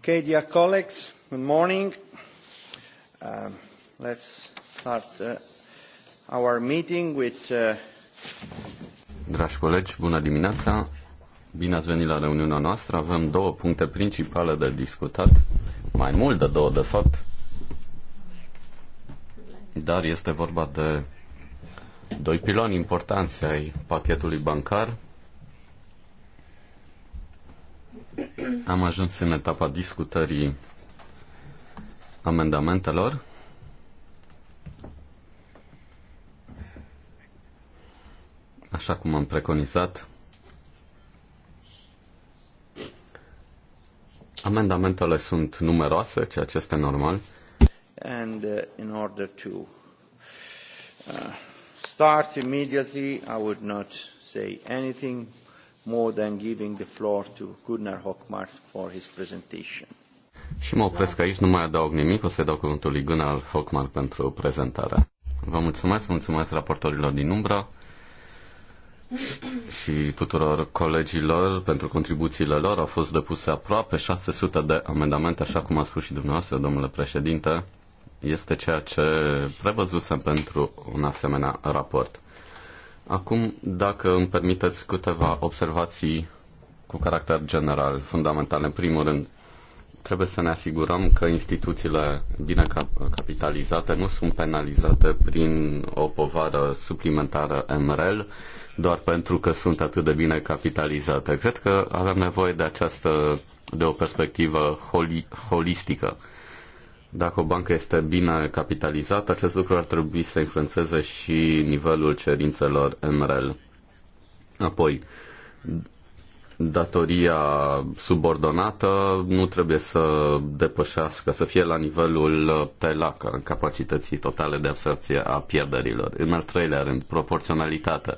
Okay, dear colleagues, good morning. Um, let's start uh, our meeting with... Uh... Dragi colegi, bună dimineața! Bine ați venit la reuniunea noastră. Avem două puncte principale de discutat, mai mult de două, de fapt, dar este vorba de doi piloni importanți ai pachetului bancar, Am ajuns în etapa discutării amendamentelor. Așa cum am preconizat, amendamentele sunt numeroase, ceea ce este normal. And uh, in order to uh, start immediately, I would not say anything more than giving the floor to Gunnar Hockmark for his presentation. Și mă opresc aici, nu mai adaug nimic, o să dau cuvântul lui Gunnar Hockmark pentru prezentare. Vă mulțumesc, mulțumesc raportorilor din umbră și tuturor colegilor pentru contribuțiile lor. Au fost depuse aproape 600 de amendamente, așa cum a spus și dumneavoastră, domnule președinte. Este ceea ce prevăzusem pentru un asemenea raport. Acum, dacă îmi permiteți câteva observații cu caracter general, fundamental, în primul rând, trebuie să ne asigurăm că instituțiile bine capitalizate nu sunt penalizate prin o povară suplimentară MREL doar pentru că sunt atât de bine capitalizate. Cred că avem nevoie de această de o perspectivă holi, holistică. Dacă o bancă este bine capitalizată, acest lucru ar trebui să influențeze și nivelul cerințelor MRL. Apoi, datoria subordonată nu trebuie să depășească, să fie la nivelul TELAC, capacității totale de absorție a pierderilor. În al treilea rând, proporționalitate.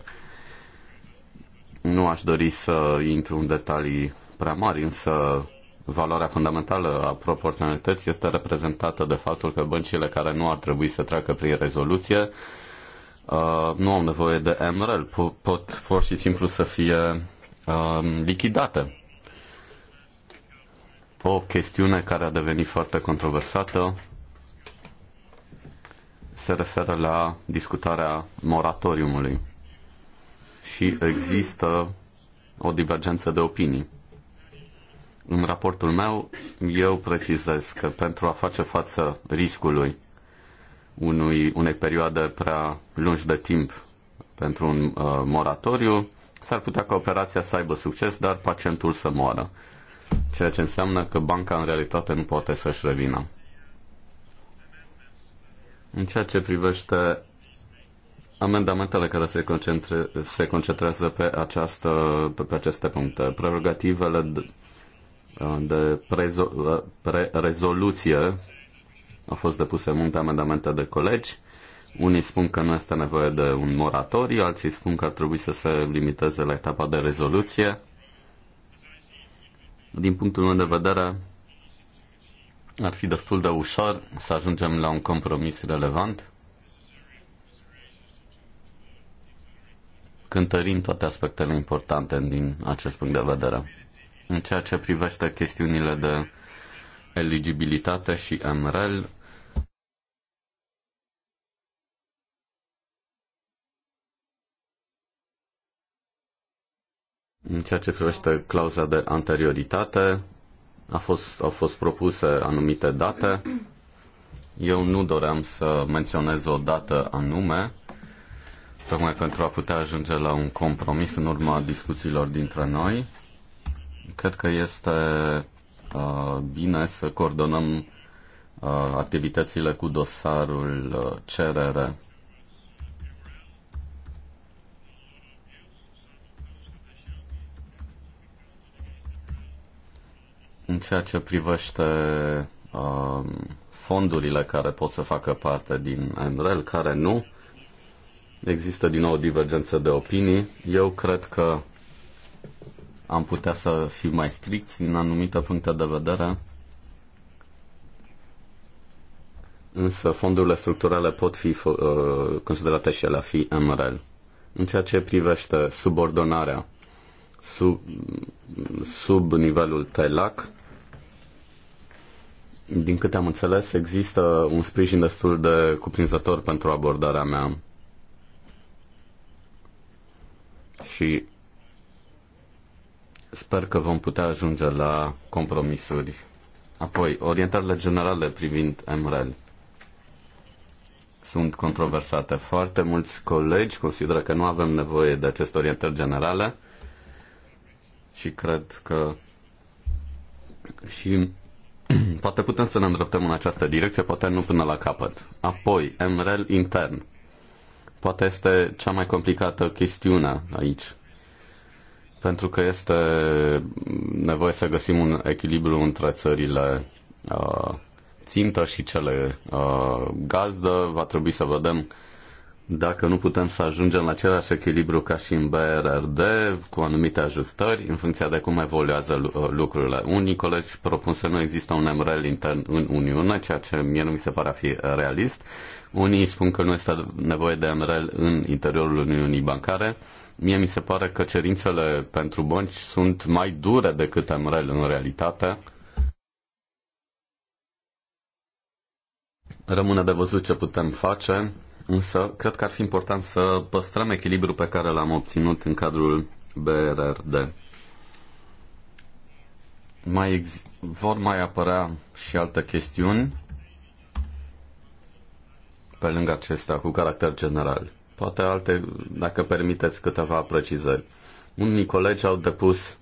Nu aș dori să intru în detalii prea mari, însă valoarea fundamentală a proporționalității este reprezentată de faptul că băncile care nu ar trebui să treacă prin rezoluție uh, nu au nevoie de MRL, pot pur și simplu să fie um, lichidate. O chestiune care a devenit foarte controversată se referă la discutarea moratoriumului și există o divergență de opinii. În raportul meu, eu precizez că pentru a face față riscului unui, unei perioade prea lungi de timp pentru un uh, moratoriu, s-ar putea ca operația să aibă succes, dar pacientul să moară. Ceea ce înseamnă că banca în realitate nu poate să-și revină. În ceea ce privește amendamentele care se, concentre, se concentrează pe, această, pe aceste puncte, prerogativele de prezo- pre- rezoluție au fost depuse multe amendamente de colegi. Unii spun că nu este nevoie de un moratoriu, alții spun că ar trebui să se limiteze la etapa de rezoluție. Din punctul meu de vedere, ar fi destul de ușor să ajungem la un compromis relevant cântărim toate aspectele importante din acest punct de vedere. În ceea ce privește chestiunile de eligibilitate și MREL, În ceea ce privește clauza de anterioritate, a fost, au fost propuse anumite date. Eu nu doream să menționez o dată anume, tocmai pentru a putea ajunge la un compromis în urma discuțiilor dintre noi cred că este uh, bine să coordonăm uh, activitățile cu dosarul uh, cerere. În ceea ce privește fondurile care pot să facă parte din MREL, care nu, există din nou o divergență de opinii. Eu cred că am putea să fim mai stricți în anumite puncte de vedere, însă fondurile structurale pot fi uh, considerate și ele a fi MRL. În ceea ce privește subordonarea sub, sub nivelul TELAC, din câte am înțeles, există un sprijin destul de cuprinzător pentru abordarea mea. Și Sper că vom putea ajunge la compromisuri. Apoi, orientările generale privind MREL sunt controversate. Foarte mulți colegi consideră că nu avem nevoie de aceste orientări generale și cred că și poate putem să ne îndreptăm în această direcție, poate nu până la capăt. Apoi, MREL intern. Poate este cea mai complicată chestiune aici pentru că este nevoie să găsim un echilibru între țările uh, țintă și cele uh, gazdă. Va trebui să vedem dacă nu putem să ajungem la același echilibru ca și în BRRD, cu anumite ajustări, în funcție de cum evoluează uh, lucrurile. Unii colegi propun să nu există un MRL intern în Uniune, ceea ce mie nu mi se pare a fi realist. Unii spun că nu este nevoie de MRL în interiorul Uniunii Bancare. Uh, Mie mi se pare că cerințele pentru bănci sunt mai dure decât MREL în realitate. Rămâne de văzut ce putem face, însă cred că ar fi important să păstrăm echilibrul pe care l-am obținut în cadrul BRRD. Mai ex- vor mai apărea și alte chestiuni pe lângă acestea cu caracter general poate alte, dacă permiteți câteva precizări. Unii colegi au depus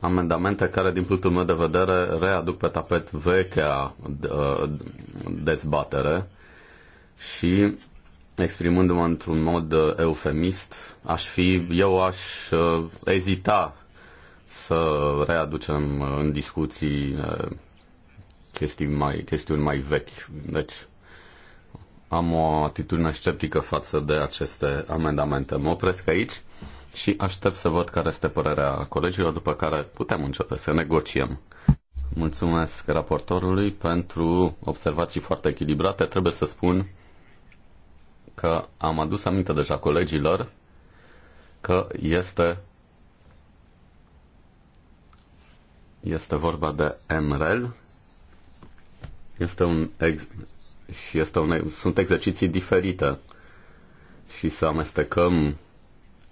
amendamente care, din punctul meu de vedere, readuc pe tapet vechea uh, dezbatere și, exprimându-mă într-un mod uh, eufemist, aș fi, eu aș uh, ezita să readucem în discuții chestii mai, chestiuni mai vechi. Deci, am o atitudine sceptică față de aceste amendamente. Mă opresc aici și aștept să văd care este părerea colegilor, după care putem începe să negociem. Mulțumesc raportorului pentru observații foarte echilibrate. Trebuie să spun că am adus aminte deja colegilor că este este vorba de MREL. Este un ex, și este un, sunt exerciții diferite și să amestecăm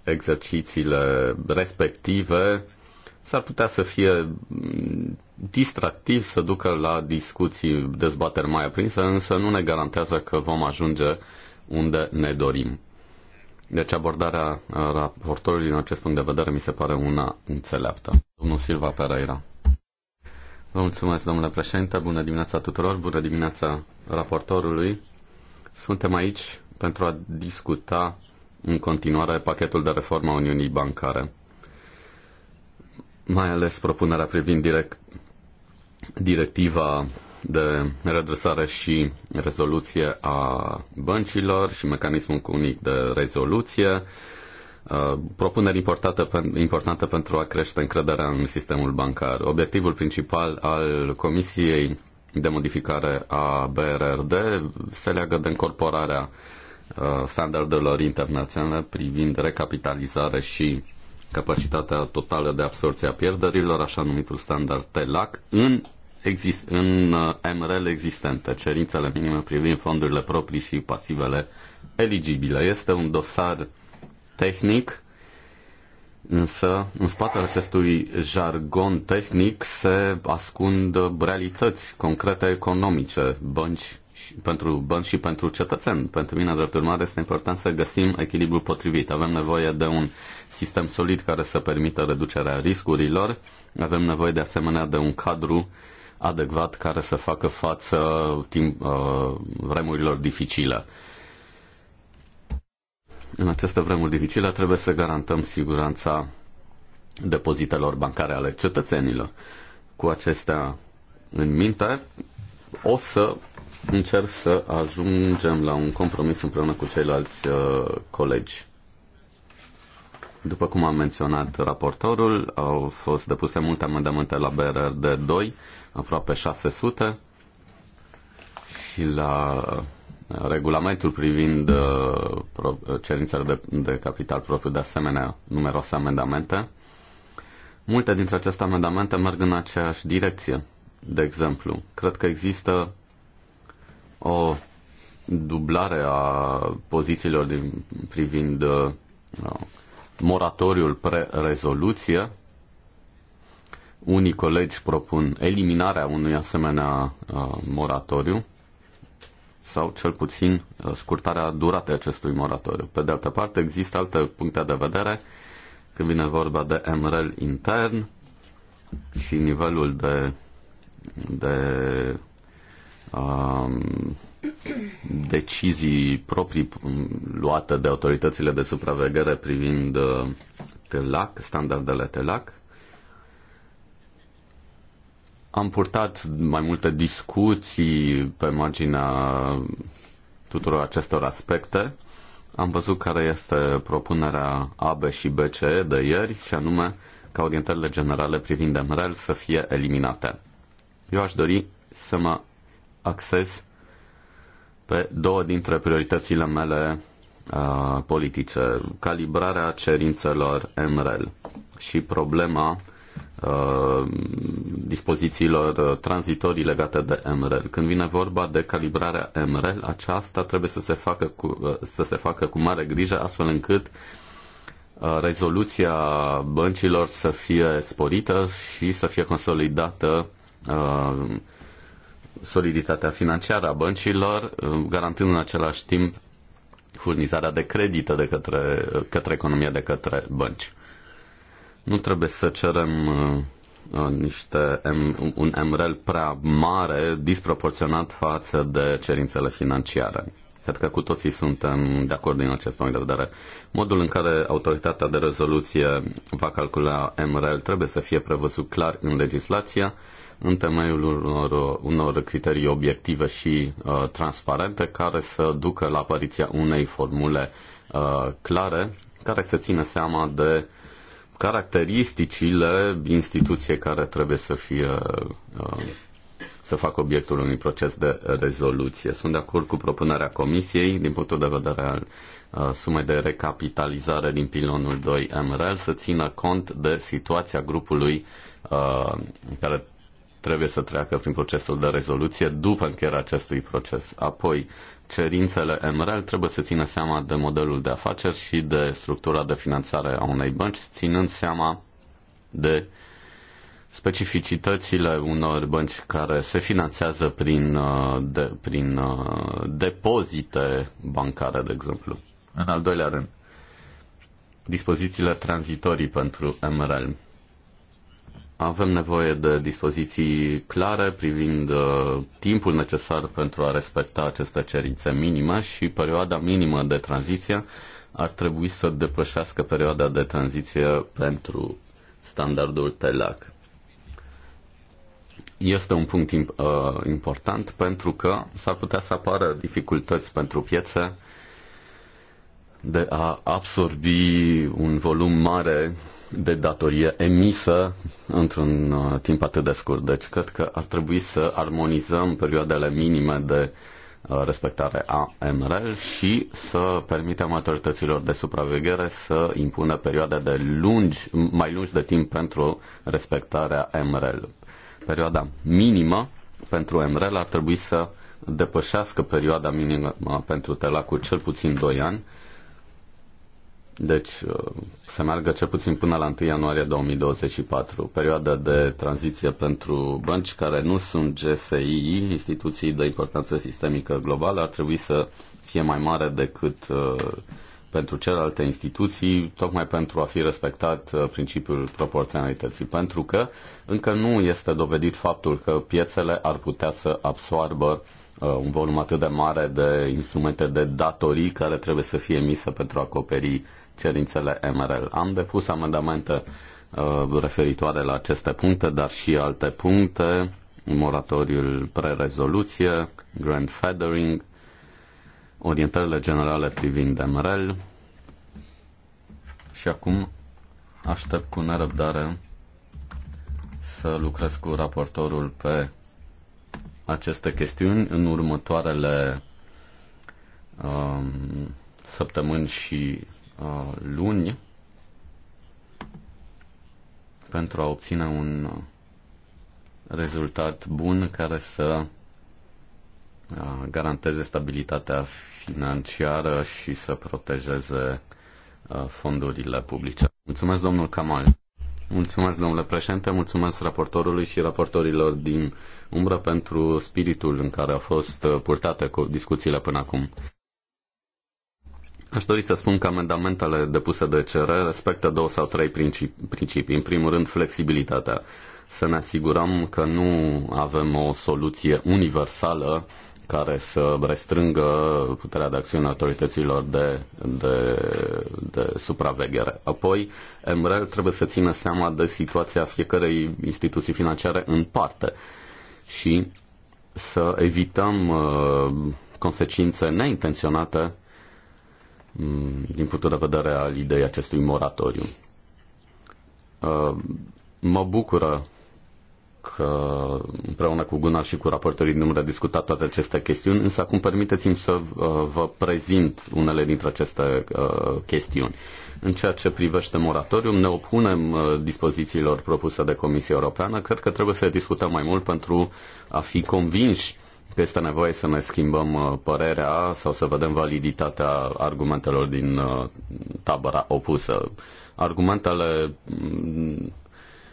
exercițiile respective s-ar putea să fie mm, distractiv, să ducă la discuții, dezbateri mai aprinse, însă nu ne garantează că vom ajunge unde ne dorim. Deci abordarea raportorului din acest punct de vedere mi se pare una înțeleaptă. Domnul Silva Pereira. Vă mulțumesc, domnule președinte. Bună dimineața tuturor. Bună dimineața raportorului. Suntem aici pentru a discuta în continuare pachetul de reformă a Uniunii Bancare. Mai ales propunerea privind direct, directiva de redresare și rezoluție a băncilor și mecanismul unic de rezoluție, Uh, propunere importantă importantă pentru a crește încrederea în sistemul bancar. Obiectivul principal al Comisiei de modificare a BRRD se leagă de incorporarea uh, standardelor internaționale privind recapitalizare și capacitatea totală de absorție a pierderilor, așa numitul standard TELAC, în, exist- în uh, MRL existente, cerințele minime privind fondurile proprii și pasivele eligibile. Este un dosar uh, tehnic, însă în spatele acestui jargon tehnic se ascund realități concrete economice, bănci pentru bănci și pentru cetățeni. Pentru mine, drept urmare, este important să găsim echilibrul potrivit. Avem nevoie de un sistem solid care să permită reducerea riscurilor. Avem nevoie de asemenea de un cadru adecvat care să facă față timp, uh, vremurilor dificile în aceste vremuri dificile trebuie să garantăm siguranța depozitelor bancare ale cetățenilor. Cu acestea în minte, o să încerc să ajungem la un compromis împreună cu ceilalți uh, colegi. După cum am menționat raportorul, au fost depuse multe amendamente la BRD 2, aproape 600, și la regulamentul privind uh, cerințele de, de capital propriu, de asemenea, numeroase amendamente. Multe dintre aceste amendamente merg în aceeași direcție. De exemplu, cred că există o dublare a pozițiilor din, privind uh, moratoriul pre-rezoluție. Unii colegi propun eliminarea unui asemenea uh, moratoriu sau cel puțin uh, scurtarea duratei acestui moratoriu. Pe de altă parte, există alte puncte de vedere când vine vorba de MRL intern și nivelul de, de um, decizii proprii um, luate de autoritățile de supraveghere privind uh, TELAC, standardele TELAC am purtat mai multe discuții pe marginea tuturor acestor aspecte. Am văzut care este propunerea AB și BCE de ieri și anume ca orientările generale privind MREL să fie eliminate. Eu aș dori să mă acces pe două dintre prioritățile mele uh, politice, calibrarea cerințelor MREL și problema Uh, dispozițiilor uh, tranzitorii legate de MREL. Când vine vorba de calibrarea MREL, aceasta trebuie să se facă cu, uh, să se facă cu mare grijă, astfel încât rezoluția băncilor să fie sporită și să fie consolidată soliditatea financiară a băncilor, garantând în același timp furnizarea de credită de către, către economie, de către bănci. Nu trebuie să cerem uh, uh, niște un MREL prea mare, disproporționat față de cerințele financiare. Cred că cu toții suntem de acord din acest punct de vedere. Modul în care autoritatea de rezoluție va calcula MREL trebuie să fie prevăzut clar în legislația în temeiul unor, unor criterii obiective și uh, transparente care să ducă la apariția unei formule uh, clare care să țină seama de uh, caracteristicile instituției care trebuie să fie uh, să facă obiectul unui proces de rezoluție. Sunt de acord cu propunerea Comisiei din punctul de vedere al uh, sumei de recapitalizare din pilonul 2 MRL să țină cont de situația grupului uh, care trebuie să treacă prin procesul de rezoluție după încheierea acestui proces. Apoi, cerințele MREL trebuie să țină seama de modelul de afaceri și de structura de finanțare a unei bănci, ținând seama de specificitățile unor bănci care se finanțează prin, uh, de, prin uh, depozite bancare, de exemplu. În al doilea rând, dispozițiile tranzitorii pentru MRL. Avem nevoie de dispoziții clare privind uh, timpul necesar pentru a respecta aceste cerințe minime și perioada minimă de tranziție ar trebui să depășească perioada de tranziție pentru standardul TELAC. Este un punct uh, important pentru că s-ar putea să apară dificultăți pentru piețe de a absorbi un volum mare de datorie emisă într-un uh, timp atât de scurt. Deci cred că ar trebui să armonizăm perioadele minime de uh, respectare a MREL și să permitem autorităților de supraveghere să impună perioade de lungi, mai lungi de timp pentru respectarea MREL. Perioada minimă pentru MREL ar trebui să depășească perioada minimă pentru telacul cel puțin 2 ani deci uh, se meargă cel puțin până la 1 ianuarie 2024, perioada de tranziție pentru bănci care nu sunt GSI, instituții de importanță sistemică globală, ar trebui să fie mai mare decât uh, pentru celelalte instituții, tocmai pentru a fi respectat uh, principiul proporționalității, pentru că încă nu este dovedit faptul că piețele ar putea să absoarbă un volum atât de mare de instrumente de datorii care trebuie să fie emise pentru a acoperi cerințele MRL. Am depus amendamente uh, referitoare la aceste puncte, dar și alte puncte, moratoriul pre-rezoluție, grand feathering, orientările generale privind MRL și acum aștept cu nerăbdare să lucrez cu raportorul pe aceste chestiuni în următoarele um, săptămâni și Uh, luni pentru a obține un rezultat bun care să uh, garanteze stabilitatea financiară și să protejeze uh, fondurile publice. Mulțumesc, domnul Kamal. Mulțumesc, domnule președinte, mulțumesc raportorului și raportorilor din umbră pentru spiritul în care au fost purtate cu discuțiile până acum. Aș dori să spun că amendamentele depuse de CR respectă două sau trei principii. În primul rând, flexibilitatea. Să ne asigurăm că nu avem o soluție universală care să restrângă puterea de acțiune a autorităților de, de, de supraveghere. Apoi, MREL trebuie să țină seama de situația fiecărei instituții financiare în parte și să evităm uh, consecințe neintenționate Mm, din punctul de vedere al ideii acestui moratoriu. Uh, mă bucură că împreună cu Gunnar și cu raportorii nu a discutat toate aceste chestiuni, însă acum permiteți-mi să uh, vă prezint unele dintre aceste uh, chestiuni. În ceea ce privește moratorium, ne opunem dispozițiilor propuse de Comisia Europeană. Cred că trebuie să discutăm mai mult pentru a fi convinși că este nevoie să ne schimbăm uh, părerea sau să vedem validitatea argumentelor din uh, tabăra opusă. Argumentele mm,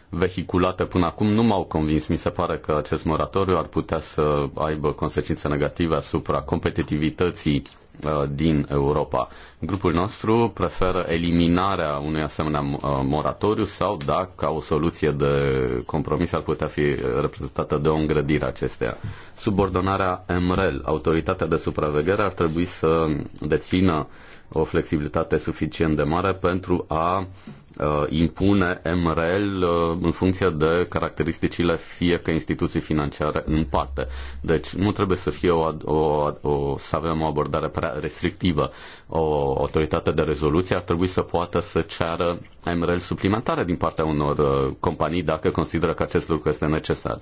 vehiculate până acum nu m-au convins. Mi se pare că acest moratoriu ar putea să aibă consecințe negative asupra competitivității Uh, din Europa. Grupul nostru preferă eliminarea unui asemenea uh, moratoriu sau dacă ca o soluție de compromis ar putea fi reprezentată de o îngrădire acesteia. Subordonarea MREL, autoritatea de supraveghere, ar trebui să dețină o flexibilitate suficient de mare pentru a Uh, impune MRL uh, în funcție de caracteristicile fiecărei instituții financiare în parte. Deci nu trebuie să fie o, o, o, să avem o abordare prea restrictivă. O autoritate de rezoluție ar trebui să poată să ceară MRL suplimentare din partea unor uh, companii dacă consideră că acest lucru este necesar.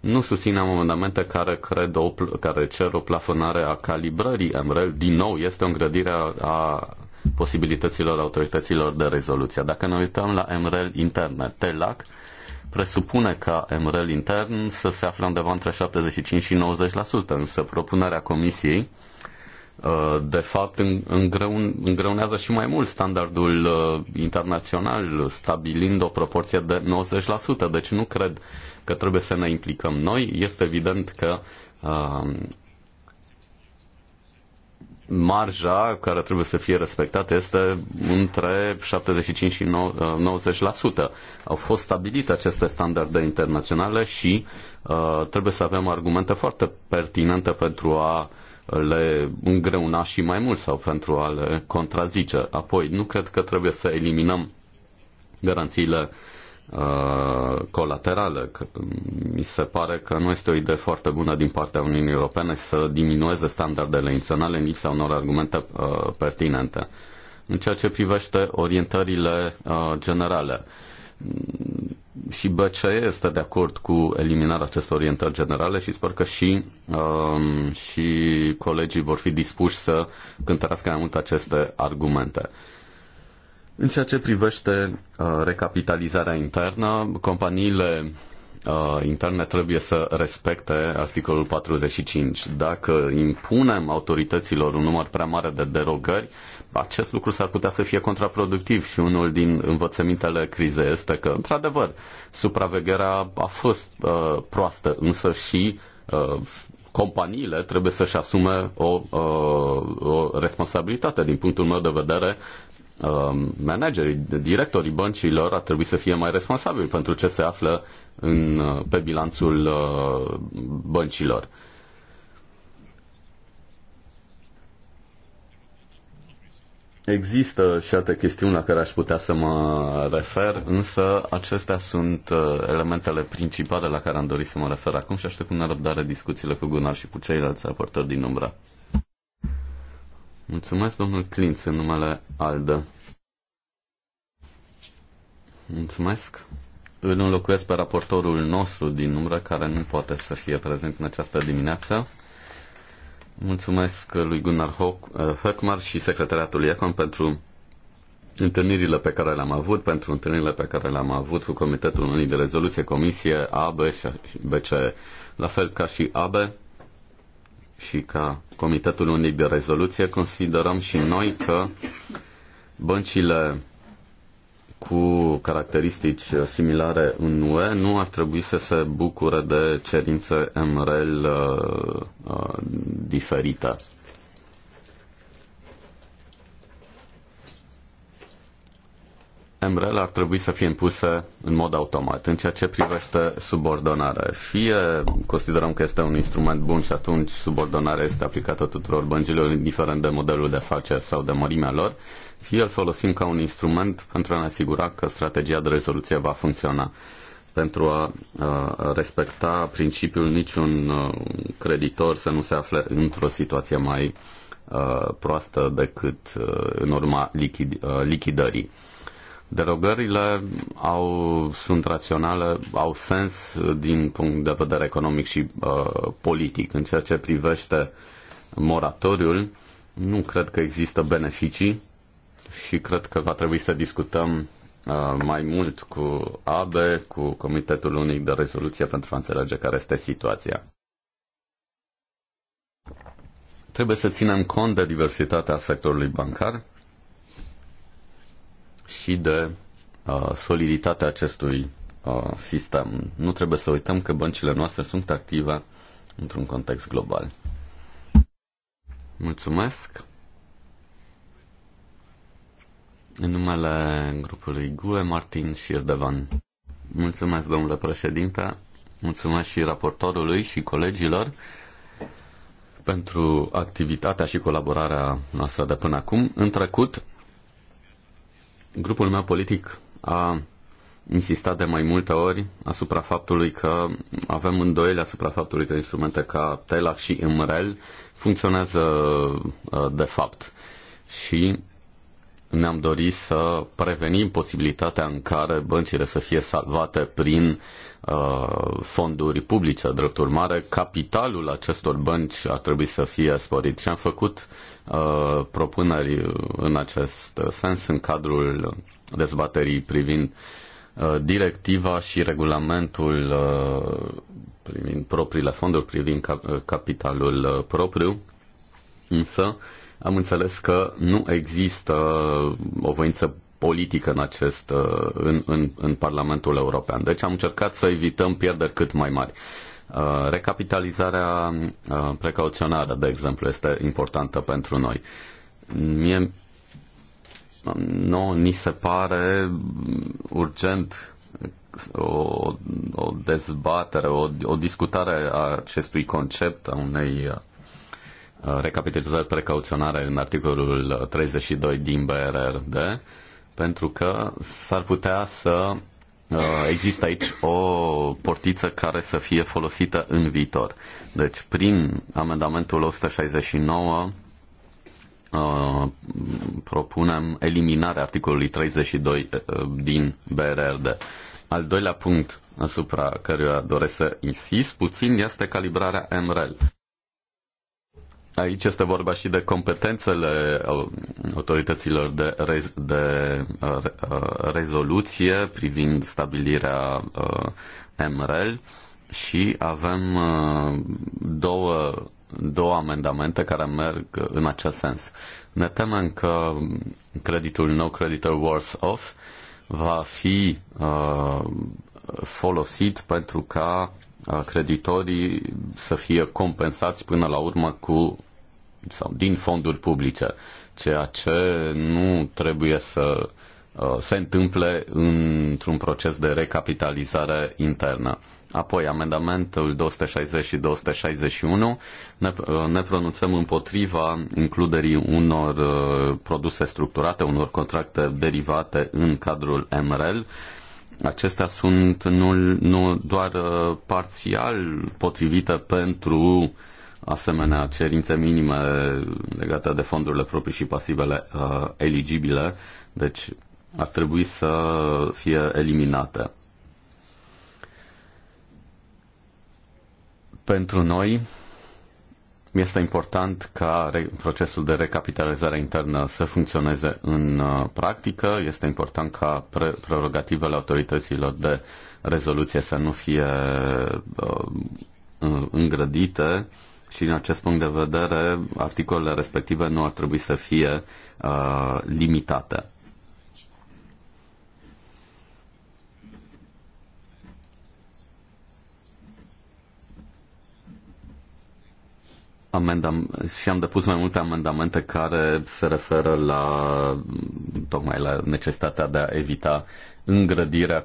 Nu susținem amendamente care, cred o, care cer o plafonare a calibrării MRL. Din nou, este o îngrădire a posibilităților autorităților de rezoluție. Dacă ne uităm la MREL interne, TELAC presupune ca MREL intern să se afle undeva între 75 și 90%, însă propunerea Comisiei uh, de fapt îngreunează și mai mult standardul uh, internațional, stabilind o proporție de 90%. Deci nu cred că trebuie să ne implicăm noi. Este evident că uh, marja care trebuie să fie respectată este între 75 și 90%. Uh, Au fost stabilite aceste standarde internaționale și uh, trebuie să avem argumente foarte pertinente pentru a le îngreuna și mai mult sau pentru a le contrazice. Apoi, nu cred că trebuie să eliminăm garanțiile uh, Uh, colaterale. Um, mi se pare că nu este o idee foarte bună din partea Uniunii Europene să diminueze standardele naționale în lipsa unor argumente uh, pertinente. În ceea ce privește orientările uh, generale, mm, și BCE este de acord cu eliminarea acestor orientări generale și sper că și, uh, și colegii vor fi dispuși să cântărească mai mult aceste argumente. În ceea ce privește uh, recapitalizarea internă, companiile uh, interne trebuie să respecte articolul 45. Dacă impunem autorităților un număr prea mare de derogări, acest lucru s-ar putea să fie contraproductiv și unul din învățămintele crizei este că, într-adevăr, supravegherea a fost uh, proastă, însă și uh, companiile trebuie să-și asume o, uh, o responsabilitate. Din punctul meu de vedere, Um, managerii, directorii băncilor ar trebui să fie mai responsabili pentru ce se află în, uh, pe bilanțul uh, băncilor. Există și alte chestiuni la care aș putea să mă refer, însă acestea sunt uh, elementele principale la care am dorit să mă refer acum și aștept cu nerăbdare discuțiile cu Gunnar și cu ceilalți raportori din umbra. Mulțumesc, domnul Clinț, în numele Aldă. Mulțumesc. Îl înlocuiesc pe raportorul nostru din umbră, care nu poate să fie prezent în această dimineață. Mulțumesc lui Gunnar eh, Höckmar și secretariatul IACON pentru întâlnirile pe care le-am avut, pentru întâlnirile pe care le-am avut cu Comitetul Unii de Rezoluție, Comisie, AB și BC, la fel ca și AB și ca Comitetul Unic de Rezoluție considerăm și noi că băncile cu caracteristici similare în UE nu ar trebui să se bucure de cerințe MREL uh, uh, diferite MREL ar trebui să fie impusă în mod automat. În ceea ce privește subordonarea, fie considerăm că este un instrument bun și atunci subordonarea este aplicată tuturor băncilor, indiferent de modelul de afaceri sau de mărimea lor, fie îl folosim ca un instrument pentru a ne asigura că strategia de rezoluție va funcționa pentru a, a respecta principiul niciun creditor să nu se afle într-o situație mai a, proastă decât a, în urma lichid, lichidării Derogările au, sunt raționale, au sens din punct de vedere economic și uh, politic. În ceea ce privește moratoriul, nu cred că există beneficii și cred că va trebui să discutăm uh, mai mult cu ABE, cu Comitetul Unic de Rezoluție pentru a înțelege care este situația. Trebuie să ținem cont de diversitatea sectorului bancar și de uh, soliditatea acestui uh, sistem. Nu trebuie să uităm că băncile noastre sunt active într-un context global. Mulțumesc! În numele grupului GUE, Martin Șirdevan. Mulțumesc, domnule președinte, mulțumesc și raportorului și colegilor pentru activitatea și colaborarea noastră de până acum. În trecut, Grupul meu politic a insistat de mai multe ori asupra faptului că avem îndoieli asupra faptului că instrumente ca TELAC și MREL funcționează ă, de fapt și ne-am dorit să prevenim posibilitatea în care băncile să fie salvate prin Uh, fonduri publice. Drept urmare, capitalul acestor bănci ar trebui să fie sporit. Și am făcut uh, propuneri în acest sens în cadrul dezbaterii privind uh, directiva și regulamentul uh, privind propriile fonduri, privind capitalul propriu. Însă am înțeles că nu există o voință politică în, acest, uh, în, în, în Parlamentul European. Deci am încercat să evităm pierderi cât mai mari. Uh, recapitalizarea uh, precauționară, de exemplu, este importantă pentru noi. Mie nu ni se pare urgent o, o dezbatere, o, o discutare a acestui concept, a unei recapitalizări precauționare în articolul 32 din BRRD pentru că s-ar putea să uh, există aici o portiță care să fie folosită în viitor. Deci, prin amendamentul 169 uh, propunem eliminarea articolului 32 uh, din BRRD. Al doilea punct asupra căruia doresc să insist puțin este calibrarea MREL. Aici este vorba și de competențele uh, autorităților de, rez- de uh, uh, rezoluție privind stabilirea MREL și avem două, două amendamente care merg în acest sens. Ne temem că creditul No Creditor Worse Off va fi folosit pentru ca creditorii să fie compensați până la urmă cu sau din fonduri publice, ceea ce nu trebuie să uh, se întâmple într-un proces de recapitalizare internă. Apoi, amendamentul 260 și 261 ne, uh, ne pronunțăm împotriva includerii unor uh, produse structurate, unor contracte derivate în cadrul MREL. Acestea sunt nu, nu doar parțial potrivite pentru asemenea cerințe minime legate de fondurile proprii și pasivele uh, eligibile, deci ar trebui să fie eliminate. Pentru noi este important ca procesul de recapitalizare internă să funcționeze în uh, practică, este important ca pre- prerogativele autorităților de rezoluție să nu fie uh, îngrădite, și din acest punct de vedere, articolele respective nu ar trebui să fie uh, limitate. amendam, și am depus mai multe amendamente care se referă la tocmai la necesitatea de a evita îngrădirea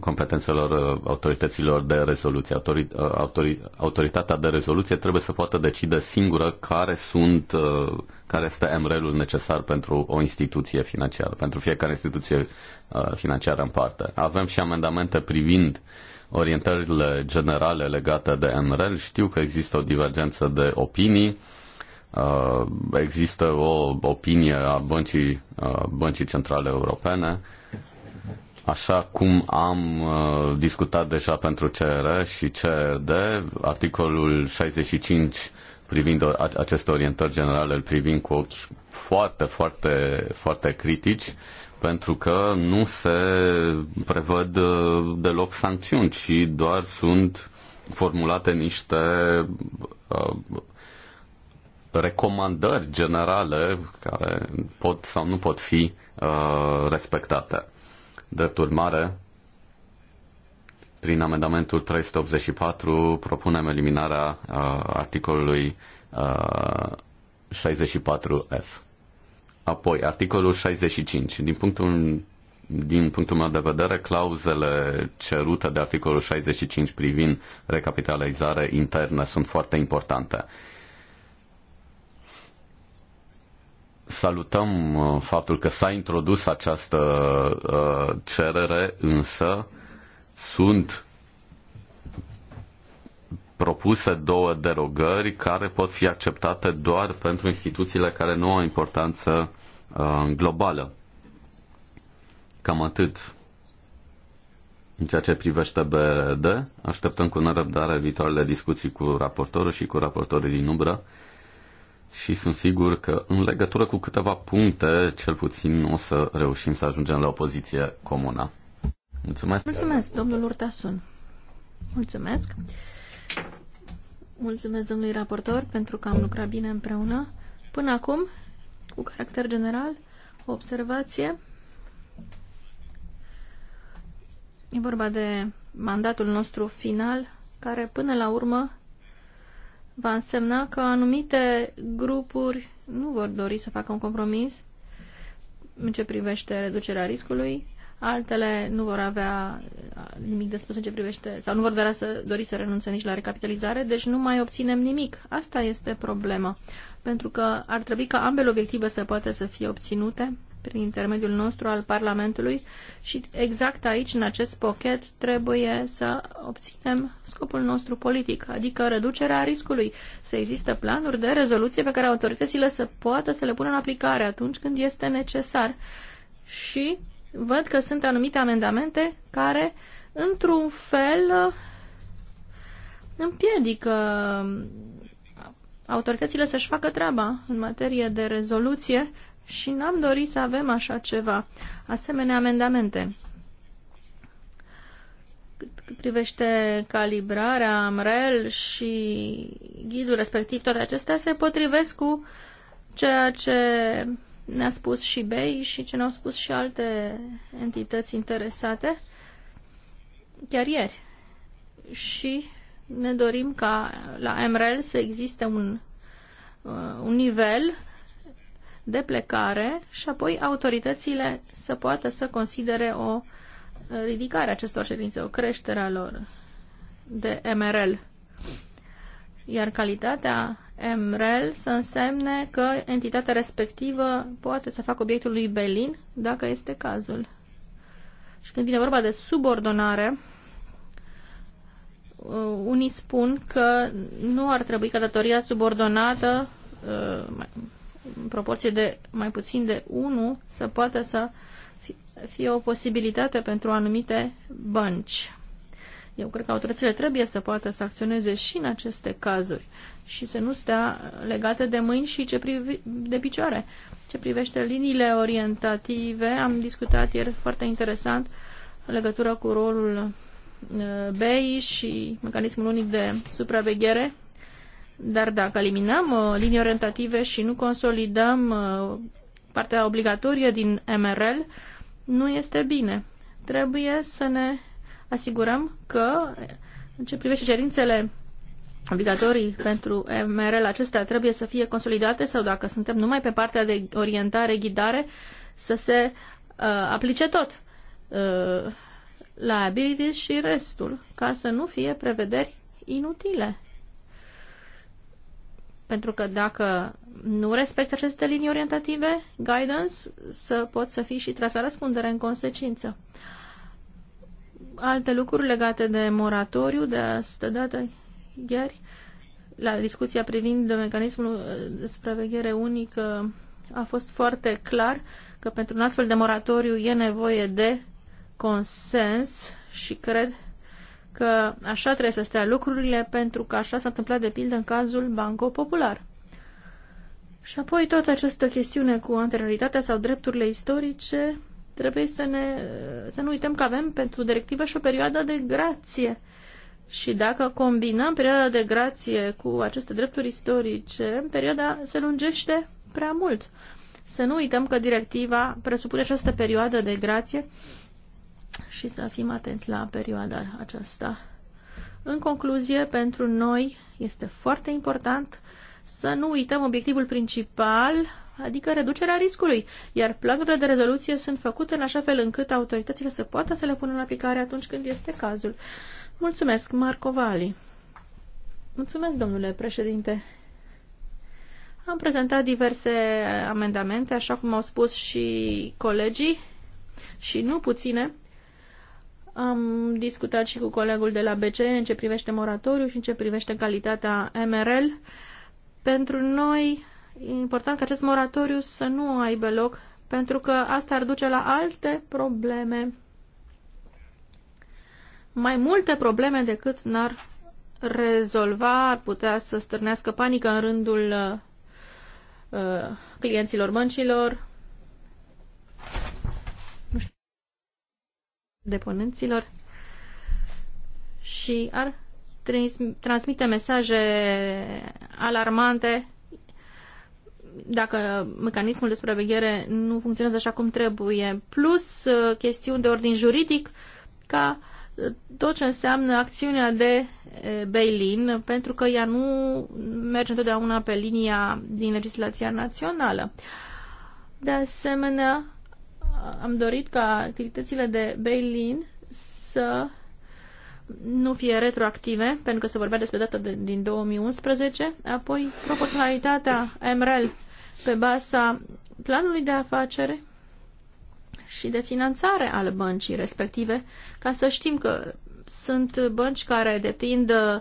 competențelor uh, autorităților de rezoluție. Autori, uh, autori, autoritatea de rezoluție trebuie să poată decide singură care sunt uh, care este MREL-ul necesar pentru o instituție financiară, pentru fiecare instituție financiară în parte. Avem și amendamente privind orientările generale legate de MREL. Știu că există o divergență de opinii. Există o opinie a Băncii, Băncii Centrale Europene Așa cum am uh, discutat deja pentru CR și CRD, articolul 65 privind aceste orientări generale, privind cu ochi foarte, foarte, foarte critici, pentru că nu se prevăd uh, deloc sancțiuni, ci doar sunt formulate niște uh, recomandări generale care pot sau nu pot fi respectate. Drept urmare, prin amendamentul 384 propunem eliminarea uh, articolului uh, 64F. Apoi, articolul 65. Din punctul, din punctul meu de vedere, clauzele cerute de articolul 65 privind recapitalizare internă sunt foarte importante. Uh, Salutăm uh, faptul că s-a introdus această uh, cerere, însă sunt propuse două derogări care pot fi acceptate doar pentru instituțiile care nu au importanță uh, globală. Cam atât. În ceea ce privește BRD, așteptăm cu nerăbdare viitoarele discuții cu raportorul și cu raportorii din umbră și sunt sigur că în legătură cu câteva puncte, cel puțin o să reușim să ajungem la o poziție comună. Mulțumesc. Mulțumesc, domnul Urtasun. Mulțumesc. Mulțumesc domnului raportor pentru că am lucrat bine împreună. Până acum, cu caracter general, o observație. E vorba de mandatul nostru final, care până la urmă va însemna că anumite grupuri nu vor dori să facă un compromis în ce privește reducerea riscului, altele nu vor avea nimic de spus în ce privește, sau nu vor dori să, dori să renunțe nici la recapitalizare, deci nu mai obținem nimic. Asta este problema, pentru că ar trebui ca ambele obiective să poată să fie obținute prin intermediul nostru al Parlamentului și exact aici, în acest pochet, trebuie să obținem scopul nostru politic, adică reducerea riscului, să există planuri de rezoluție pe care autoritățile să poată să le pună în aplicare atunci când este necesar. Și văd că sunt anumite amendamente care, într-un fel, împiedică autoritățile să-și facă treaba în materie de rezoluție și n-am dorit să avem așa ceva, asemenea amendamente. Cât privește calibrarea, AMREL și ghidul respectiv, toate acestea se potrivesc cu ceea ce ne-a spus și BEI și ce ne-au spus și alte entități interesate chiar ieri. Și ne dorim ca la MREL să existe un, uh, un nivel de plecare și apoi autoritățile să poată să considere o ridicare a acestor ședințe, o creștere a lor de MRL. Iar calitatea MRL să însemne că entitatea respectivă poate să facă obiectul lui Belin, dacă este cazul. Și când vine vorba de subordonare, unii spun că nu ar trebui ca datoria subordonată uh, în proporție de mai puțin de 1 să poată să fie o posibilitate pentru anumite bănci. Eu cred că autoritățile trebuie să poată să acționeze și în aceste cazuri și să nu stea legate de mâini și ce privi, de picioare. Ce privește liniile orientative, am discutat ieri foarte interesant în legătură cu rolul uh, BEI și mecanismul unic de supraveghere dar dacă eliminăm uh, linii orientative și nu consolidăm uh, partea obligatorie din MRL, nu este bine. Trebuie să ne asigurăm că, în ce privește cerințele obligatorii pentru MRL, acestea trebuie să fie consolidate sau, dacă suntem numai pe partea de orientare, ghidare, să se uh, aplice tot uh, abilities și restul, ca să nu fie prevederi inutile pentru că dacă nu respecti aceste linii orientative, guidance, să poți să fii și tras la răspundere în consecință. Alte lucruri legate de moratoriu, de astă dată ieri, la discuția privind de mecanismul de supraveghere unică, a fost foarte clar că pentru un astfel de moratoriu e nevoie de consens și cred că așa trebuie să stea lucrurile, pentru că așa s-a întâmplat de pildă în cazul Banco Popular. Și apoi toată această chestiune cu anterioritatea sau drepturile istorice, trebuie să, ne, să nu uităm că avem pentru directivă și o perioadă de grație. Și dacă combinăm perioada de grație cu aceste drepturi istorice, perioada se lungește prea mult. Să nu uităm că directiva presupune această perioadă de grație și să fim atenți la perioada aceasta. În concluzie, pentru noi este foarte important să nu uităm obiectivul principal, adică reducerea riscului, iar planurile de rezoluție sunt făcute în așa fel încât autoritățile să poată să le pună în aplicare atunci când este cazul. Mulțumesc, Marco Vali. Mulțumesc, domnule președinte. Am prezentat diverse amendamente, așa cum au spus și colegii, și nu puține. Am discutat și cu colegul de la BCE în ce privește moratoriu și în ce privește calitatea MRL. Pentru noi e important ca acest moratoriu să nu aibă loc, pentru că asta ar duce la alte probleme, mai multe probleme decât n-ar rezolva, ar putea să stârnească panică în rândul uh, uh clienților băncilor, deponenților și ar transmite mesaje alarmante dacă mecanismul de supraveghere nu funcționează așa cum trebuie, plus uh, chestiuni de ordin juridic, ca uh, tot ce înseamnă acțiunea de uh, bail-in, pentru că ea nu merge întotdeauna pe linia din legislația națională. De asemenea, am dorit ca activitățile de bail-in să nu fie retroactive, pentru că se vorbea despre data de, din 2011, apoi proporționalitatea MREL pe baza planului de afacere și de finanțare al băncii respective, ca să știm că sunt bănci care depind uh,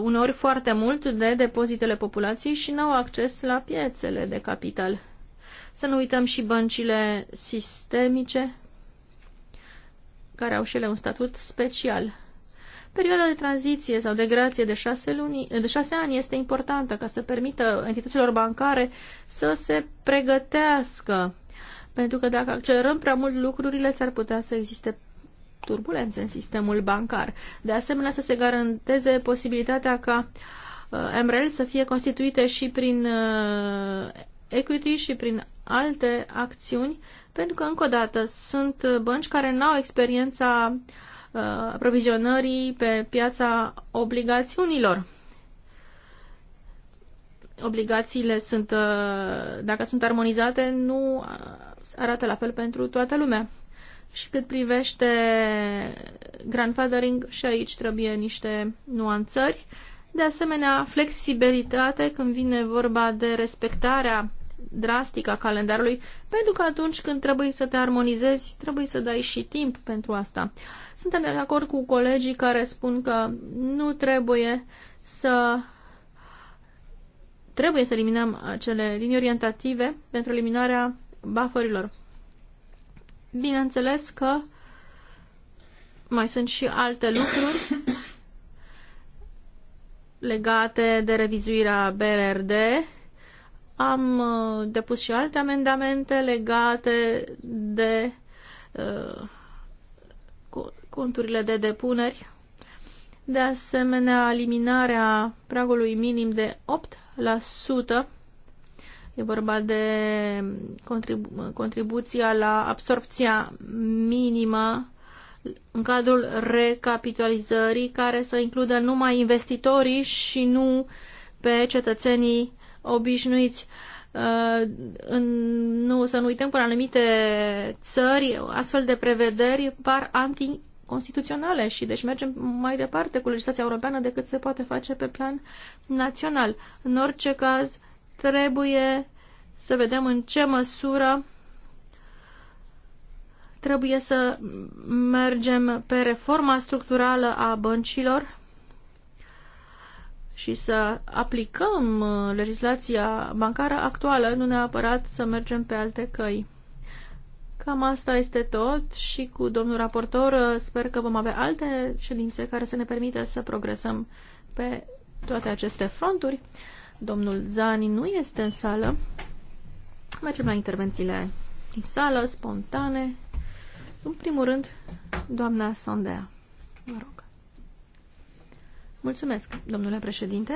uneori foarte mult de depozitele populației și nu au acces la piețele de capital. Să nu uităm și băncile sistemice, care au și ele un statut special. Perioada de tranziție sau de grație de șase, luni, de șase ani este importantă ca să permită entităților bancare să se pregătească. Pentru că dacă accelerăm prea mult lucrurile, s-ar putea să existe turbulențe în sistemul bancar. De asemenea, să se garanteze posibilitatea ca uh, MREL să fie constituite și prin uh, equity și prin alte acțiuni, pentru că, încă o dată, sunt bănci care nu au experiența uh, aprovizionării pe piața obligațiunilor. Obligațiile sunt, uh, dacă sunt armonizate, nu uh, arată la fel pentru toată lumea. Și cât privește grandfathering, și aici trebuie niște nuanțări. De asemenea, flexibilitate când vine vorba de respectarea drastic a calendarului, pentru că atunci când trebuie să te armonizezi, trebuie să dai și timp pentru asta. Suntem de acord cu colegii care spun că nu trebuie să trebuie să eliminăm acele linii orientative pentru eliminarea bufferilor. Bineînțeles că mai sunt și alte lucruri legate de revizuirea BRD am uh, depus și alte amendamente legate de uh, conturile de depuneri, de asemenea eliminarea pragului minim de 8%, e vorba de contribu- contribuția la absorpția minimă în cadrul recapitalizării care să includă numai investitorii și nu pe cetățenii obișnuiți. Uh, în, nu, să nu uităm că în anumite țări astfel de prevederi par anticonstituționale și deci mergem mai departe cu legislația europeană decât se poate face pe plan național. În orice caz, trebuie să vedem în ce măsură trebuie să mergem pe reforma structurală a băncilor și să aplicăm uh, legislația bancară actuală, nu neapărat să mergem pe alte căi. Cam asta este tot și cu domnul raportor uh, sper că vom avea alte ședințe care să ne permită să progresăm pe toate aceste fronturi. Domnul Zani nu este în sală. Mergem la intervențiile din sală, spontane. În primul rând, doamna Sondea. Mă rog. Mulțumesc, domnule președinte.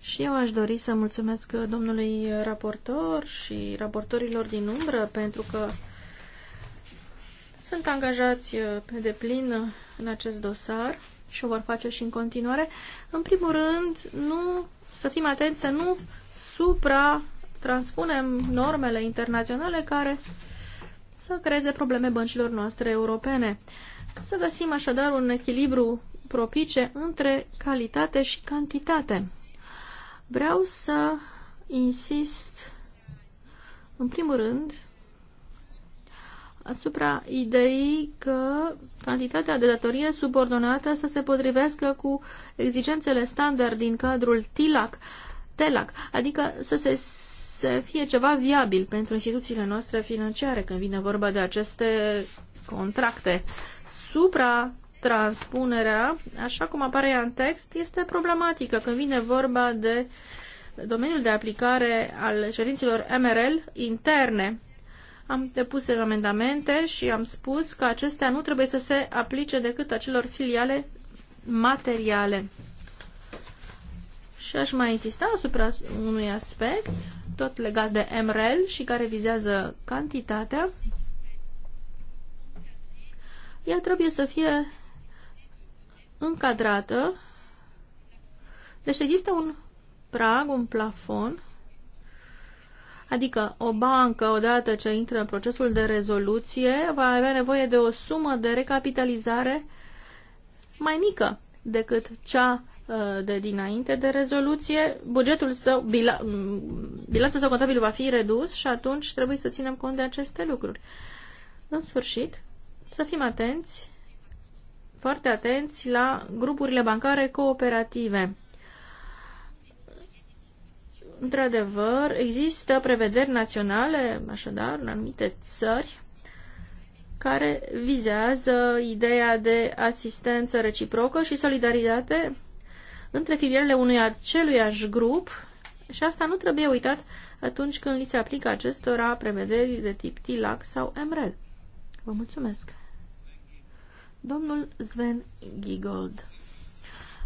Și eu aș dori să mulțumesc domnului raportor și raportorilor din umbră pentru că sunt angajați pe deplin în acest dosar și o vor face și în continuare. În primul rând, nu, să fim atenți să nu supra-transpunem normele internaționale care să creeze probleme băncilor noastre europene. Să găsim așadar un echilibru propice între calitate și cantitate. Vreau să insist, în primul rând, asupra ideii că cantitatea de datorie subordonată să se potrivească cu exigențele standard din cadrul TILAC, TELAC, adică să se să fie ceva viabil pentru instituțiile noastre financiare când vine vorba de aceste contracte. Supra transpunerea, așa cum apare ea în text, este problematică când vine vorba de domeniul de aplicare al cerințelor MRL interne. Am depus amendamente și am spus că acestea nu trebuie să se aplice decât acelor filiale materiale. Și aș mai insista asupra unui aspect, tot legat de MREL și care vizează cantitatea. Ea trebuie să fie încadrată. Deci există un prag, un plafon, adică o bancă, odată ce intră în procesul de rezoluție, va avea nevoie de o sumă de recapitalizare mai mică decât cea uh, de dinainte de rezoluție, bugetul său, bila, mm, bilanțul său contabil va fi redus și atunci trebuie să ținem cont de aceste lucruri. În sfârșit, să fim atenți foarte atenți la grupurile bancare cooperative. Într-adevăr, există prevederi naționale, așadar, în anumite țări, care vizează ideea de asistență reciprocă și solidaritate între filierele unui aceluiași grup și asta nu trebuie uitat atunci când li se aplică acestora prevederi de tip TILAC sau MREL. Vă mulțumesc! Domnul Sven Giegold.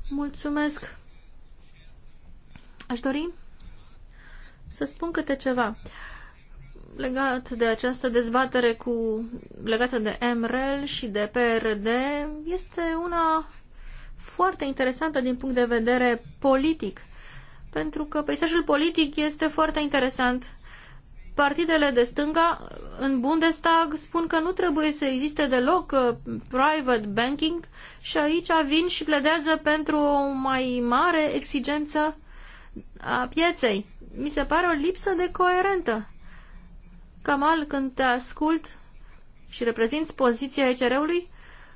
Mulțumesc. Aș dori să spun câte ceva legat de această dezbatere cu, legată de MREL și de PRD este una foarte interesantă din punct de vedere politic. Pentru că peisajul politic este foarte interesant partidele de stânga în Bundestag spun că nu trebuie să existe deloc uh, private banking și aici vin și pledează pentru o mai mare exigență a pieței. Mi se pare o lipsă de coerentă. Camal, când te ascult și reprezinți poziția ECR-ului,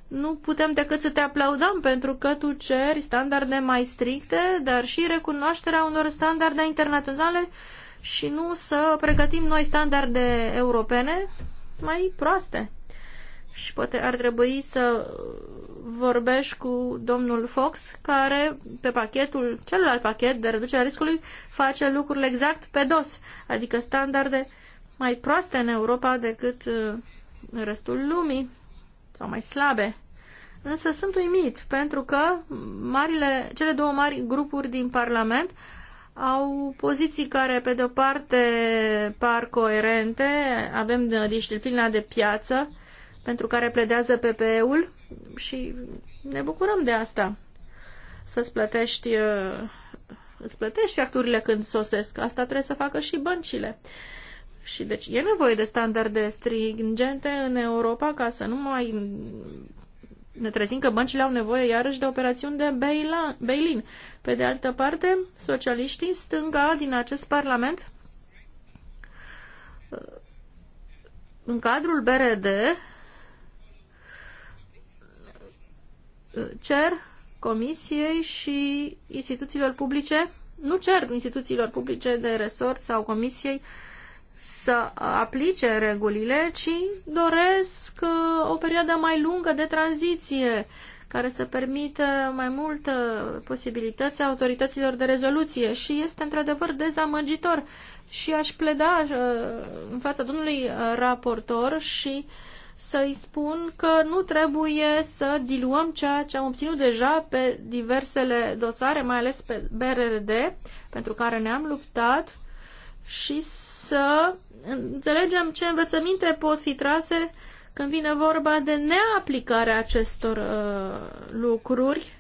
nu putem decât să te aplaudăm pentru că tu ceri standarde mai stricte, dar și recunoașterea unor standarde internaționale și nu să pregătim noi standarde europene mai proaste. Și poate ar trebui să vorbești cu domnul Fox, care pe pachetul, celălalt pachet de reducerea riscului, face lucrurile exact pe dos, adică standarde mai proaste în Europa decât uh, în restul lumii, sau mai slabe. Însă sunt uimit, pentru că marile, cele două mari grupuri din Parlament au poziții care, pe de-o parte, par coerente. Avem disciplina de piață pentru care pledează PPE-ul și ne bucurăm de asta. Să-ți plătești, uh, îți plătești facturile când sosesc. Asta trebuie să facă și băncile. Și deci e nevoie de standarde stringente în Europa ca să nu mai ne trezim că băncile au nevoie iarăși de operațiuni de bail-in. Pe de altă parte, socialiștii stânga din acest parlament uh, în cadrul BRD uh, cer comisiei și instituțiilor publice, nu cer instituțiilor publice de resort sau comisiei uh, să aplice regulile, ci doresc uh, o perioadă mai lungă de tranziție care să permită mai multă posibilități autorităților de rezoluție și este într-adevăr dezamăgitor și aș pleda uh, în fața domnului uh, raportor și să-i spun că nu trebuie să diluăm ceea ce am obținut deja pe diversele dosare, mai ales pe BRD, pentru care ne-am luptat și să înțelegem ce învățăminte pot fi trase când vine vorba de neaplicarea acestor uh, lucruri,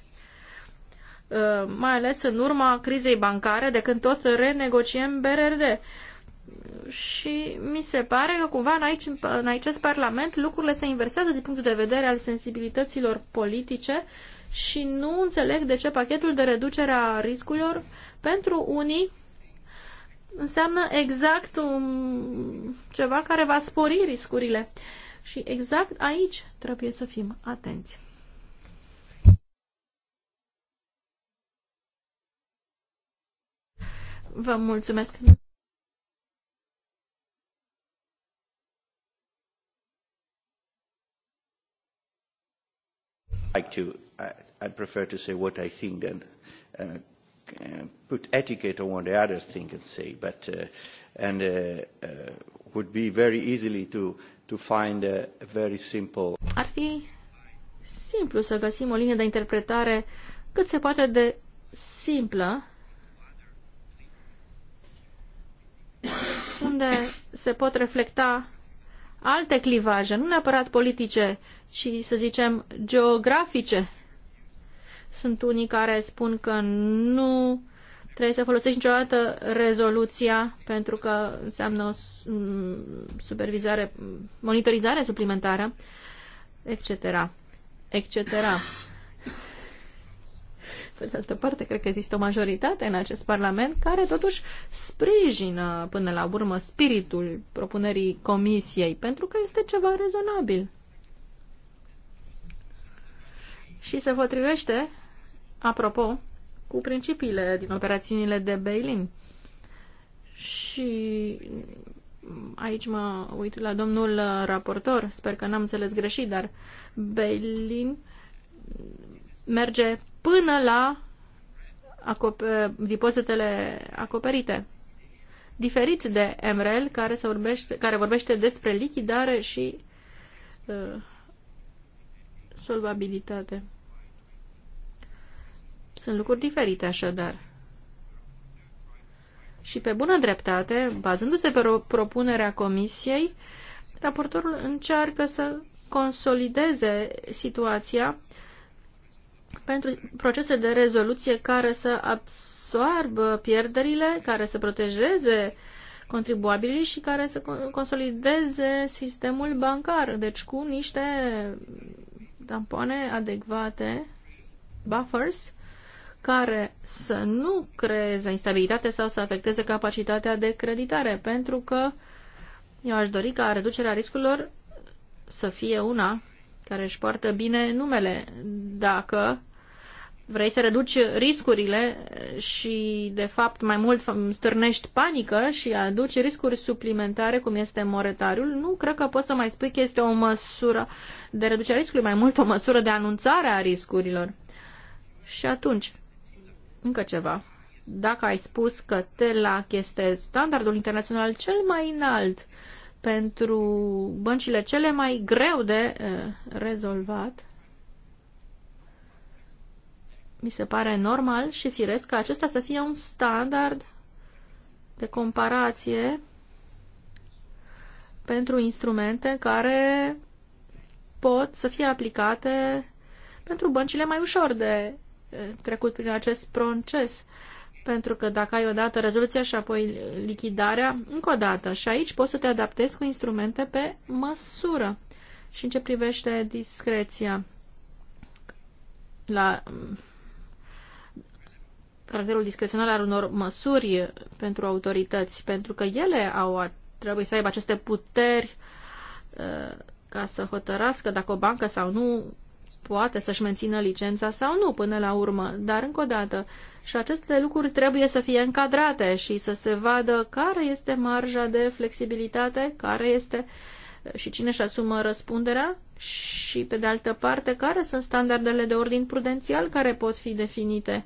uh, mai ales în urma crizei bancare, de când tot renegociem BRD. Și mi se pare că cumva în, aici, în acest Parlament lucrurile se inversează din punctul de vedere al sensibilităților politice și nu înțeleg de ce pachetul de reducere a riscurilor pentru unii înseamnă exact um, ceva care va spori riscurile. Și exact aici trebuie să fim atenți. Vă mulțumesc! like to I, I prefer to say what I think than uh, Uh, put etiquette on the other thing and say, but uh, and uh, uh, would be very easily to to find a, a very simple. Ar fi simplu să găsim o linie de interpretare cât se poate de simplă unde se pot reflecta alte clivaje, nu neapărat politice, ci, să zicem, geografice sunt unii care spun că nu trebuie să folosești niciodată rezoluția pentru că înseamnă o supervizare, monitorizare suplimentară, etc. etc. Pe de altă parte, cred că există o majoritate în acest Parlament care totuși sprijină până la urmă spiritul propunerii Comisiei, pentru că este ceva rezonabil. Și se potrivește apropo, cu principiile din operațiunile de bail-in. Și aici mă uit la domnul raportor, sper că n-am înțeles greșit, dar bail-in merge până la acope- dipozitele acoperite, diferit de MREL, care, se vorbește, care vorbește despre lichidare și uh, solvabilitate. Sunt lucruri diferite așadar. Și pe bună dreptate, bazându-se pe propunerea comisiei, raportorul încearcă să consolideze situația pentru procese de rezoluție care să absorbă pierderile, care să protejeze contribuabilii și care să consolideze sistemul bancar, deci cu niște tampoane adecvate, buffers, care să nu creeze instabilitate sau să afecteze capacitatea de creditare, pentru că eu aș dori ca reducerea riscurilor să fie una care își poartă bine numele. Dacă vrei să reduci riscurile și, de fapt, mai mult stârnești panică și aduci riscuri suplimentare, cum este moretariul, nu cred că poți să mai spui că este o măsură de reducere a riscului, mai mult o măsură de anunțare a riscurilor. Și atunci, încă ceva. Dacă ai spus că TELAC este standardul internațional cel mai înalt pentru băncile cele mai greu de uh, rezolvat, mi se pare normal și firesc ca acesta să fie un standard de comparație pentru instrumente care pot să fie aplicate pentru băncile mai ușor de trecut prin acest proces. Pentru că dacă ai odată rezoluția și apoi lichidarea, încă o dată. Și aici poți să te adaptezi cu instrumente pe măsură. Și în ce privește discreția la caracterul discreționar al unor măsuri pentru autorități, pentru că ele au, trebuie să aibă aceste puteri uh, ca să hotărască dacă o bancă sau nu poate să-și mențină licența sau nu până la urmă, dar încă o dată și aceste lucruri trebuie să fie încadrate și să se vadă care este marja de flexibilitate, care este și cine își asumă răspunderea și, pe de altă parte, care sunt standardele de ordin prudențial care pot fi definite.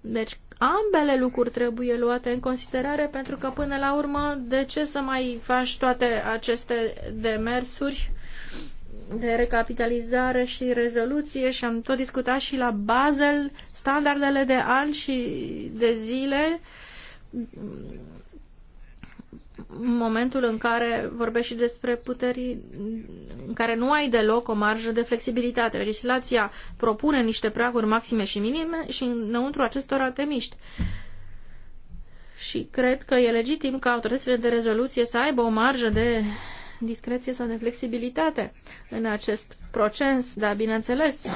Deci, ambele lucruri trebuie luate în considerare pentru că, până la urmă, de ce să mai faci toate aceste demersuri de recapitalizare și rezoluție și am tot discutat și la Basel standardele de ani și de zile momentul în care vorbești și despre puteri în care nu ai deloc o marjă de flexibilitate. Legislația propune niște praguri maxime și minime și înăuntru acestora te miști. Și cred că e legitim ca autoritățile de rezoluție să aibă o marjă de discreție sau neflexibilitate în acest proces, dar bineînțeles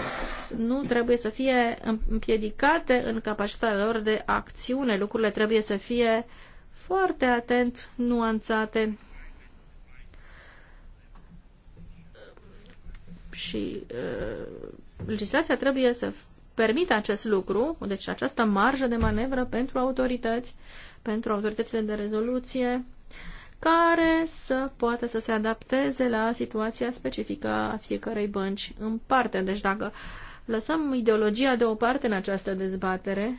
nu trebuie să fie împiedicate în capacitatea lor de acțiune. Lucrurile trebuie să fie foarte atent nuanțate și uh, legislația trebuie să permită acest lucru, deci această marjă de manevră pentru autorități, pentru autoritățile de rezoluție, care să poată să se adapteze la situația specifică a fiecărei bănci în parte. Deci dacă lăsăm ideologia deoparte în această dezbatere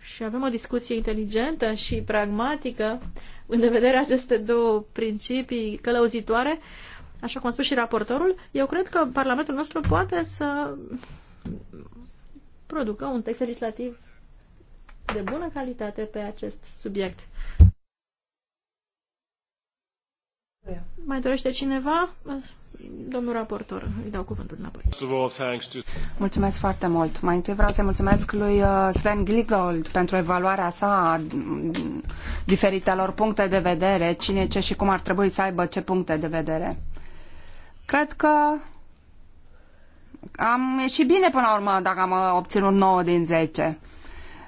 și avem o discuție inteligentă și pragmatică în vedere aceste două principii călăuzitoare, așa cum a spus și raportorul, eu cred că Parlamentul nostru poate să producă un text legislativ de bună calitate pe acest subiect. Mai dorește cineva? Domnul raportor, îi dau cuvântul înapoi. Mulțumesc foarte mult. Mai întâi vreau să mulțumesc lui uh, Sven Gligold pentru evaluarea sa diferitelor puncte de vedere, cine ce și cum ar trebui să aibă ce puncte de vedere. Cred că am ieșit bine până la urmă dacă am uh, obținut 9 din 10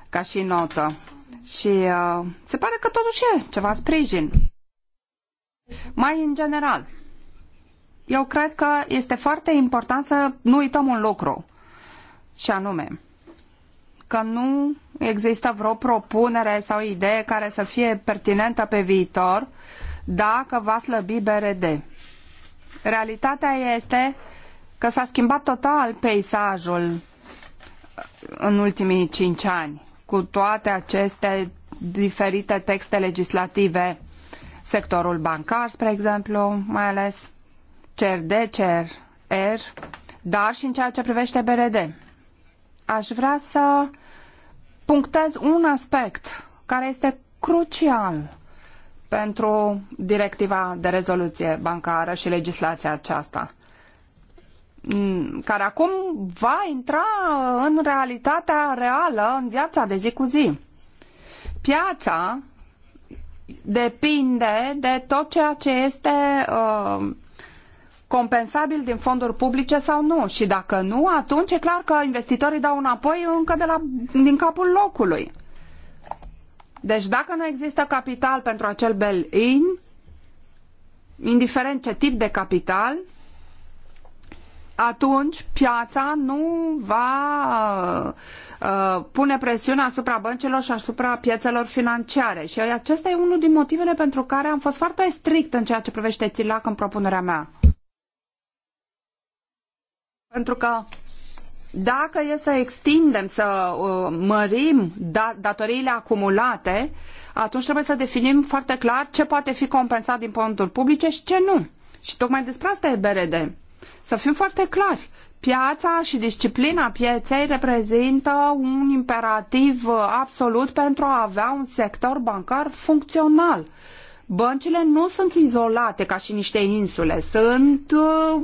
ca și notă. Și uh, se pare că totuși e ceva sprijin. Mai în general, eu cred că este foarte important să nu uităm un lucru, și anume că nu există vreo propunere sau idee care să fie pertinentă pe viitor dacă va slăbi BRD. Realitatea este că s-a schimbat total peisajul în ultimii cinci ani, cu toate aceste diferite texte legislative sectorul bancar, spre exemplu, mai ales CRD, CRR, dar și în ceea ce privește BRD. Aș vrea să punctez un aspect care este crucial pentru directiva de rezoluție bancară și legislația aceasta care acum va intra în realitatea reală, în viața de zi cu zi. Piața depinde de tot ceea ce este uh, compensabil din fonduri publice sau nu. Și dacă nu, atunci e clar că investitorii dau înapoi încă de la, din capul locului. Deci dacă nu există capital pentru acel bel in indiferent ce tip de capital, atunci piața nu va uh, uh, pune presiune asupra băncilor și asupra piețelor financiare. Și acesta e unul din motivele pentru care am fost foarte strict în ceea ce privește TILAC în propunerea mea. Pentru că dacă e să extindem, să uh, mărim da, datoriile acumulate, atunci trebuie să definim foarte clar ce poate fi compensat din fonduri publice și ce nu. Și tocmai despre asta e BRD să fim foarte clari, piața și disciplina pieței reprezintă un imperativ absolut pentru a avea un sector bancar funcțional. Băncile nu sunt izolate ca și niște insule, sunt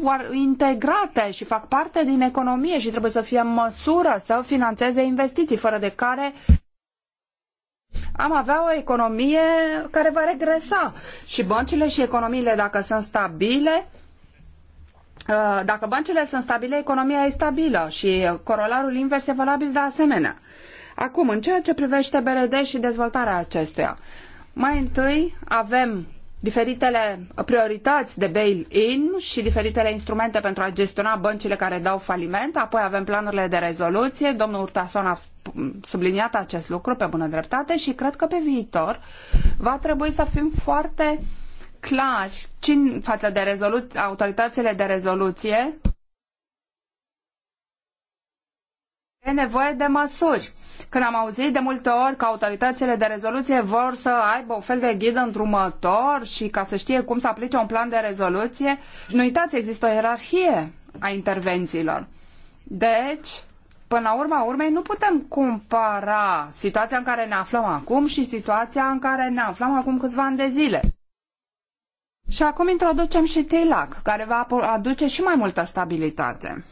uh, integrate și fac parte din economie și trebuie să fie în măsură să financeze investiții, fără de care am avea o economie care va regresa. Și băncile și economiile, dacă sunt stabile, Uh, dacă băncile sunt stabile, economia e stabilă și corolarul invers e valabil de asemenea. Acum, în ceea ce privește BRD și dezvoltarea acestuia, mai întâi avem diferitele priorități de bail-in și diferitele instrumente pentru a gestiona băncile care dau faliment, apoi avem planurile de rezoluție, domnul Urtason a subliniat acest lucru pe bună dreptate și cred că pe viitor va trebui să fim foarte clar cine față de rezolu- autoritățile de rezoluție, e nevoie de măsuri. Când am auzit de multe ori că autoritățile de rezoluție vor să aibă un fel de ghid îndrumător și ca să știe cum să aplice un plan de rezoluție, nu uitați, există o ierarhie a intervențiilor. Deci, până la urma urmei, nu putem compara situația în care ne aflăm acum și situația în care ne aflam acum câțiva ani de zile. Și acum introducem și TILAC, care va aduce și mai multă stabilitate.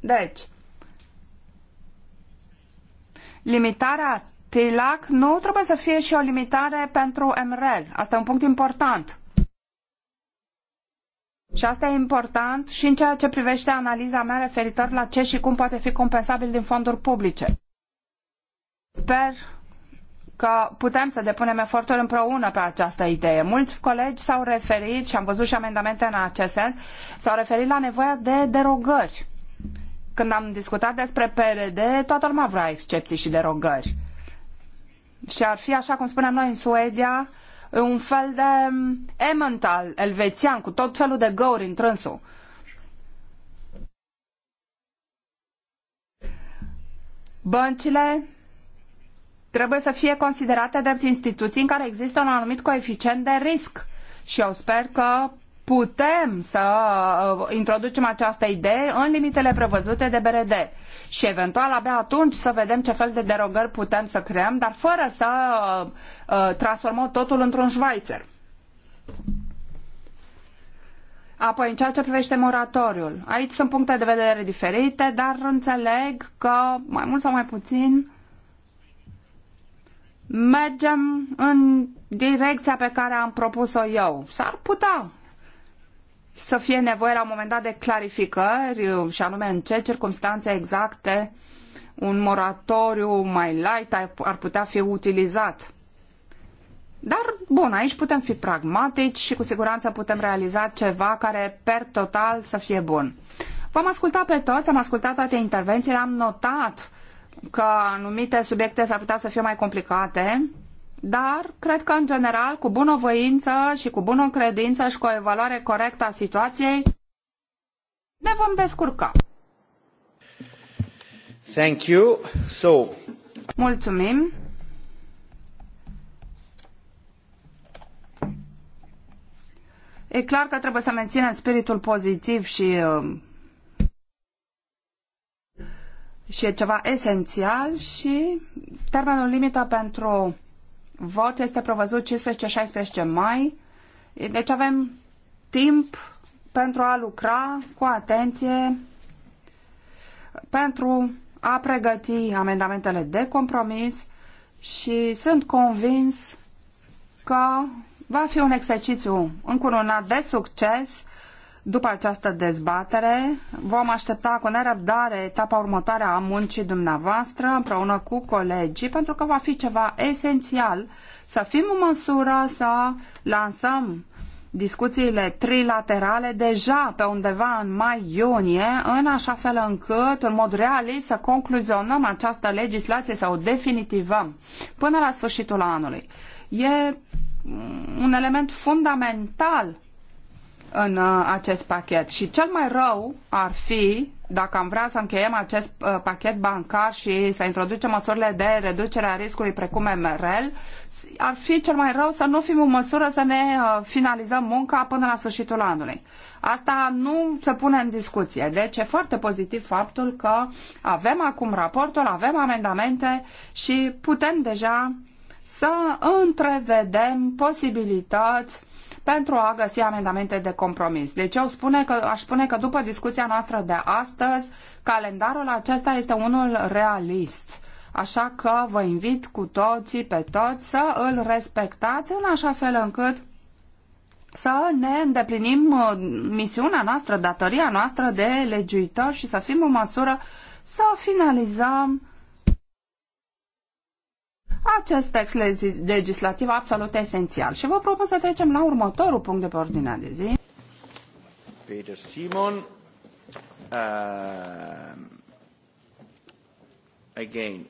Deci, limitarea TILAC nu trebuie să fie și o limitare pentru MREL. Asta e un punct important. Și asta e important și în ceea ce privește analiza mea referitor la ce și cum poate fi compensabil din fonduri publice. Sper că putem să depunem eforturi împreună pe această idee. Mulți colegi s-au referit, și am văzut și amendamente în acest sens, s-au referit la nevoia de derogări. Când am discutat despre PRD, toată lumea vrea excepții și derogări. Și ar fi, așa cum spunem noi în Suedia, un fel de Emmental elvețian, cu tot felul de găuri în trânsul. Băncile trebuie să fie considerate drept instituții în care există un anumit coeficient de risc. Și eu sper că putem să uh, introducem această idee în limitele prevăzute de BRD și eventual abia atunci să vedem ce fel de derogări putem să creăm, dar fără să uh, uh, transformăm totul într-un șvaițer. Apoi, în ceea ce privește moratoriul, aici sunt puncte de vedere diferite, dar înțeleg că, mai mult sau mai puțin, mergem în direcția pe care am propus-o eu. S-ar putea să fie nevoie la un moment dat de clarificări și anume în ce circunstanțe exacte un moratoriu mai light ar putea fi utilizat. Dar, bun, aici putem fi pragmatici și cu siguranță putem realiza ceva care, per total, să fie bun. V-am ascultat pe toți, am ascultat toate intervențiile, am notat că anumite subiecte s-ar putea să fie mai complicate, dar cred că, în general, cu bună voință și cu bună credință și cu o evaluare corectă a situației, ne vom descurca. Thank you. So... Mulțumim. E clar că trebuie să menținem spiritul pozitiv și uh, și e ceva esențial și termenul limită pentru vot este prevăzut 15-16 mai. Deci avem timp pentru a lucra cu atenție, pentru a pregăti amendamentele de compromis și sunt convins că va fi un exercițiu încununat de succes după această dezbatere, vom aștepta cu nerăbdare etapa următoare a muncii dumneavoastră împreună cu colegii, pentru că va fi ceva esențial să fim în măsură să lansăm discuțiile trilaterale deja pe undeva în mai-iunie, în așa fel încât, în mod realist, să concluzionăm această legislație, să o definitivăm până la sfârșitul anului. E un element fundamental în uh, acest pachet. Și cel mai rău ar fi dacă am vrea să încheiem acest uh, pachet bancar și să introducem măsurile de reducere a riscului precum MRL, ar fi cel mai rău să nu fim în măsură să ne uh, finalizăm munca până la sfârșitul anului. Asta nu se pune în discuție. Deci e foarte pozitiv faptul că avem acum raportul, avem amendamente și putem deja să întrevedem posibilități pentru a găsi amendamente de compromis. Deci eu spune că, aș spune că după discuția noastră de astăzi, calendarul acesta este unul realist. Așa că vă invit cu toții, pe toți, să îl respectați în așa fel încât să ne îndeplinim uh, misiunea noastră, datoria noastră de legiuitor și să fim în măsură să finalizăm acest text legislativ absolut esențial. Și vă propun să trecem la următorul punct de pe ordinea de zi. Peter Simon, uh, again,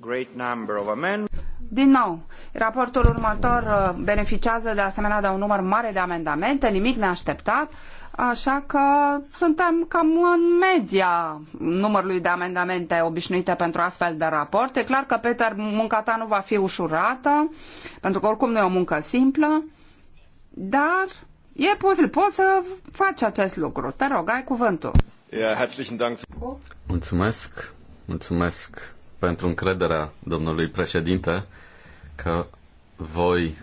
great number of amendments. Din nou, raportul următor uh, beneficiază de asemenea de un număr mare de amendamente, nimic neașteptat. Așa că suntem cam în media numărului de amendamente obișnuite pentru astfel de raport. E clar că, Peter, munca ta nu va fi ușurată, pentru că oricum nu e o muncă simplă, dar e posibil. Poți să faci acest lucru. Te rog, ai cuvântul. Mulțumesc. Mulțumesc pentru încrederea domnului președinte că voi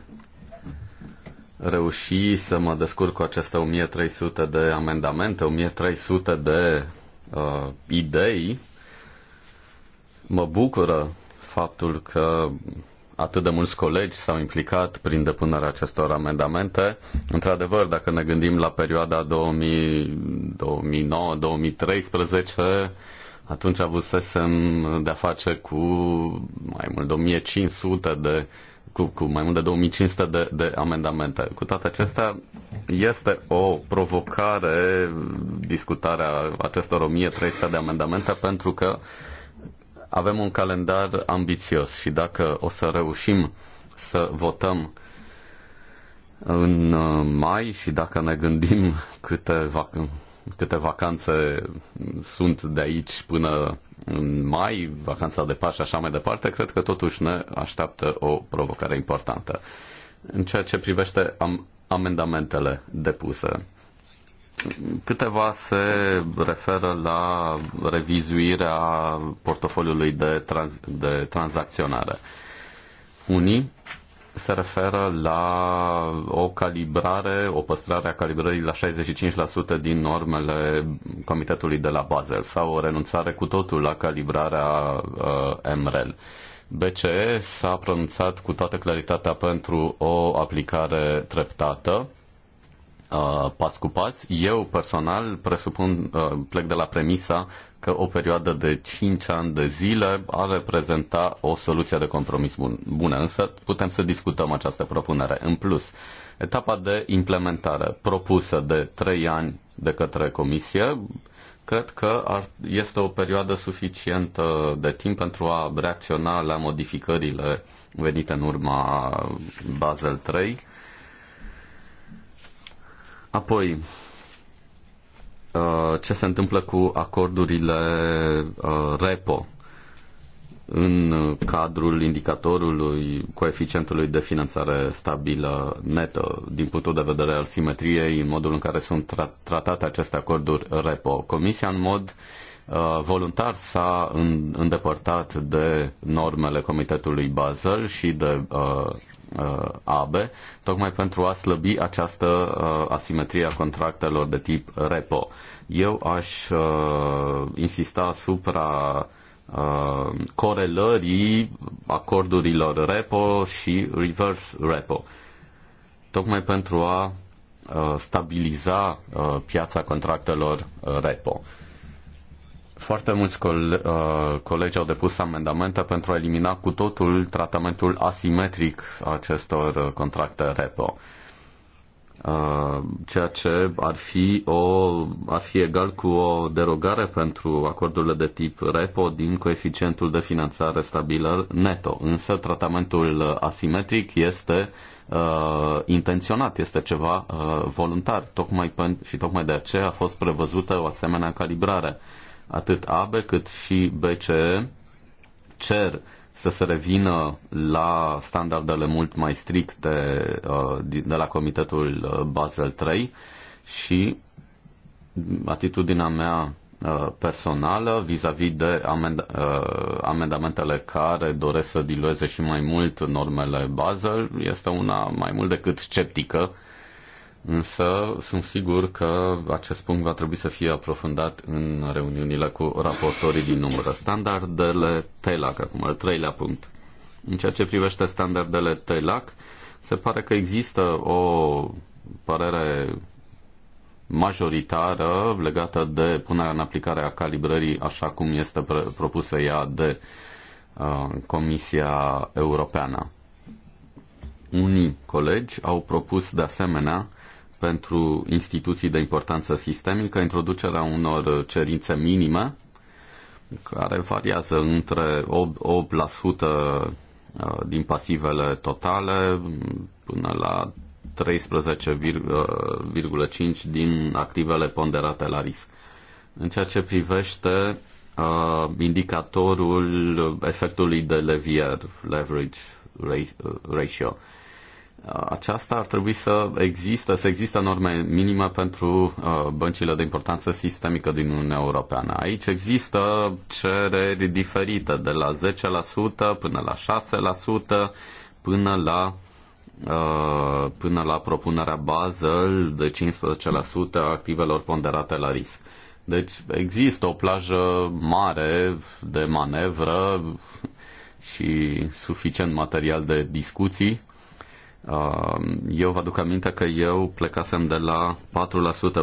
reuși să mă descurc cu aceste 1300 de amendamente, 1300 de uh, idei. Mă bucură faptul că atât de mulți colegi s-au implicat prin depunerea acestor amendamente. Într-adevăr, dacă ne gândim la perioada 2009-2013, atunci avusesem de-a face cu mai mult de 1500 de cu, cu mai mult de 2500 de, de amendamente. Cu toate acestea, este o provocare discutarea acestor 1300 de amendamente pentru că avem un calendar ambițios și dacă o să reușim să votăm în uh, mai și dacă ne gândim câte vacanțe câte vacanțe sunt de aici până în mai, vacanța de Paș și așa mai departe, cred că totuși ne așteaptă o provocare importantă. În ceea ce privește am, amendamentele depuse, câteva se referă la revizuirea portofoliului de, trans, de tranzacționare. Unii se referă la o calibrare, o păstrare a calibrării la 65% din normele Comitetului de la Basel sau o renunțare cu totul la calibrarea uh, MREL. BCE s-a pronunțat cu toată claritatea pentru o aplicare treptată Uh, pas cu pas. Eu personal presupun, uh, plec de la premisa că o perioadă de 5 ani de zile ar reprezenta o soluție de compromis bun, bună, însă putem să discutăm această propunere. În plus, etapa de implementare propusă de 3 ani de către Comisie, cred că ar, este o perioadă suficientă de timp pentru a reacționa la modificările venite în urma Basel 3 Apoi, uh, ce se întâmplă cu acordurile uh, repo în cadrul indicatorului coeficientului de finanțare stabilă netă din punctul de vedere al simetriei, în modul în care sunt tra- tratate aceste acorduri repo. Comisia în mod uh, voluntar s-a îndepărtat de normele Comitetului Basel și de AB, tocmai pentru a slăbi această asimetrie a contractelor de tip repo. Eu aș insista asupra corelării acordurilor repo și reverse repo. Tocmai pentru a stabiliza piața contractelor repo. Foarte mulți uh, colegi au depus amendamente pentru a elimina cu totul tratamentul asimetric acestor uh, contracte repo uh, ceea ce ar fi, o, ar fi egal cu o derogare pentru acordurile de tip repo din coeficientul de finanțare stabilă neto. Însă tratamentul asimetric este uh, intenționat, este ceva uh, voluntar tocmai pen- și tocmai de aceea a fost prevăzută o asemenea calibrare. Uh, Atât ABE cât și BCE cer să se revină la standardele mult mai stricte uh, de la Comitetul uh, Basel III și atitudinea mea uh, personală vis-a-vis -vis de amend- amendamentele care doresc să dilueze și mai mult normele Basel este una mai mult decât sceptică însă sunt sigur că acest punct va trebui să fie aprofundat în reuniunile cu raportorii din numără. Standardele TELAC, acum al treilea punct. În ceea ce privește standardele TELAC, se pare că există o părere majoritară legată de punerea în aplicare a calibrării așa cum este propusă ea de uh, Comisia Europeană. Unii colegi au propus de asemenea pentru instituții de importanță sistemică, introducerea unor cerințe minime, care variază între 8% uh, din pasivele totale până la 13,5 uh, din activele ponderate la risc. În ceea ce privește uh, indicatorul efectului de levier, leverage uh, ratio, aceasta ar trebui să există, să există norme minime pentru uh, băncile de importanță sistemică din Uniunea Europeană. Aici există cereri diferite, de la 10% până la 6%, până la uh, până la propunerea Basel de 15% a activelor ponderate la risc. Deci există o plajă mare de manevră și suficient material de discuții Um, eu vă aduc aminte că eu plecasem de la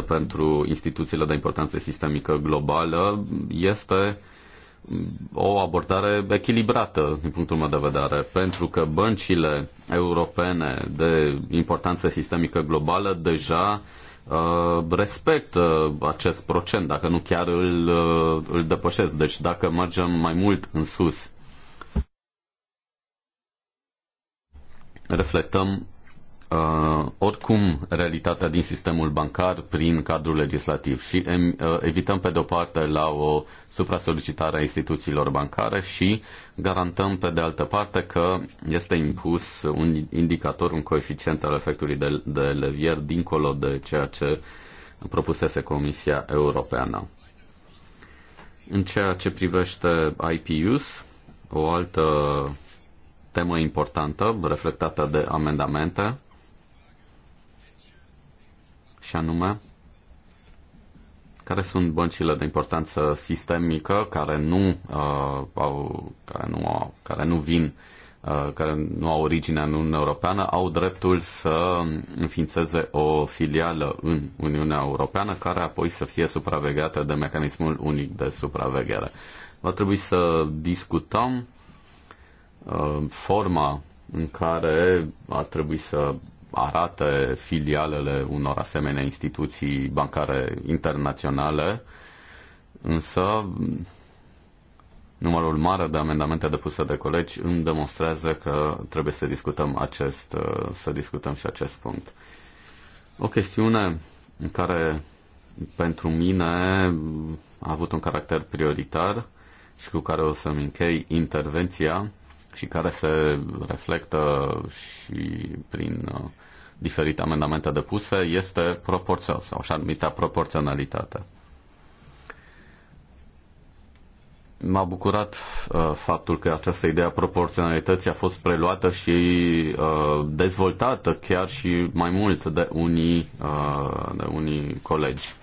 4% pentru instituțiile de importanță sistemică globală. Este o abordare echilibrată din punctul meu de vedere, pentru că băncile europene de importanță sistemică globală deja uh, respectă acest procent, dacă nu chiar îl, uh, îl depășesc. Deci dacă mergem mai mult în sus reflectăm uh, oricum realitatea din sistemul bancar prin cadrul legislativ și em, uh, evităm pe de-o parte la o supra-solicitare a instituțiilor bancare și garantăm pe de altă parte că este impus un indicator, un coeficient al efectului de, de levier dincolo de ceea ce propusese Comisia Europeană. În ceea ce privește IPUs, o altă temă importantă reflectată de amendamente și anume care sunt băncile de importanță sistemică care nu uh, au, care nu au, care nu vin uh, care nu au origine în Uniunea Europeană, au dreptul să înființeze o filială în Uniunea Europeană, care apoi să fie supravegheată de mecanismul unic de supraveghere. Va trebui să discutăm uh, Uh, forma în care ar trebui să arate filialele unor asemenea instituții bancare internaționale, însă numărul mare de amendamente depuse de colegi îmi demonstrează că trebuie să discutăm, acest, uh, să discutăm și acest punct. O chestiune în care pentru mine a avut un caracter prioritar și cu care o să-mi închei intervenția și care se reflectă și prin uh, diferite amendamente depuse este proporția sau așa numită proporționalitate. M-a bucurat uh, faptul că această idee a proporționalității a fost preluată și uh, dezvoltată chiar și mai mult de unii, uh, de unii colegi.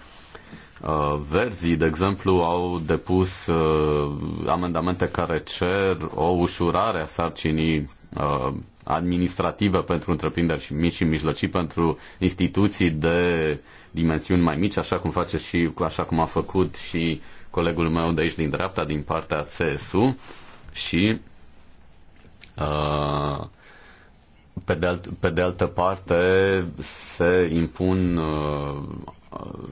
Uh, Verzii, de exemplu, au depus uh, amendamente care cer o ușurare a sarcinii uh, administrative pentru întreprinderi și mici și mijlocii, pentru instituții de dimensiuni mai mici, așa cum face și așa cum a făcut și colegul meu de aici din dreapta, din partea CSU și pe, de alt, pe de altă parte se impun uh, uh,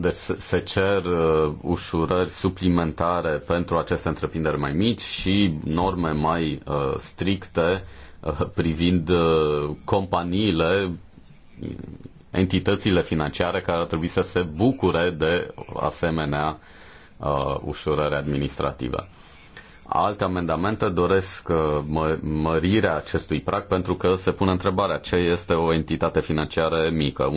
deci se, se cer uh, ușurări suplimentare pentru aceste întreprinderi mai mici și norme mai uh, stricte uh, privind uh, companiile, entitățile financiare care ar trebui să se bucure de asemenea uh, ușurări administrative. Alte amendamente doresc uh, mă, mărirea acestui prag pentru că se pune întrebarea ce este o entitate financiară mică.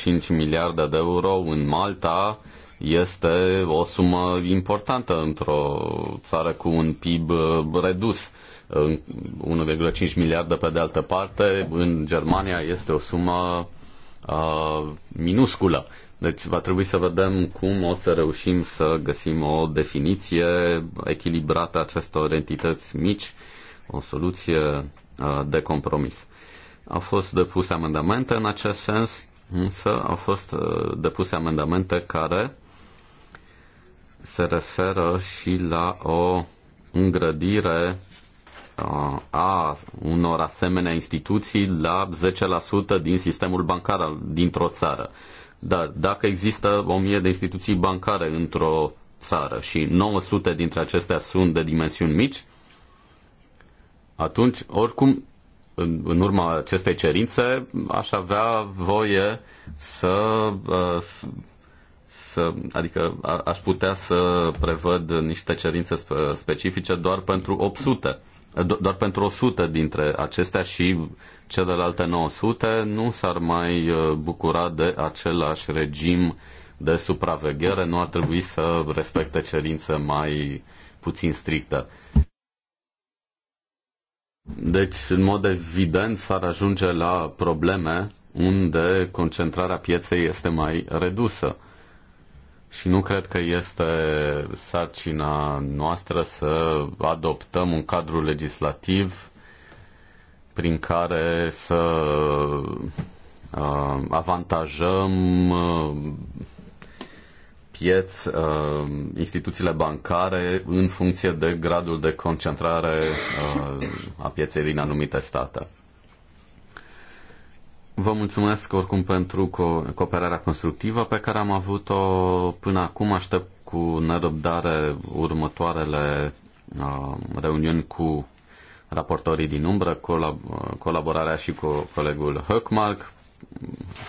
1,5 miliarde de euro în Malta este o sumă importantă într-o țară cu un PIB uh, redus. 1,5 miliarde pe de altă parte, în Germania este o sumă uh, minusculă. Deci va trebui să vedem cum o să reușim să găsim o definiție echilibrată a acestor entități mici, o soluție uh, de compromis. Au fost depuse amendamente în acest sens, însă au fost uh, depuse amendamente care se referă și la o îngrădire uh, a unor asemenea instituții la 10% din sistemul bancar dintr-o țară. Dar dacă există o mie de instituții bancare într-o țară și 900 dintre acestea sunt de dimensiuni mici, atunci, oricum, în, în urma acestei cerințe, aș avea voie să, uh, să adică aș putea să prevăd niște cerințe specifice doar pentru 800, doar pentru 100 dintre acestea și celelalte 900 nu s-ar mai uh, bucura de același regim de supraveghere, nu ar trebui să respecte cerințe mai puțin stricte. Deci, în mod evident, s-ar ajunge la probleme unde concentrarea pieței este mai redusă. Și nu cred că este sarcina noastră să adoptăm un cadru legislativ prin care să uh, avantajăm uh, uh, instituțiile bancare în funcție de gradul de concentrare uh, a pieței din anumite state. Vă mulțumesc oricum pentru co- cooperarea constructivă pe care am avut-o până acum. Aștept cu nerăbdare următoarele uh, reuniuni cu raportorii din umbră, colab- colaborarea și cu colegul Höckmark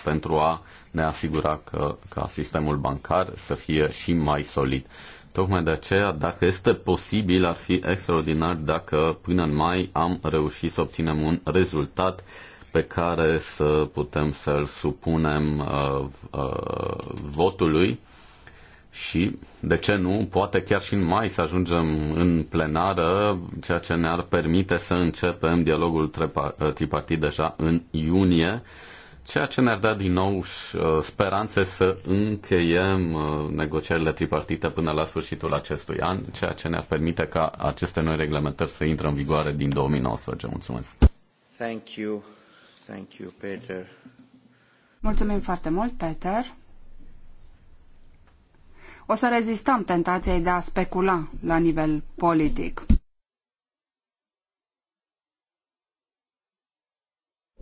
pentru a ne asigura că, ca sistemul bancar să fie și mai solid. Tocmai de aceea, dacă este posibil, ar fi extraordinar dacă până în mai am reușit să obținem un rezultat pe care să putem să-l supunem uh, uh, votului și, de ce nu, poate chiar și în mai să ajungem în plenară, ceea ce ne-ar permite să începem dialogul ă, tripartit deja în iunie, ceea ce ne-ar da din nou ă, speranțe să încheiem ă, negocierile tripartite până la sfârșitul acestui an, ceea ce ne-ar permite ca aceste noi reglementări să intre în vigoare din 2019. Mulțumesc! Thank you. Thank you, Peter. Mulțumim foarte mult, Peter o să rezistăm tentației de a specula la nivel politic.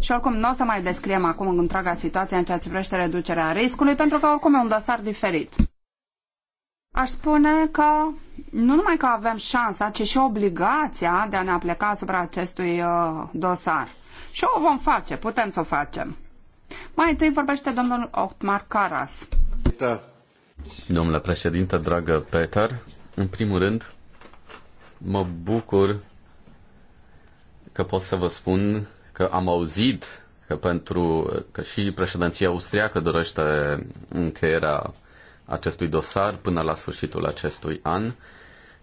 Și oricum nu o să mai descriem acum întreaga situație în ceea ce privește reducerea riscului, pentru că oricum e un dosar diferit. Aș spune că nu numai că avem șansa, ci și obligația de a ne apleca asupra acestui uh, dosar. Și o vom face, putem să o facem. Mai întâi vorbește domnul Octmar Caras. Da. Domnule președinte, dragă Peter, în primul rând, mă bucur că pot să vă spun că am auzit că pentru că și președinția austriacă dorește încheierea acestui dosar până la sfârșitul acestui an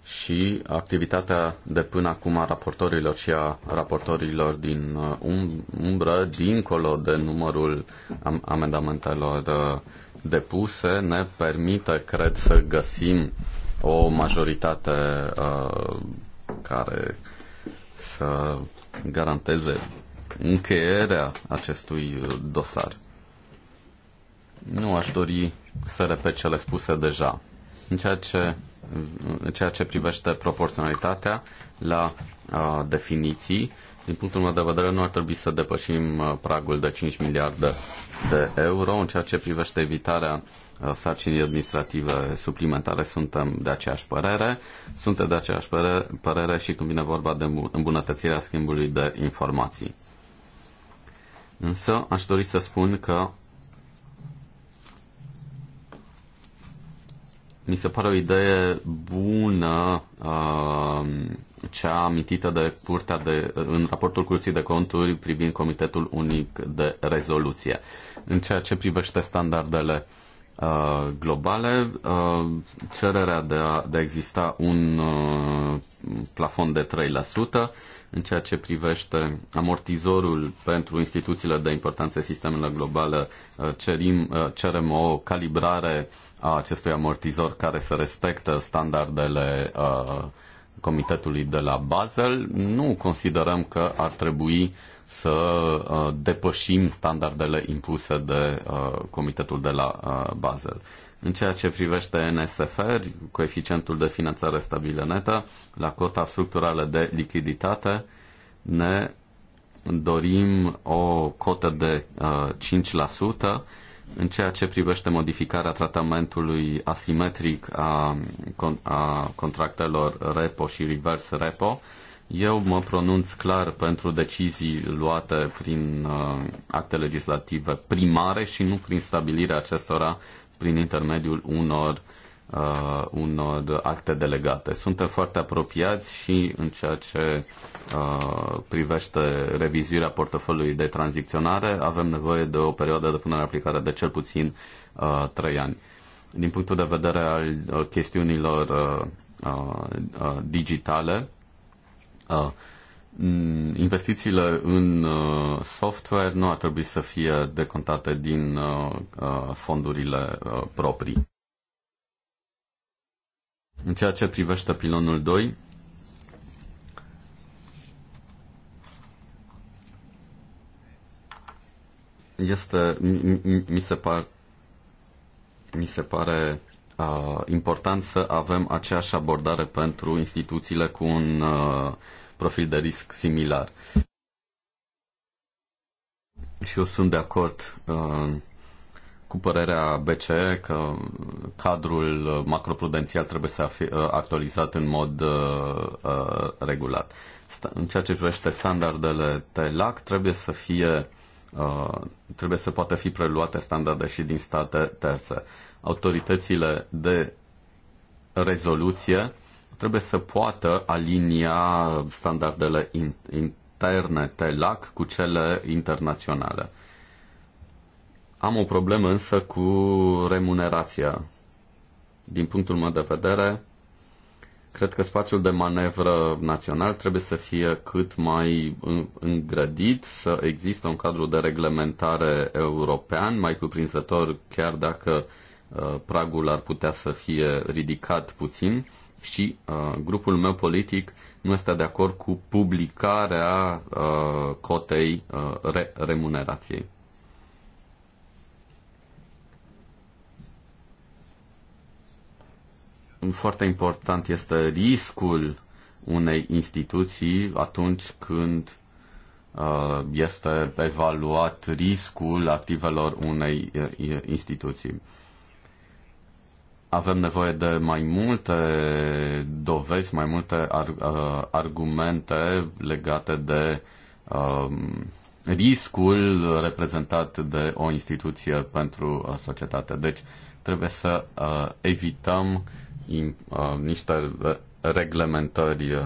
și activitatea de până acum a raportorilor și a raportorilor din uh, um, umbră, dincolo de numărul amendamentelor uh, depuse, ne permite, cred, să găsim o majoritate uh, care să garanteze încheierea acestui uh, dosar. Nu aș dori să repet cele spuse deja. În ceea ce în ceea ce privește proporționalitatea la uh, definiții, din punctul meu de vedere, nu ar trebui să depășim pragul de 5 miliarde de euro. În ceea ce privește evitarea sarcinii administrative suplimentare, suntem de aceeași părere. Suntem de aceeași părere, părere și când vine vorba de îmbunătățirea schimbului de informații. Însă, aș dori să spun că Mi se pare o idee bună uh, cea amintită de curtea de, în raportul Curții de Conturi privind Comitetul Unic de Rezoluție. În ceea ce privește standardele uh, globale, uh, cererea de a, de a exista un plafon de 3% în ceea ce privește amortizorul pentru instituțiile de importanță sistemele globale, cerim, cerem o calibrare uh, a acestui amortizor care să respectă standardele Comitetului de la Basel, nu considerăm că ar trebui să uh, depășim standardele impuse de Comitetul de la Basel. În ceea ce privește NSF, coeficientul de finanțare stabilă netă, la cota structurală de lichiditate, ne dorim o cotă de uh, 5%, în ceea ce privește modificarea tratamentului asimetric a, a contractelor repo și reverse repo, eu mă pronunț clar pentru decizii luate prin uh, acte legislative primare și nu prin stabilirea acestora prin intermediul unor uh, unor acte delegate. Suntem foarte apropiați și în ceea ce uh, privește revizuirea portofoliului de tranzicționare avem nevoie de o perioadă de punere în aplicare de cel puțin uh, 3 ani. Din punctul de vedere al uh, chestiunilor uh, uh, uh digitale, uh, mm, investițiile în uh, software nu ar trebui să fie decontate din uh, uh fondurile uh, proprii. În ceea ce privește pilonul 2, este, mi, mi se par, mi se pare uh, important să avem aceeași abordare pentru instituțiile cu un uh, profil de risc similar. Și eu sunt de acord uh, cu părerea BCE că cadrul macroprudențial trebuie să fie uh, actualizat în mod uh, uh regulat. În ceea ce privește standardele TELAC, trebuie să fie uh, trebuie să poată fi preluate standarde și din state terțe. Autoritățile de rezoluție trebuie să poată alinia standardele interne TELAC cu cele internaționale am o problemă însă cu remunerația. Din punctul meu de vedere, cred că spațiul de manevră național trebuie să fie cât mai îngrădit, să există un cadru de reglementare european mai cuprinzător, chiar dacă uh, pragul ar putea să fie ridicat puțin și uh, grupul meu politic nu este de acord cu publicarea uh, cotei uh, re- remunerației. foarte important este riscul unei instituții atunci când uh, este evaluat riscul activelor unei uh, instituții. Avem nevoie de mai multe dovezi, mai multe uh, argumente legate de um, riscul reprezentat de o instituție pentru societate. Deci trebuie să evităm uh, Uh, niște reglementări uh,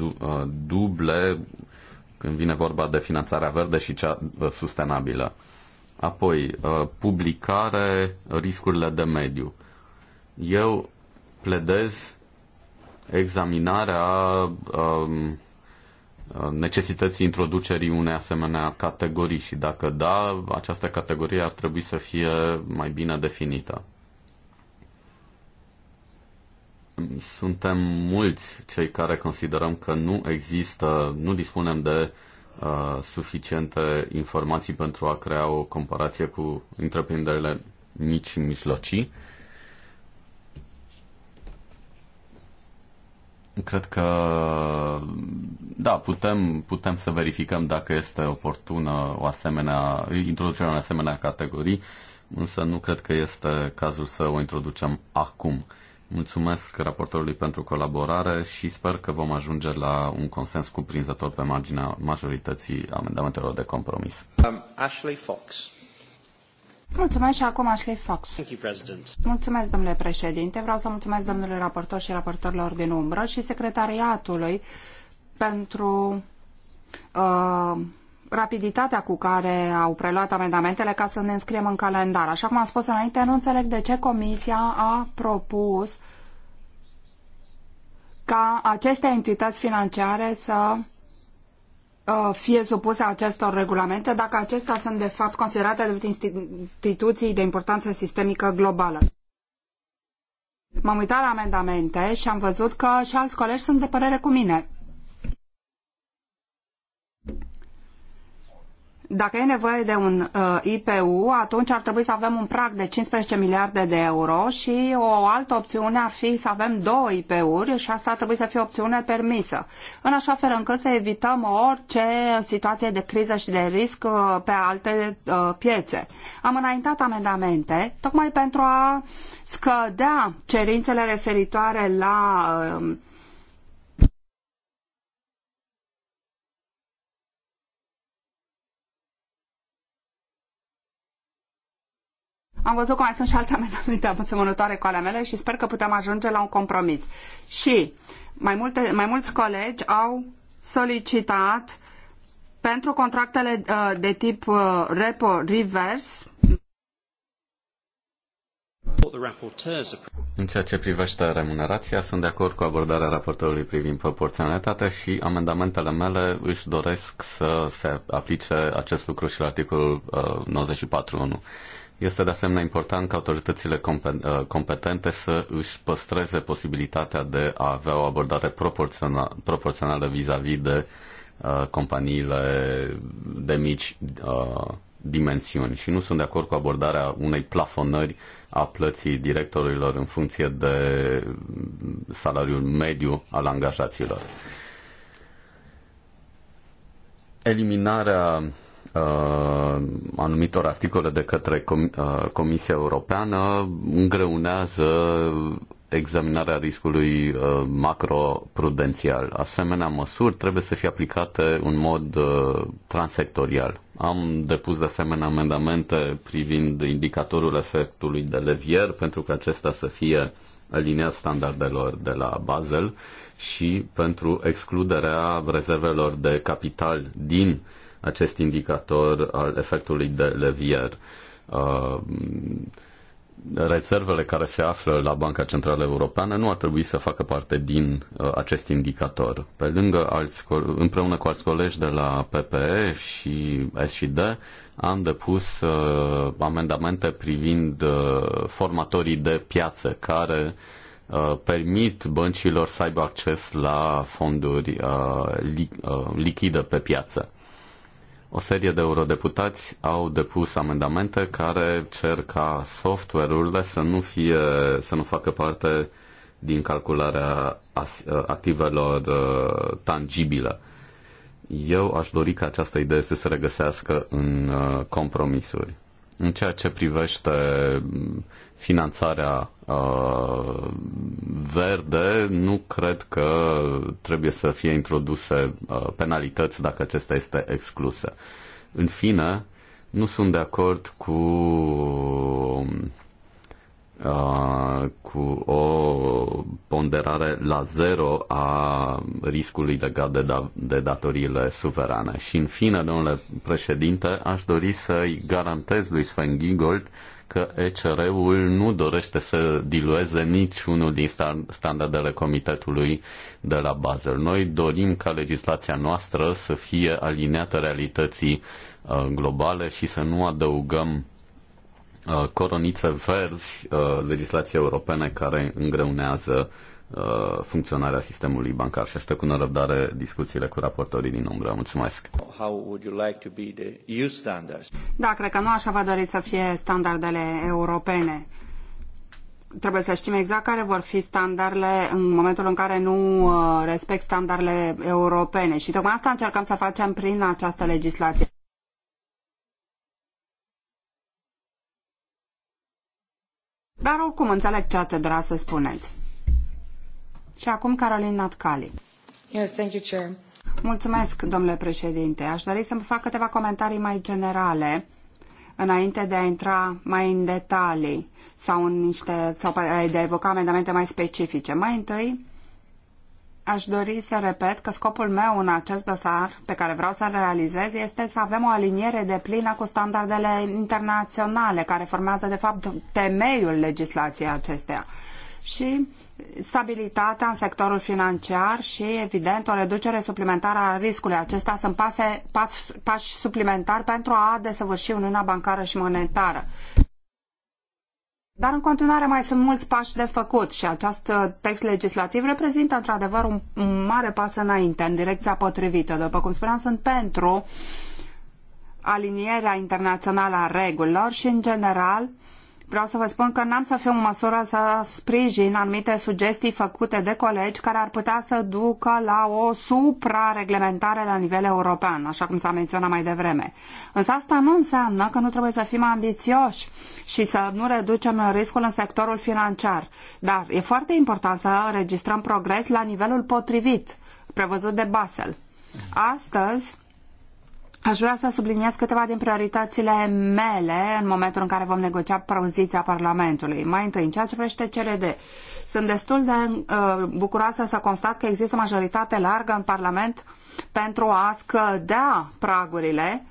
uh, duble când vine vorba de finanțarea verde și cea sustenabilă. Apoi, publicare, riscurile de mediu. Eu pledez examinarea um, necesității introducerii unei asemenea categorii și dacă da, această categorie ar trebui să fie mai bine definită. suntem mulți cei care considerăm că nu există, nu dispunem de uh, suficiente informații pentru a crea o comparație cu întreprinderile mici și mijlocii. Cred că, da, putem, putem să verificăm dacă este oportună o asemenea, introducerea în asemenea categorii, însă nu cred că este cazul să o introducem acum. Uh, Mulțumesc raportorului pentru colaborare și sper că vom ajunge la un consens cuprinzător pe marginea majorității amendamentelor de compromis. Um, Ashley Fox. Mulțumesc și acum Ashley Fox. Thank you, President. Mulțumesc, domnule președinte. Vreau să mulțumesc domnului raportor și raportorilor din umbră și secretariatului pentru uh, rapiditatea cu care au preluat amendamentele ca să ne înscriem în calendar. Așa cum am spus înainte, nu înțeleg de ce Comisia a propus ca aceste entități financiare să uh, fie supuse acestor regulamente dacă acestea sunt de fapt considerate de instituții de importanță sistemică globală. M-am uitat la amendamente și am văzut că și alți colegi sunt de părere cu mine. dacă e nevoie de un uh, IPU, atunci ar trebui să avem un prag de 15 miliarde de euro și o altă opțiune ar fi să avem două IPU-uri și asta ar trebui să fie o opțiune permisă, în așa fel încât să evităm orice situație de criză și de risc uh, pe alte uh, piețe. Am înaintat amendamente tocmai pentru a scădea cerințele referitoare la uh, Am văzut că mai sunt și alte amendamente asemănătoare cu ale mele și sper că putem ajunge la un compromis. Și mai, multe, mai mulți colegi au solicitat pentru contractele uh, de tip uh, repo reverse în ceea ce privește remunerația, sunt de acord cu abordarea raportorului privind proporționalitatea și amendamentele mele își doresc să se aplice acest lucru și la articolul 94.1. Uh, este de asemenea important ca autoritățile uh, competente să își păstreze posibilitatea de a avea o abordare proporțională, proporțională vis-a-vis de uh, companiile de mici uh, dimensiuni și nu sunt de acord cu abordarea unei plafonări a plății directorilor în funcție de salariul mediu al angajaților. Eliminarea Uh, anumitor articole de către Com uh, Comisia Europeană îngreunează examinarea riscului uh, macroprudențial. Asemenea măsuri trebuie să fie aplicate în mod transectorial. Am depus de asemenea amendamente privind indicatorul efectului de levier pentru că acesta să fie aliniat standardelor de la Basel și pentru excluderea rezervelor de capital din uh, acest indicator al efectului de levier. Uh, Rezervele care se află la Banca Centrală Europeană nu ar trebui să facă parte din uh, acest indicator. Pe lângă alți, împreună cu alți colegi de la PPE și SD, am depus uh, amendamente privind uh, formatorii de piață care uh, permit băncilor să aibă acces la fonduri uh, li- uh, lichide pe piață. O serie de eurodeputați au depus amendamente care cer ca software-urile să nu, fie, să nu facă parte din calcularea uh, activelor uh, tangibile. Eu aș dori ca această idee să se regăsească în uh, compromisuri. În ceea ce privește finanțarea uh, verde, nu cred că trebuie să fie introduse uh, penalități dacă acesta este exclusă. În fine, nu sunt de acord cu um, Uh, cu o ponderare la zero a riscului legat de, da- de datoriile suverane. Și în fine, domnule președinte, aș dori să-i garantez lui Sven Giegold că ECR-ul nu dorește să dilueze niciunul din standardele comitetului de la Basel. Noi dorim ca legislația noastră să fie aliniată realității uh, globale și să nu adăugăm Uh, coronițe verzi, uh, legislația europene care îngreunează uh, funcționarea sistemului bancar și aștept cu nerăbdare discuțiile cu raportorii din umbră. Mulțumesc! How would you like to be the EU standards? Da, cred că nu așa vă doriți să fie standardele europene. Trebuie să știm exact care vor fi standardele în momentul în care nu respect standardele europene și tocmai asta încercăm să facem prin această legislație. Dar oricum înțeleg ce ați dorea să spuneți. Și acum Caroline Natcali. Yes, thank you, Chair. Mulțumesc, domnule președinte. Aș dori să mi fac câteva comentarii mai generale înainte de a intra mai în detalii sau, în niște, sau de a evoca amendamente mai specifice. Mai întâi, Aș dori să repet că scopul meu în acest dosar pe care vreau să-l realizez este să avem o aliniere de plină cu standardele internaționale care formează de fapt temeiul legislației acesteia și stabilitatea în sectorul financiar și evident o reducere suplimentară a riscului. Acestea sunt pase, pas, pași suplimentari pentru a desăvârși Uniunea Bancară și Monetară. Dar în continuare mai sunt mulți pași de făcut și acest text legislativ reprezintă într-adevăr un, un mare pas înainte, în direcția potrivită. După cum spuneam, sunt pentru alinierea internațională a regulilor și, în general, uh, Vreau să vă spun că n-am să fiu în măsură să sprijin anumite sugestii făcute de colegi care ar putea să ducă la o suprareglementare la nivel european, așa cum s-a menționat mai devreme. Însă asta nu înseamnă că nu trebuie să fim ambițioși și să nu reducem riscul în sectorul financiar. Dar e foarte important să înregistrăm progres la nivelul potrivit, prevăzut de Basel. Astăzi, Aș vrea să subliniez câteva din prioritățile mele în momentul în care vom negocia poziția Parlamentului. Mai întâi, în ceea ce vrește CRD, sunt destul de uh, bucuroasă să constat că există majoritate largă în Parlament pentru a scădea pragurile,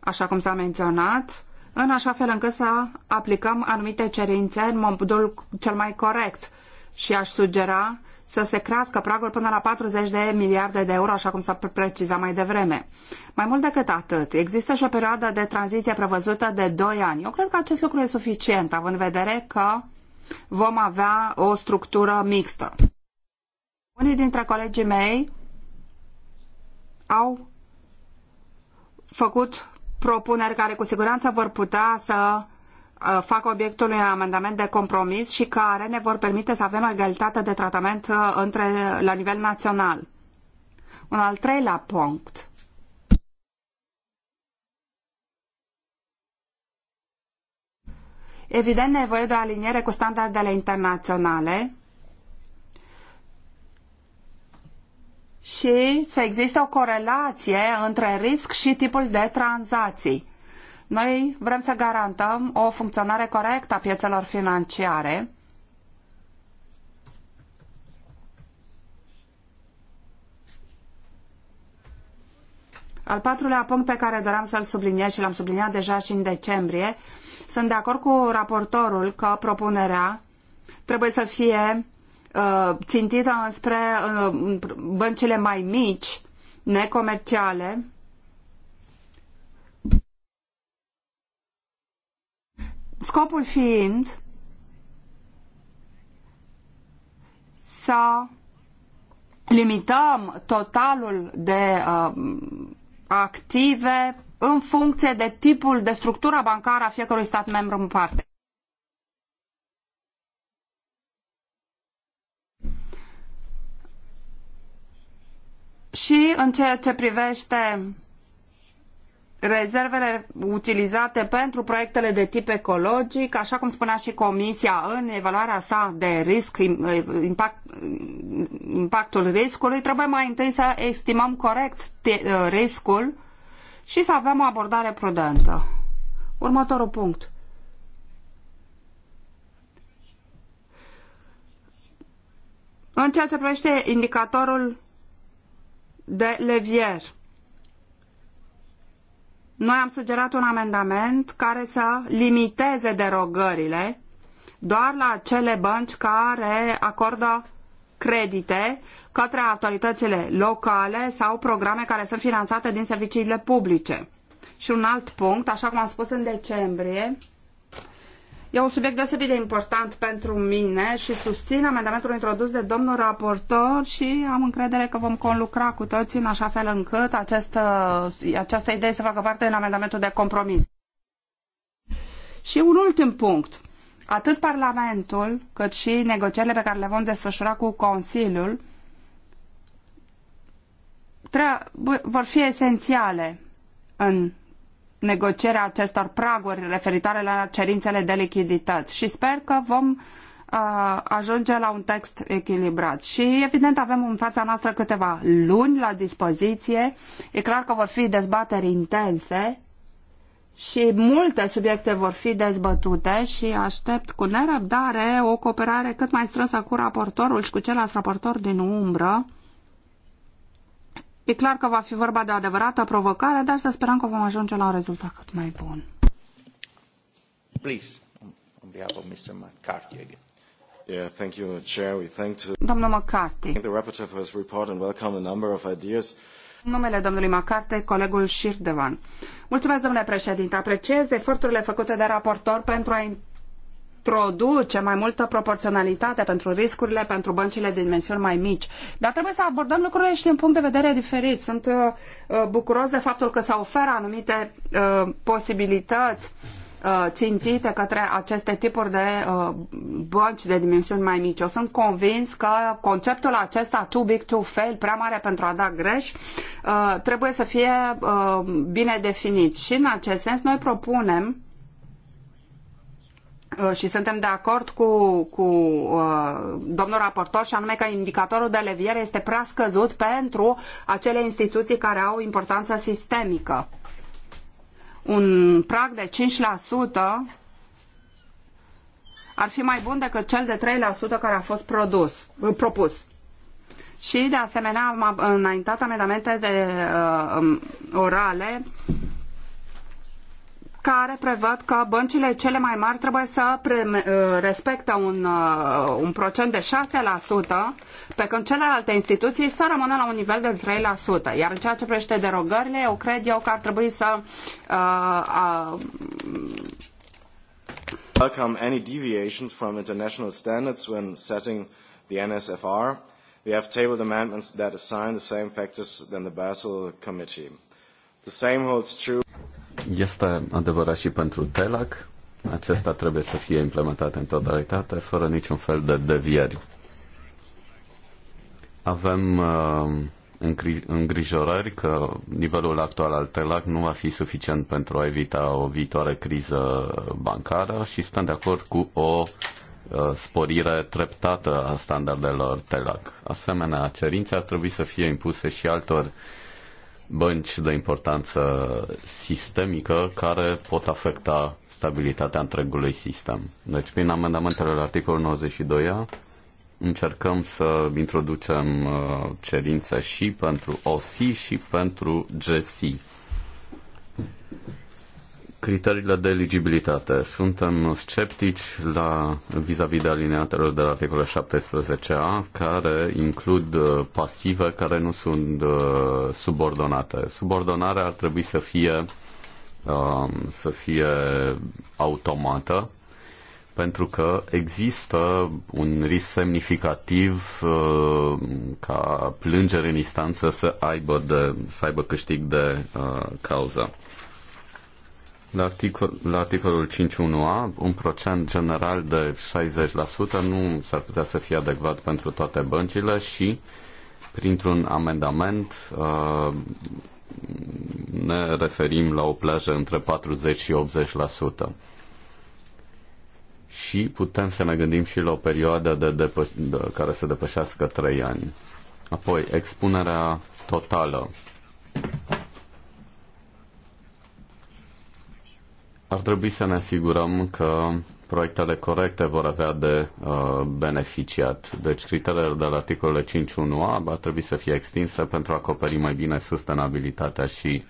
așa cum s-a menționat, în așa fel încât să aplicăm anumite cerințe în modul cel mai corect. Și aș sugera să se crească pragul până la 40 de miliarde de euro, așa cum s-a precizat mai devreme. Mai mult decât atât, există și o perioadă de tranziție prevăzută de 2 ani. Eu cred că acest lucru e suficient, având în vedere că vom avea o structură mixtă. Unii dintre colegii mei au făcut propuneri care cu siguranță vor putea să Uh, fac obiectul unui amendament de compromis și care ne vor permite să avem egalitate de tratament uh, între, la nivel național. Un al treilea punct. Evident, nevoie de o aliniere cu standardele internaționale și să existe o corelație între risc și tipul de tranzacții noi vrem să garantăm o funcționare corectă a piețelor financiare, Al patrulea punct pe care doream să-l subliniez și l-am subliniat deja și în decembrie, sunt de acord cu raportorul că propunerea trebuie să fie uh, țintită înspre uh, băncile mai mici, necomerciale, Scopul fiind să limităm totalul de uh, active în funcție de tipul de structură bancară a fiecărui stat membru în parte. Și în ceea ce privește rezervele utilizate pentru proiectele de tip ecologic, așa cum spunea și Comisia în evaluarea sa de risc, impact, impactul riscului, trebuie mai întâi să estimăm corect uh, riscul și să avem o abordare prudentă. Următorul punct. În ceea ce privește indicatorul de levier, noi am sugerat un amendament care să limiteze derogările doar la cele bănci care acordă credite către autoritățile locale sau programe care sunt finanțate din serviciile publice. Și un alt punct, așa cum am spus în decembrie, E un subiect deosebit de important pentru mine și susțin amendamentul introdus de domnul raportor și am încredere că vom conlucra cu toții în așa fel încât această, uh, această idee să facă parte din amendamentul de compromis. Și un ultim punct. Atât Parlamentul, cât și negocierile pe care le vom desfășura cu Consiliul vor fi esențiale în negocierea acestor praguri referitoare la cerințele de lichidități și sper că vom uh, ajunge la un text echilibrat. Și evident avem în fața noastră câteva luni la dispoziție. E clar că vor fi dezbateri intense și multe subiecte vor fi dezbătute și aștept cu nerăbdare o cooperare cât mai strânsă cu raportorul și cu celălalt raportori din umbră E clar că va fi vorba de o adevărată provocare, dar să sperăm că vom ajunge la un rezultat cât mai bun. Please, on behalf of Mr. McCarthy again. Yeah, thank you, Chair. We thank to Domnul McCarthy. The rapporteur for his report and welcome a number of ideas numele domnului Macarte, colegul Șirdevan. Mulțumesc, domnule președinte. Apreciez eforturile făcute de raportor pentru a introduce mai multă proporționalitate pentru riscurile pentru băncile de dimensiuni mai mici. Dar trebuie să abordăm lucrurile și din punct de vedere diferit. Sunt uh, uh bucuros de faptul că se oferă anumite uh, posibilități uh, țintite către aceste tipuri de uh, bănci de dimensiuni mai mici. Eu sunt convins că conceptul acesta too big to fail, prea mare pentru a da greș, uh, trebuie să fie uh, bine definit. Și în acest sens noi propunem Uh, și suntem de acord cu, cu uh, domnul raportor și anume că indicatorul de leviere este prea scăzut pentru acele instituții care au importanță sistemică. Un prag de 5% ar fi mai bun decât cel de 3% care a fost produs, uh, propus. Și de asemenea am înaintat amendamente de, uh, um, orale care prevăd că băncile cele mai mari trebuie să uh, respecte un, uh, un procent de 6%, pe când celelalte instituții să rămână la un nivel de 3%. Iar în ceea ce privește derogările, eu cred eu că ar trebui să uh, uh, welcome any deviations from international standards when setting the NSFR. We have tabled amendments that assign the same factors than the Basel Committee. The same holds true este adevărat și pentru TELAC. Acesta trebuie să fie implementat în totalitate, fără niciun fel de devieri. Avem uh, îngrijorări că nivelul actual al TELAC nu va fi suficient pentru a evita o viitoare criză bancară și suntem de acord cu o uh, sporire treptată a standardelor TELAC. Asemenea, cerințe ar trebui să fie impuse și altor bănci de importanță sistemică care pot afecta stabilitatea întregului sistem. Deci, prin amendamentele la articolul 92a, încercăm să introducem uh, cerințe și pentru OSI și pentru GSI criteriile de eligibilitate. Suntem sceptici la vis-a-vis -vis de alineatelor de la articolul 17a, care includ uh, pasive care nu sunt uh, subordonate. Subordonarea ar trebui să fie, um, să fie automată, pentru că există un risc semnificativ uh, ca plângere în instanță să aibă, de, să aibă câștig de cauză la, articol, la articolul 5.1a, un procent general de 60% nu s-ar putea să fie adecvat pentru toate băncile și printr-un amendament uh, ne referim la o plajă între 40 și 80%. Și putem să ne gândim și la o perioadă de depă- de, care să depășească 3 ani. Apoi, expunerea totală Ar trebui să ne asigurăm că proiectele corecte vor avea de uh, beneficiat. Deci criteriile de la articolele 5.1a ar trebui să fie extinse pentru a acoperi mai bine sustenabilitatea și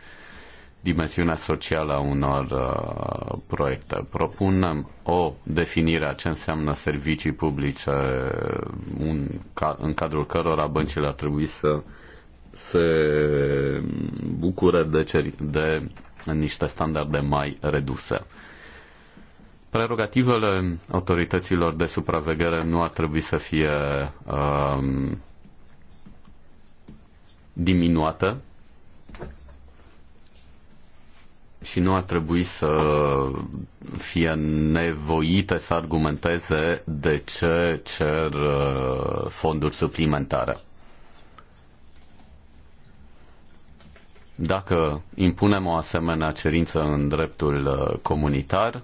dimensiunea socială a unor uh, proiecte. Propunem o definire a ce înseamnă servicii publice uh, un, ca, în cadrul cărora băncile ar trebui să se bucure de, ceri, de niște standarde mai reduse. Prerogativele autorităților de supraveghere nu ar trebui să fie um, diminuată și nu ar trebui să fie nevoite să argumenteze de ce cer uh, fonduri suplimentare. Dacă impunem o asemenea cerință în dreptul uh, comunitar,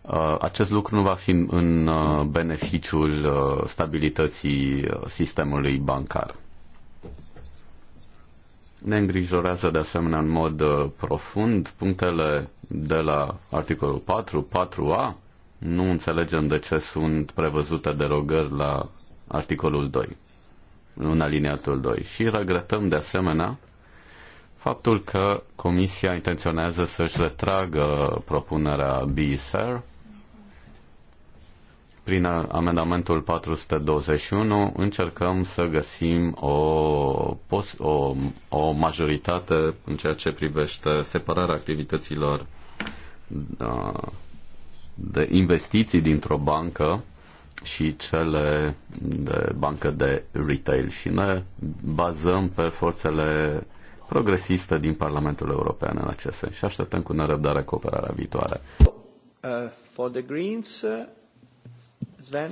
uh, acest lucru nu va fi în uh, beneficiul stabilității sistemului bancar. Ne îngrijorează de asemenea în mod profund punctele de la articolul 4, 4a. Nu înțelegem de ce sunt prevăzute derogări la articolul 2, în aliniatul 2. Și regretăm de asemenea faptul că Comisia intenționează să-și retragă propunerea BISER prin amendamentul 421 încercăm să găsim o, o, o majoritate în ceea ce privește separarea activităților uh, de investiții dintr-o bancă și cele de bancă de retail și ne bazăm pe forțele progresistă din Parlamentul European în acest sens și așteptăm cu nerăbdare cooperarea viitoare. Uh, for the Greens, uh, Sven?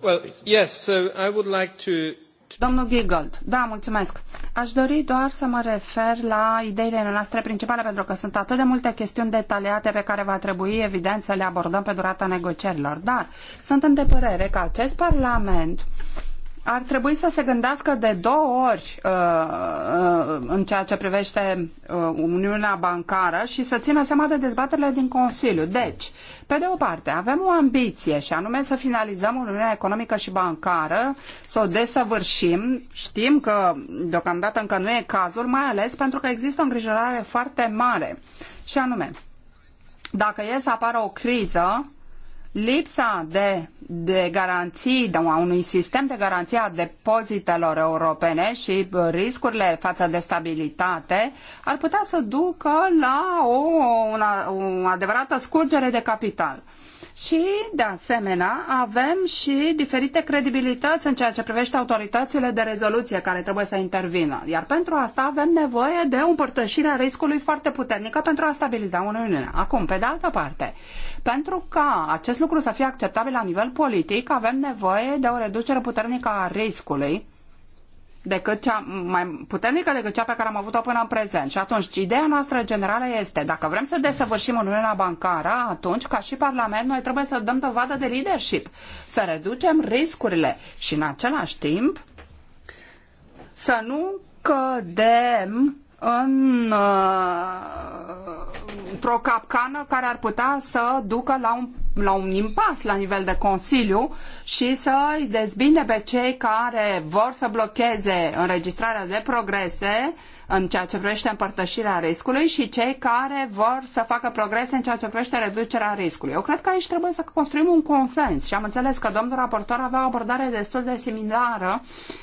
Well, yes, so I would like to Domnul Giggold, da, mulțumesc. Aș dori doar să mă refer la ideile noastre principale, pentru că sunt atât de multe chestiuni detaliate pe care va trebui, evident, să le abordăm pe durata negocierilor. Dar suntem de părere că acest Parlament ar trebui să se gândească de două ori uh, uh, în ceea ce privește uh, Uniunea Bancară și să țină seama de dezbaterile din Consiliu. Deci, pe de o parte, avem o ambiție și anume să finalizăm Uniunea Economică și Bancară, să o desăvârșim. Știm că deocamdată încă nu e cazul, mai ales pentru că există o îngrijorare foarte mare. Și anume, dacă e să apară o criză, lipsa de, de garanții, de a unui sistem de garanție a depozitelor europene și uh, riscurile față de stabilitate ar putea să ducă la o, una, o adevărată scurgere de capital. Și, de asemenea, avem și diferite credibilități în ceea ce privește autoritățile de rezoluție care trebuie să intervină. Iar pentru asta avem nevoie de o împărtășire a riscului foarte puternică pentru a stabiliza Uniunea. Acum, pe de altă parte, pentru ca acest lucru să fie acceptabil la nivel politic, avem nevoie de o reducere puternică a riscului decât cea, mai puternică decât cea pe care am avut-o până în prezent. Și atunci, ideea noastră generală este, dacă vrem să desăvârșim Uniunea Bancară, atunci, ca și Parlament, noi trebuie să dăm dovadă de leadership, să reducem riscurile și, în același timp, să nu cădem Uh, într-o capcană care ar putea să ducă la un la un impas la nivel de Consiliu și să îi dezbine pe cei care vor să blocheze înregistrarea de progrese în ceea ce privește împărtășirea riscului și cei care vor să facă progrese în ceea ce privește reducerea riscului. Eu cred că aici trebuie să construim un consens și am înțeles că domnul raportor avea o abordare destul de similară.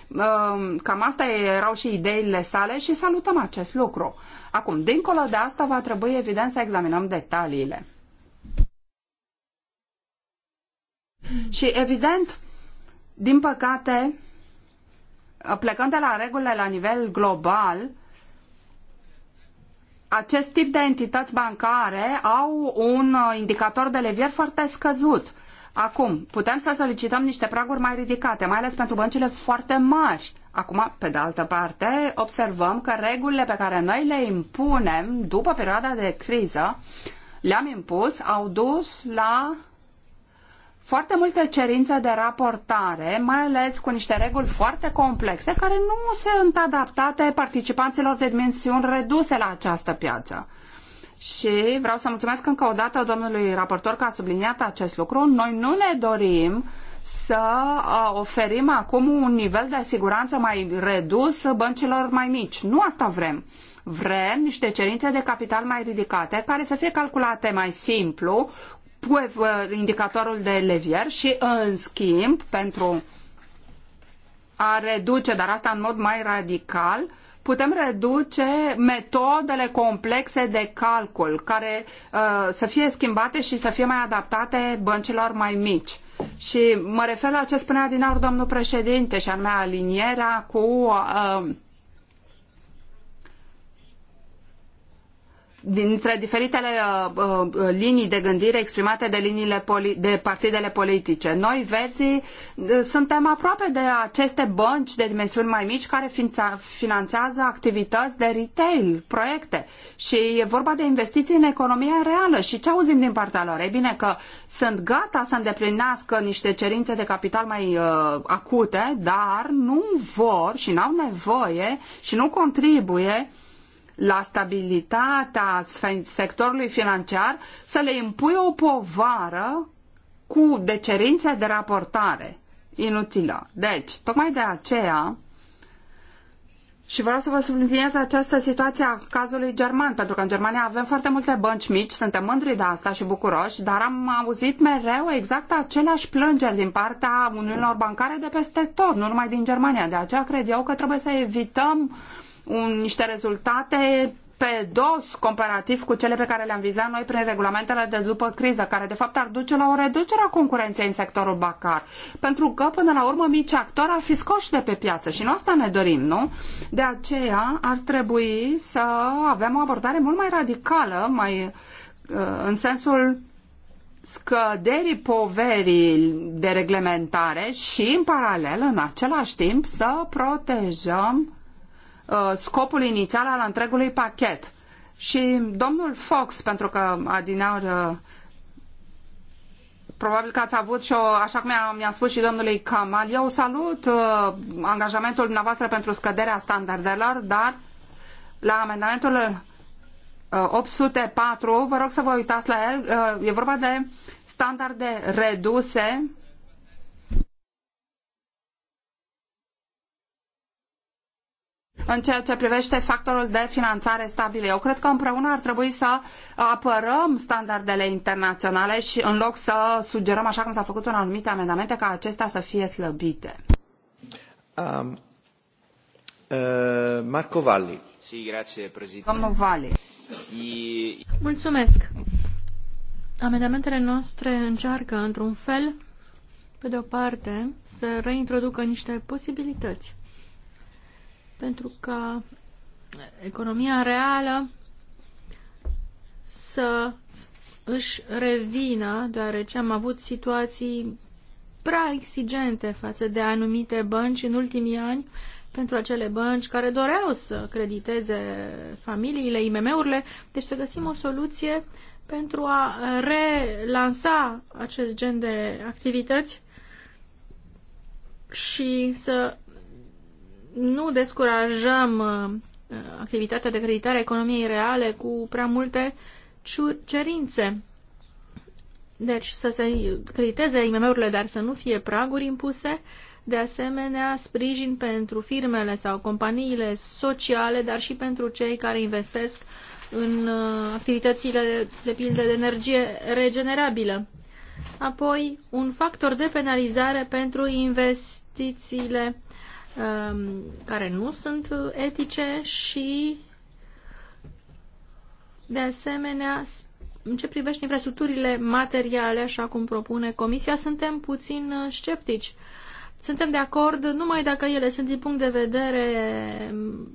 Ehm, cam asta erau și ideile sale și salutăm acest lucru. Acum, dincolo de asta, va trebui evident să examinăm detaliile. Și evident, din păcate, plecând de la regulile la nivel global, acest tip de entități bancare au un uh, indicator de levier foarte scăzut. Acum, putem să solicităm niște praguri mai ridicate, mai ales pentru băncile foarte mari. Acum, pe de altă parte, observăm că regulile pe care noi le impunem după perioada de criză, le-am impus, au dus la foarte multe cerințe de raportare, mai ales cu niște reguli foarte complexe, care nu sunt adaptate participanților de dimensiuni reduse la această piață. Și vreau să mulțumesc încă o dată domnului raportor că a subliniat acest lucru. Noi nu ne dorim să uh, oferim acum un nivel de siguranță mai redus băncilor mai mici. Nu asta vrem. Vrem niște cerințe de capital mai ridicate, care să fie calculate mai simplu, PUEV, uh, indicatorul de levier și în schimb pentru a reduce, dar asta în mod mai radical, putem reduce metodele complexe de calcul care uh, să fie schimbate și să fie mai adaptate băncilor mai mici. Și mă refer la ce spunea din aur domnul președinte și anume alinierea cu uh, dintre diferitele uh, uh, linii de gândire exprimate de, liniile de partidele politice. Noi, verzii, uh, suntem aproape de aceste bănci de dimensiuni mai mici care finanțează activități de retail, proiecte. Și e vorba de investiții în economia reală. Și ce auzim din partea lor? E bine că sunt gata să îndeplinească niște cerințe de capital mai uh, acute, dar nu vor și n-au nevoie și nu contribuie la stabilitatea sectorului financiar, să le impui o povară cu decerințe cerințe de raportare inutilă. Deci, tocmai de aceea, și vreau să vă subliniez această situație a cazului german, pentru că în Germania avem foarte multe bănci mici, suntem mândri de asta și bucuroși, dar am auzit mereu exact aceleași plângeri din partea uniunilor bancare de peste tot, nu numai din Germania. De aceea cred eu că trebuie să evităm uh, un, niște rezultate pe dos comparativ cu cele pe care le-am vizat noi prin regulamentele de după criză, care de fapt ar duce la o reducere a concurenței în sectorul bancar. Pentru că, până la urmă, mici actori ar fi scoși de pe piață și nu asta ne dorim, nu? De aceea ar trebui să avem o abordare mult mai radicală, mai uh, în sensul scăderii poverii de reglementare și, în paralel, în același timp, să protejăm Uh, scopul inițial al întregului pachet. Și domnul Fox, pentru că adineauri uh, probabil că ați avut și o, așa cum mi-a spus și domnului Kamal, eu salut uh, angajamentul dumneavoastră pentru scăderea standardelor, dar la amendamentul 804, vă rog să vă uitați la el, e vorba de standarde reduse în ceea ce privește factorul de finanțare stabil. Eu cred că împreună ar trebui să apărăm standardele internaționale și în loc să sugerăm, așa cum s-a făcut în anumite amendamente, ca acestea să fie slăbite. Um, uh, Marco Valli. grazie, Domnul Valli. Mulțumesc. Amendamentele noastre încearcă, într-un fel, pe de o parte, să reintroducă niște posibilități pentru ca economia reală să își revină, deoarece am avut situații prea exigente față de anumite bănci în ultimii ani pentru acele bănci care doreau să crediteze familiile, IMM-urile, deci să găsim o soluție pentru a relansa acest gen de activități și să nu descurajăm uh, uh, activitatea de creditare a economiei reale cu prea multe cerințe. Deci să se crediteze IMM-urile, dar să nu fie praguri impuse. De asemenea, sprijin pentru firmele sau companiile sociale, dar și pentru cei care investesc în uh, activitățile, de pildă, de energie regenerabilă. Apoi, un factor de penalizare pentru investițiile Um, care nu sunt etice și de asemenea în ce privește infrastructurile materiale, așa cum propune Comisia, suntem puțin uh, sceptici. Suntem de acord numai dacă ele sunt din punct de vedere mm,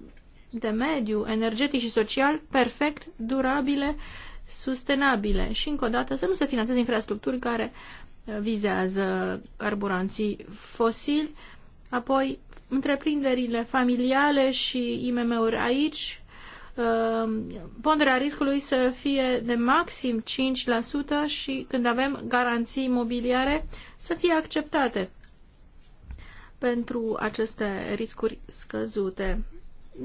de mediu, energetic și social, perfect, durabile, sustenabile. Și încă o dată să nu se finanțeze infrastructuri care uh, vizează carburanții fosili. Apoi, întreprinderile familiale și IMM-uri aici, uh, ponderea riscului să fie de maxim 5% și când avem garanții imobiliare să fie acceptate pentru aceste riscuri scăzute.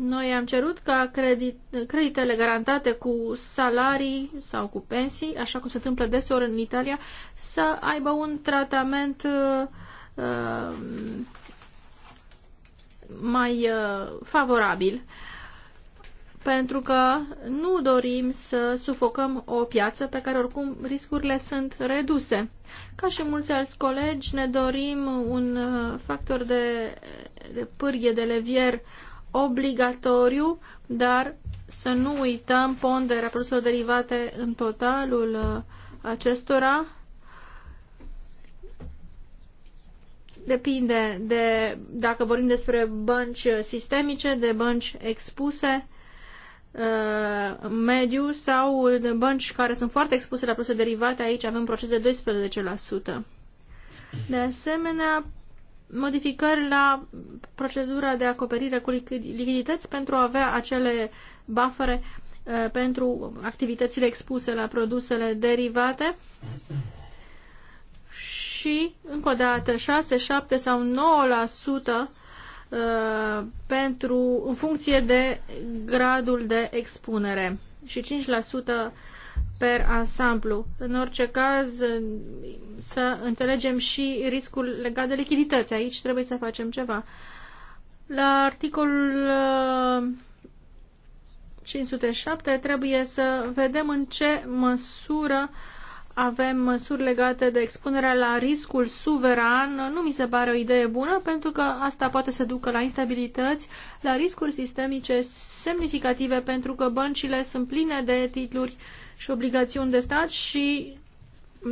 Noi am cerut ca credit, creditele garantate cu salarii sau cu pensii, așa cum se întâmplă deseori în Italia, să aibă un tratament uh, uh mai uh, favorabil pentru că nu dorim să sufocăm o piață pe care oricum riscurile sunt reduse. Ca și mulți alți colegi, ne dorim un uh, factor de, de pârghie, de levier obligatoriu, dar să nu uităm ponderea produselor derivate în totalul uh, acestora depinde de, dacă vorbim despre bănci sistemice, de bănci expuse, uh, mediu sau de bănci care sunt foarte expuse la produse derivate, aici avem proces de 12%. De asemenea, modificări la procedura de acoperire cu lichidități pentru a avea acele bafere uh, pentru activitățile expuse la produsele derivate și, încă o dată, 6, 7 sau 9% uh, pentru, în funcție de gradul de expunere și 5% per ansamblu. În orice caz, să înțelegem și riscul legat de lichidități. Aici trebuie să facem ceva. La articolul 507 uh, trebuie să vedem în ce măsură uh, avem măsuri legate de expunerea la riscul suveran, nu mi se pare o idee bună, pentru că asta poate să ducă la instabilități, la riscuri sistemice semnificative, pentru că băncile sunt pline de titluri și obligațiuni de stat și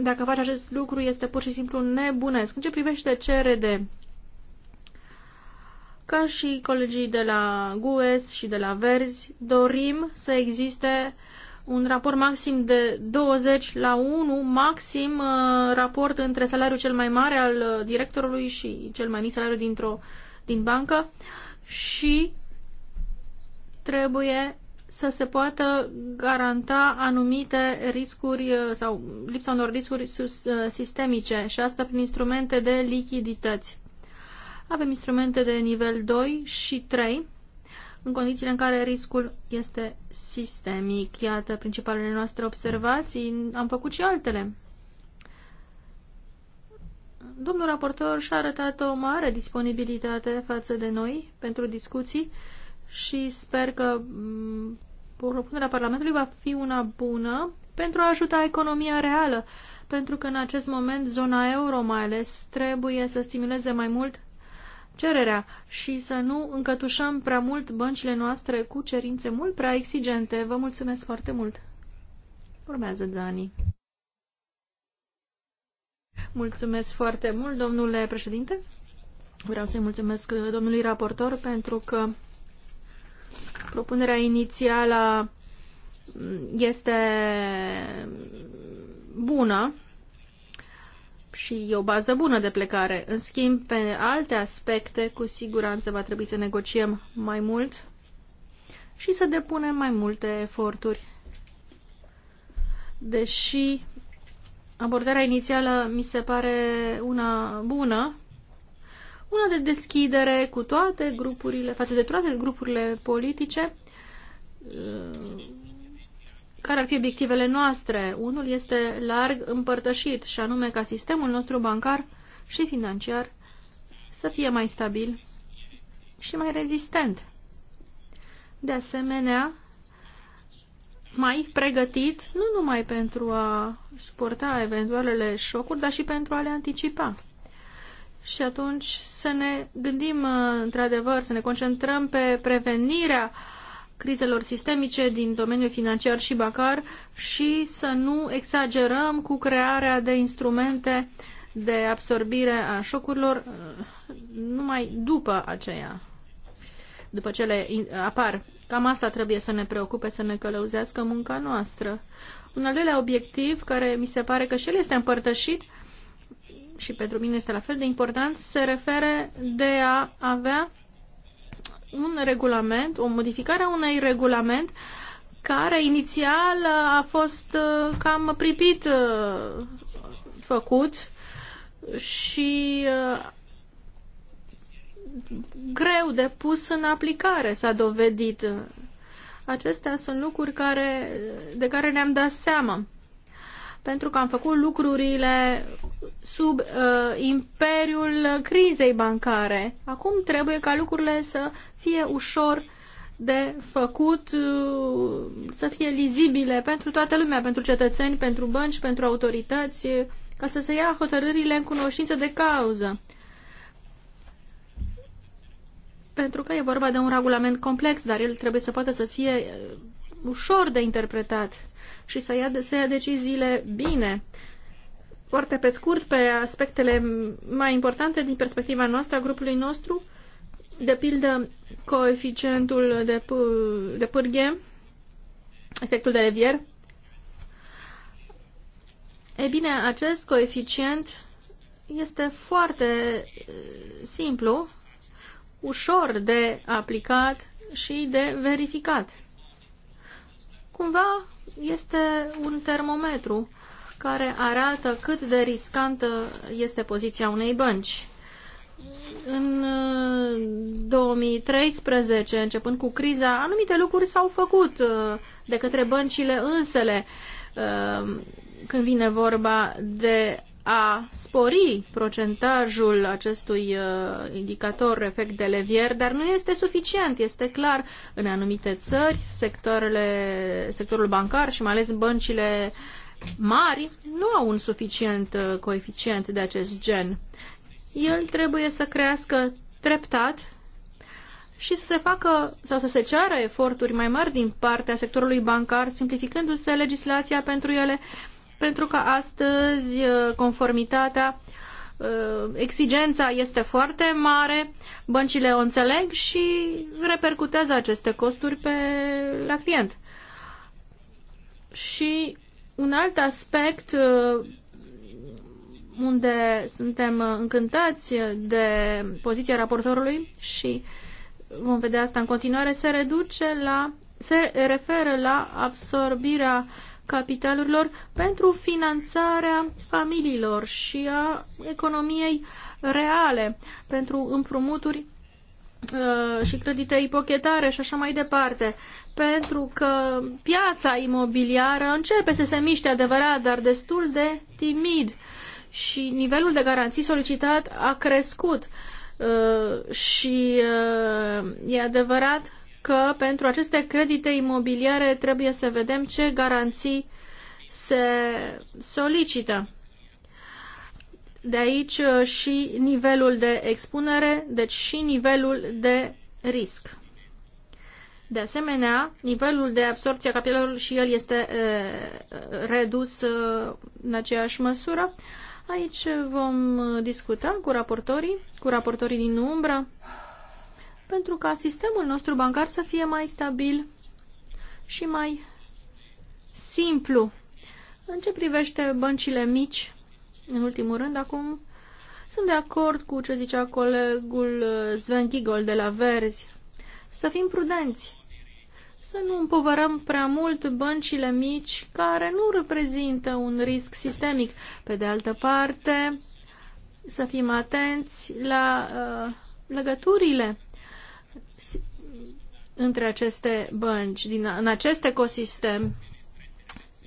dacă faci acest lucru este pur și simplu nebunesc. În ce privește CRD, ca și colegii de la GUES și de la Verzi, dorim să existe uh, un raport maxim de 20 la 1, maxim uh, raport între salariul cel mai mare al uh, directorului și cel mai mic salariu dintr-o, din bancă și trebuie să se poată garanta anumite riscuri uh, sau lipsa unor riscuri sistemice și asta prin instrumente de lichidități. Avem instrumente de nivel 2 și 3 în condițiile în care riscul este sistemic. Iată principalele noastre observații, am făcut și altele. Domnul raportor și-a arătat o mare disponibilitate față de noi pentru discuții și sper că mm, propunerea Parlamentului va fi una bună pentru a ajuta economia reală, pentru că în acest moment zona euro mai ales trebuie să stimuleze mai mult cererea și să nu încătușăm prea mult băncile noastre cu cerințe mult prea exigente. Vă mulțumesc foarte mult! Urmează Dani. Mulțumesc foarte mult, domnule președinte. Vreau să-i mulțumesc domnului raportor pentru că propunerea inițială este bună și e o bază bună de plecare. În schimb, pe alte aspecte, cu siguranță va trebui să negociem mai mult și să depunem mai multe eforturi. Deși abordarea inițială mi se pare una bună, una de deschidere cu toate grupurile, față de toate grupurile politice, care ar fi obiectivele noastre? Unul este larg împărtășit și anume ca sistemul nostru bancar și financiar să fie mai stabil și mai rezistent. De asemenea, mai pregătit nu numai pentru a suporta eventualele șocuri, dar și pentru a le anticipa. Și atunci să ne gândim într-adevăr, să ne concentrăm pe prevenirea uh, crizelor sistemice din domeniul financiar și bancar și să nu exagerăm cu crearea de instrumente de absorbire a șocurilor uh, numai după aceea, după ce le apar. Cam asta trebuie să ne preocupe, să ne călăuzească munca noastră. Un al doilea obiectiv, care mi se pare că și el este împărtășit și pentru mine este la fel de important, se refere de a avea un regulament, o modificare a unei regulament care inițial a fost uh, cam pripit uh, făcut și uh, greu de pus în aplicare s-a dovedit. Acestea sunt lucruri care, de care ne-am dat seama. Pentru că am făcut lucrurile sub uh, imperiul crizei bancare. Acum trebuie ca lucrurile să fie ușor de făcut, uh, să fie lizibile pentru toată lumea, pentru cetățeni, pentru bănci, pentru autorități, ca să se ia hotărârile în cunoștință de cauză. Pentru că e vorba de un regulament complex, dar el trebuie să poată să fie uh, ușor de interpretat și să ia, să ia deciziile bine foarte pe scurt pe aspectele mai importante din perspectiva noastră, a grupului nostru, de pildă coeficientul de, de pârghe, efectul de levier. E bine, acest coeficient este foarte eh, simplu, ușor de aplicat și de verificat. Cumva este un termometru care arată cât de riscantă este poziția unei bănci. În 2013, uh, începând cu criza, anumite lucruri s-au făcut uh, de către băncile însele uh, când vine vorba de a spori procentajul acestui uh, indicator efect de levier, dar nu este suficient. Este clar, în anumite țări, sectoarele, sectorul bancar și mai ales băncile mari nu au un suficient uh, coeficient de acest gen. El trebuie să crească treptat și să se facă sau să se ceară eforturi mai mari din partea sectorului bancar, simplificându-se legislația pentru ele, pentru că astăzi uh, conformitatea, uh, exigența este foarte mare, băncile o înțeleg și repercutează aceste costuri pe, la client. Și un alt aspect uh, unde suntem încântați de poziția raportorului și vom vedea asta în continuare, se reduce la se referă la absorbirea capitalurilor pentru finanțarea familiilor și a economiei reale, pentru împrumuturi uh, și credite ipochetare și așa mai departe pentru că piața imobiliară începe să se miște adevărat, dar destul de timid și nivelul de garanții solicitat a crescut uh, și uh, e adevărat că pentru aceste credite imobiliare trebuie să vedem ce garanții se solicită. De aici uh, și nivelul de expunere, deci și nivelul de risc. De asemenea, nivelul de absorpție a capilarelor și el este e, redus e, în aceeași măsură. Aici vom discuta cu raportorii, cu raportorii din umbră, pentru ca sistemul nostru bancar să fie mai stabil și mai simplu. În ce privește băncile mici, în ultimul rând, acum sunt de acord cu ce zicea colegul Sven Gigol de la Verzi. Să fim prudenți să nu împovărăm prea mult băncile mici care nu reprezintă un risc sistemic. Pe de altă parte, să fim atenți la uh, legăturile între aceste bănci, din, în acest ecosistem,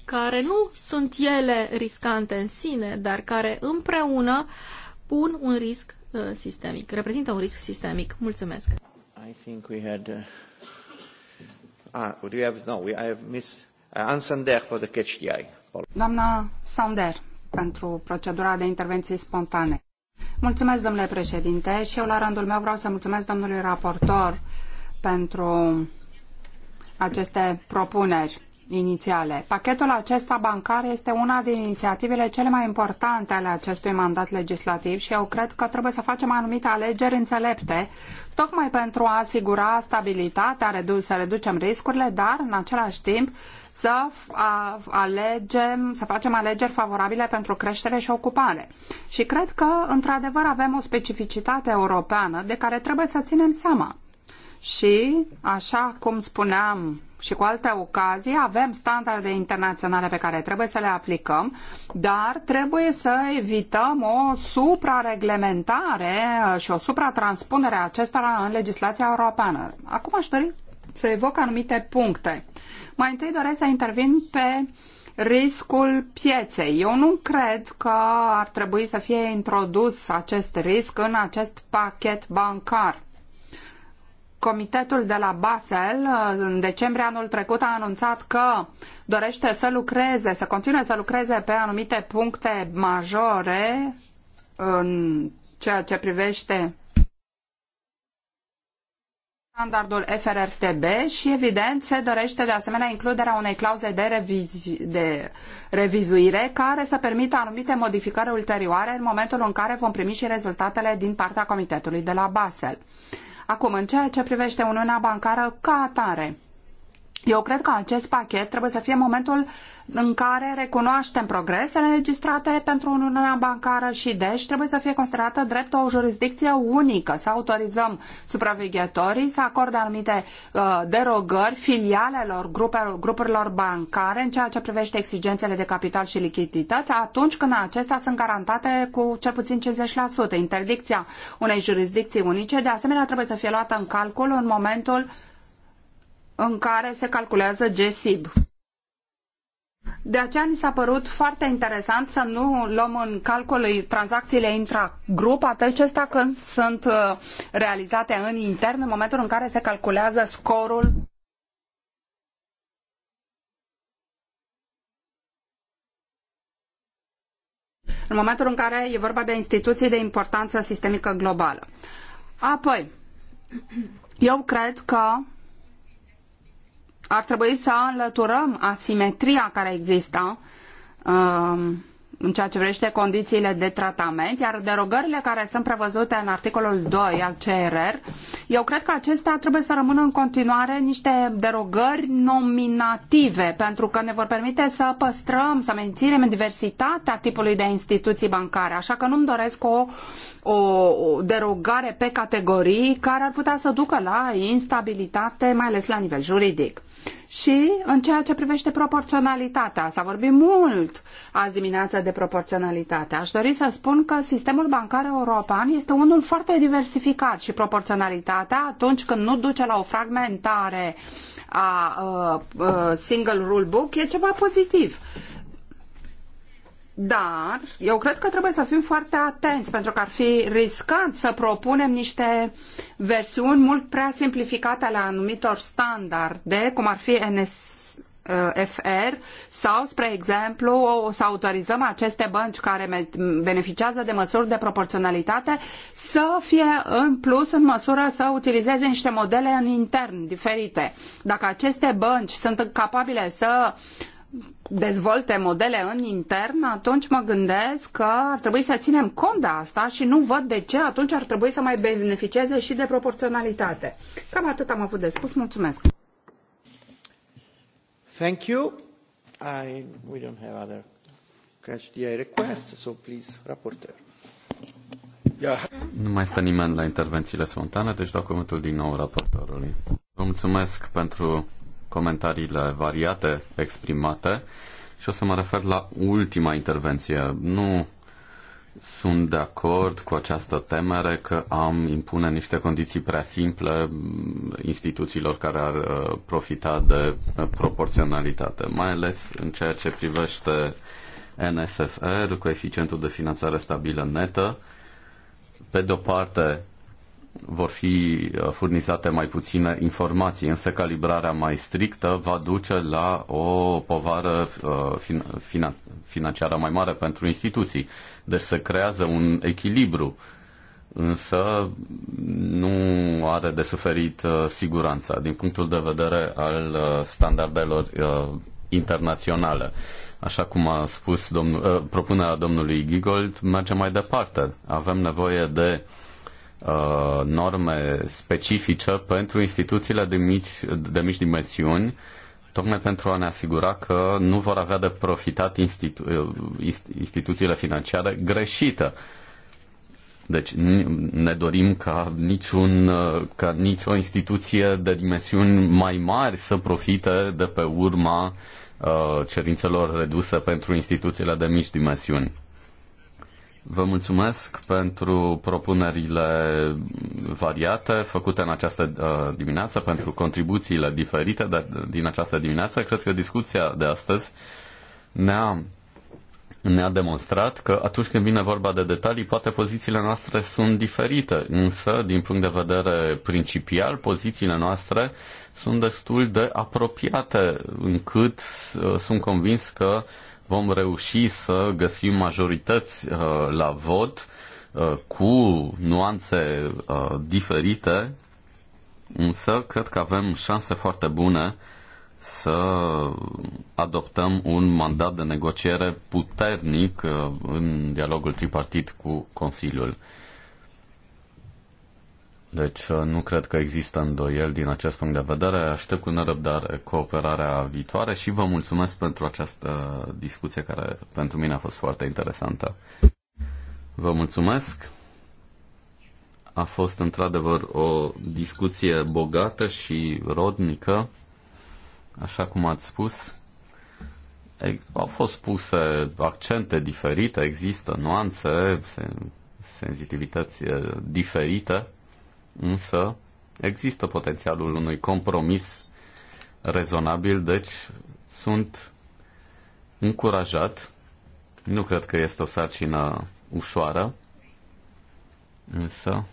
care nu sunt ele riscante în sine, dar care împreună pun un risc uh, sistemic, reprezintă un risc sistemic. Mulțumesc! I think we had, uh... Ah, do you have, no, we, I have Miss uh, Ann for the catch the eye. Doamna Sander, pentru procedura de intervenții spontane. Mulțumesc, domnule președinte, și eu la rândul meu vreau să mulțumesc domnului raportor pentru aceste propuneri inițiale. Pachetul acesta bancar este una din inițiativele cele mai importante ale acestui mandat legislativ și eu cred că trebuie să facem anumite alegeri înțelepte, tocmai pentru a asigura stabilitatea, să reducem riscurile, dar în același timp să alegem, să facem alegeri favorabile pentru creștere și ocupare. Și cred că, într-adevăr, avem o specificitate europeană de care trebuie să ținem seama. Și, așa cum spuneam și cu alte ocazii avem standarde internaționale pe care trebuie să le aplicăm, dar trebuie să evităm o suprareglementare uh, și o supratranspunere a acestora în legislația europeană. Acum aș dori să evoc anumite puncte. Mai întâi doresc să intervin pe riscul pieței. Eu nu cred că ar trebui să fie introdus acest risc în acest pachet bancar. Comitetul de la Basel uh, în decembrie anul trecut a anunțat că dorește să lucreze, să continue să lucreze pe anumite puncte majore în ceea ce privește standardul FRRTB și, evident, se dorește de asemenea includerea unei clauze de, revizi, de revizuire care să permită anumite modificări ulterioare în momentul în care vom primi și rezultatele din partea Comitetului de la Basel. Acum, în ceea ce privește Uniunea Bancară ca atare, eu cred că acest pachet trebuie să fie momentul în care recunoaștem progresele înregistrate pentru Uniunea Bancară și deci trebuie să fie considerată drept o jurisdicție unică, să autorizăm supraveghetorii să acorde anumite uh, derogări filialelor grupelor, grupurilor bancare în ceea ce privește exigențele de capital și lichidități atunci când acestea sunt garantate cu cel puțin 50%. Interdicția unei jurisdicții unice de asemenea trebuie să fie luată în calcul în momentul în care se calculează GSIB. De aceea ni s-a părut foarte interesant să nu luăm în calcul tranzacțiile intragrup, acestea când sunt uh, realizate în intern, în momentul în care se calculează scorul în momentul în care e vorba de instituții de importanță sistemică globală. Apoi, eu cred că ar trebui să înlăturăm asimetria care exista um, în ceea ce vrește condițiile de tratament, iar derogările care sunt prevăzute în articolul 2 al CRR, eu cred că acestea trebuie să rămână în continuare niște derogări nominative, pentru că ne vor permite să păstrăm, să menținem diversitatea tipului de instituții bancare, așa că nu-mi doresc o, o derogare pe categorii care ar putea să ducă la instabilitate, mai ales la nivel juridic. Și în ceea ce privește proporționalitatea, s-a vorbit mult azi dimineața de proporționalitate. Aș dori să spun că sistemul bancar european este unul foarte diversificat și proporționalitatea atunci când nu duce la o fragmentare a, a, uh, a uh, single rule book e ceva pozitiv. Dar eu cred că trebuie să fim foarte atenți, pentru că ar fi riscant să propunem niște versiuni mult prea simplificate ale anumitor standarde, cum ar fi NSFR, uh, sau, spre exemplu, să autorizăm aceste bănci care beneficiază de măsuri de proporționalitate să fie în plus în măsură să utilizeze niște modele în intern diferite. Dacă aceste bănci sunt capabile să dezvolte modele în intern, atunci mă gândesc că ar trebui să ținem cont de asta și nu văd de ce atunci ar trebui să mai beneficieze și de proporționalitate. Cam atât am avut de spus. Mulțumesc. Thank you. I, we don't have other catch the requests, so please, reporter. Yeah. Nu mai stă nimeni la intervențiile spontane, deci dau cuvântul din nou raportorului. Vă mulțumesc pentru comentariile variate exprimate și o să mă refer la ultima intervenție. Nu sunt de acord cu această temere că am impune niște condiții prea simple instituțiilor care ar uh, profita de uh, proporționalitate, mai ales în ceea ce privește NSFR, coeficientul de finanțare stabilă netă. Pe de o parte, vor fi uh, furnizate mai puține informații, însă calibrarea mai strictă va duce la o povară uh, financiară mai mare pentru instituții. Deci se creează un echilibru, însă nu are de suferit uh, siguranța din punctul de vedere al standardelor internaționale așa cum a spus domnul, propunerea domnului Gigold, merge mai departe. Avem nevoie de uh, norme specifice pentru instituțiile de mici, de mici dimensiuni, tocmai pentru a ne asigura că nu vor avea de profitat institu- uh, instituțiile financiare greșită. Deci ne dorim ca, niciun, uh, ca nicio instituție de dimensiuni mai mari să profite de pe urma uh, cerințelor reduse pentru instituțiile de mici dimensiuni. Vă mulțumesc pentru propunerile variate făcute în această uh, dimineață, pentru contribuțiile diferite de, din această dimineață. Cred că discuția de astăzi ne-a, ne-a demonstrat că atunci când vine vorba de detalii, poate pozițiile noastre sunt diferite, însă, din punct de vedere principial, pozițiile noastre sunt destul de apropiate, încât uh, sunt convins că uh, vom reuși să găsim majorități uh, la vot uh, cu nuanțe uh, diferite, însă cred că avem șanse foarte bune să adoptăm un mandat de negociere puternic în dialogul tripartit cu Consiliul. Deci uh, nu cred că există îndoieli din acest punct de vedere. Aștept cu nerăbdare cooperarea viitoare și vă mulțumesc pentru această discuție care pentru mine a fost foarte interesantă. Vă mulțumesc. A fost într-adevăr o discuție bogată și rodnică, așa cum ați spus. Au fost puse accente diferite, există nuanțe, sensitivități diferite însă există potențialul unui compromis rezonabil, deci sunt încurajat. Nu cred că este o sarcină ușoară, însă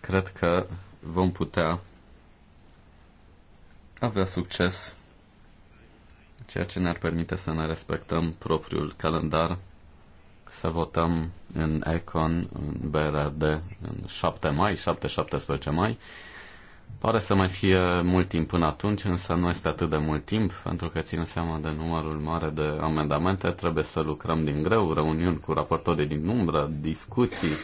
cred că vom putea avea succes, ceea ce ne-ar permite să ne respectăm propriul calendar să votăm în Econ, în BRD, în 7 mai, 7-17 mai. Pare să mai fie mult timp până atunci, însă nu este atât de mult timp, pentru că ținem seama de numărul mare de amendamente, trebuie să lucrăm din greu, reuniuni cu raportorii din umbră, discuții.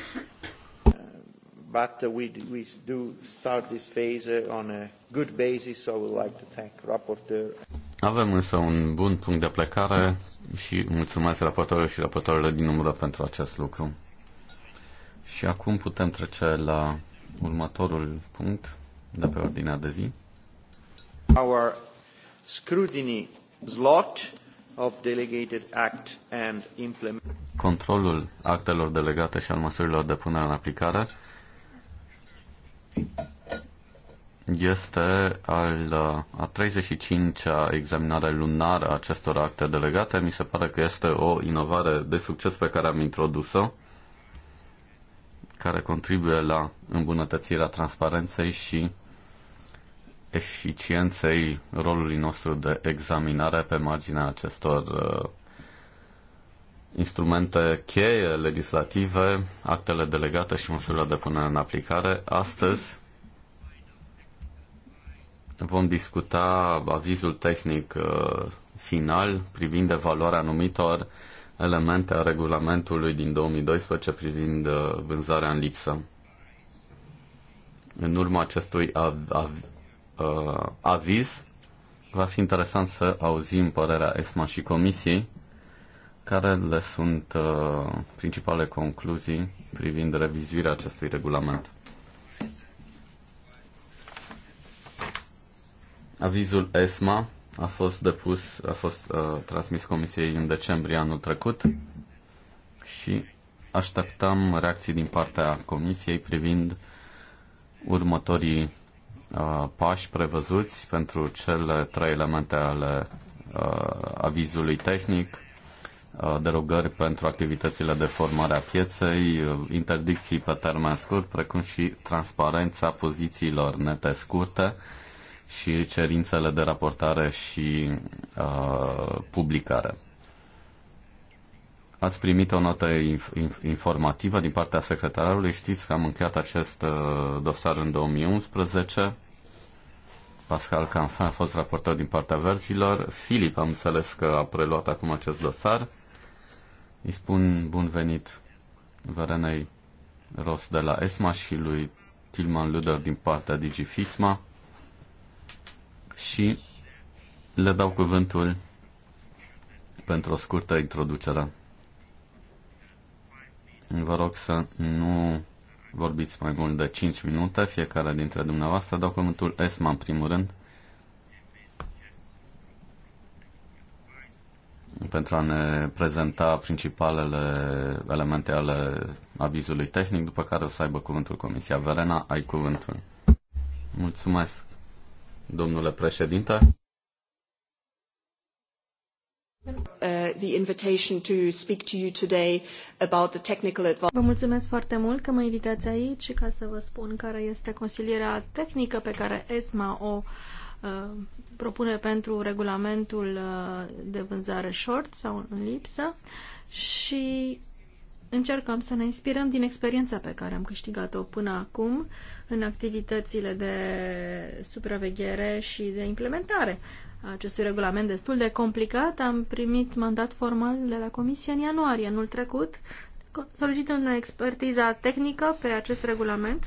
But uh, we, we do start this phase uh, on a good basis, so I would like to thank rapporteur. Avem însă un bun punct de plecare și mulțumesc raportorilor și raportorilor din umbră pentru acest lucru. Și acum putem trece la următorul punct de pe ordinea de zi. Our scrutiny slot of delegated act and implement. Controlul actelor delegate și al măsurilor de punere în aplicare este al, uh, a 35-a examinare lunară a acestor acte delegate. Mi se pare că este o inovare de succes pe care am introdus-o, care contribuie la îmbunătățirea transparenței și eficienței rolului nostru de examinare pe marginea acestor uh, instrumente cheie legislative, actele delegate și măsurile de punere în aplicare. Astăzi, vom discuta avizul tehnic uh, final privind evaluarea anumitor elemente a regulamentului din 2012 privind uh, vânzarea în lipsă. În urma acestui av- av- uh, aviz, va fi interesant să auzim părerea ESMA și Comisiei, care le sunt principale concluzii privind revizuirea acestui regulament. Avizul ESMA a fost depus, a fost uh, transmis Comisiei în decembrie anul trecut și așteptam reacții din partea Comisiei privind următorii uh, pași prevăzuți pentru cele trei elemente ale uh, avizului tehnic, uh, derogări pentru activitățile de formare a pieței, uh, interdicții pe termen scurt, precum și transparența pozițiilor nete scurte, uh, și cerințele de raportare și uh, publicare. Ați primit o notă inf- informativă din partea secretarului. Știți că am încheiat acest uh, dosar în 2011. Pascal Canfan a fost raportat din partea verzilor. Filip, am înțeles că a preluat acum acest dosar. Îi spun bun venit Verenei Ros de la ESMA și lui Tilman Luder din partea DigiFisma și le dau cuvântul pentru o scurtă introducere. Vă rog să nu vorbiți mai mult de 5 minute, fiecare dintre dumneavoastră. Dau cuvântul ESMA în primul rând pentru a ne prezenta principalele elemente ale avizului tehnic, după care o să aibă cuvântul Comisia. Verena, ai cuvântul. Mulțumesc, domnule președinte. Uh, the invitation to speak to you today about the technical advice. Vă mulțumesc foarte mult că mă invitați aici ca să vă spun care este consilierea tehnică pe care ESMA o uh, propune pentru regulamentul uh, de vânzare short sau în lipsă și încercăm să ne inspirăm din experiența pe care am câștigat-o până acum în activitățile de supraveghere și de implementare a acestui regulament destul de complicat. Am primit mandat formal de la Comisie în ianuarie anul trecut, solicitând expertiza tehnică pe acest regulament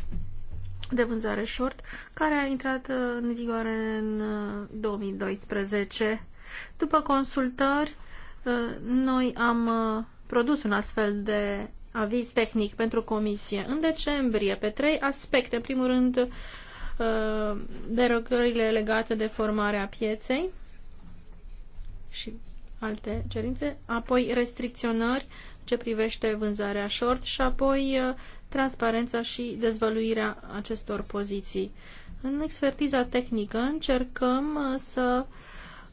de vânzare short, care a intrat în vigoare în 2012. Uh, După consultări, uh, noi am uh, produs un astfel de aviz tehnic pentru comisie în decembrie pe trei aspecte. În primul rând, uh, derogările legate de formarea pieței și alte cerințe, apoi restricționări ce privește vânzarea short și apoi uh, transparența și dezvăluirea acestor poziții. În expertiza tehnică încercăm uh, să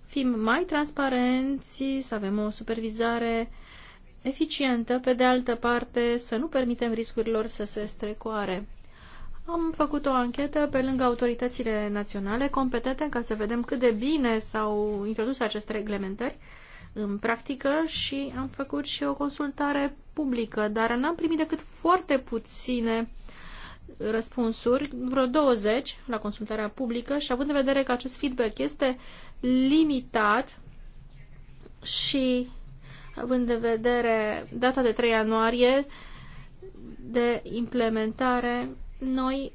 fim mai transparenți, să avem o supervizare uh, eficientă, pe de altă parte să nu permitem riscurilor să se strecoare. Am făcut o anchetă pe lângă autoritățile naționale competente ca să vedem cât de bine s-au introdus aceste reglementări în practică și am făcut și o consultare publică, dar n-am primit decât foarte puține răspunsuri, vreo 20 la consultarea publică și având în vedere că acest feedback este limitat și având în vedere data de 3 ianuarie de implementare, noi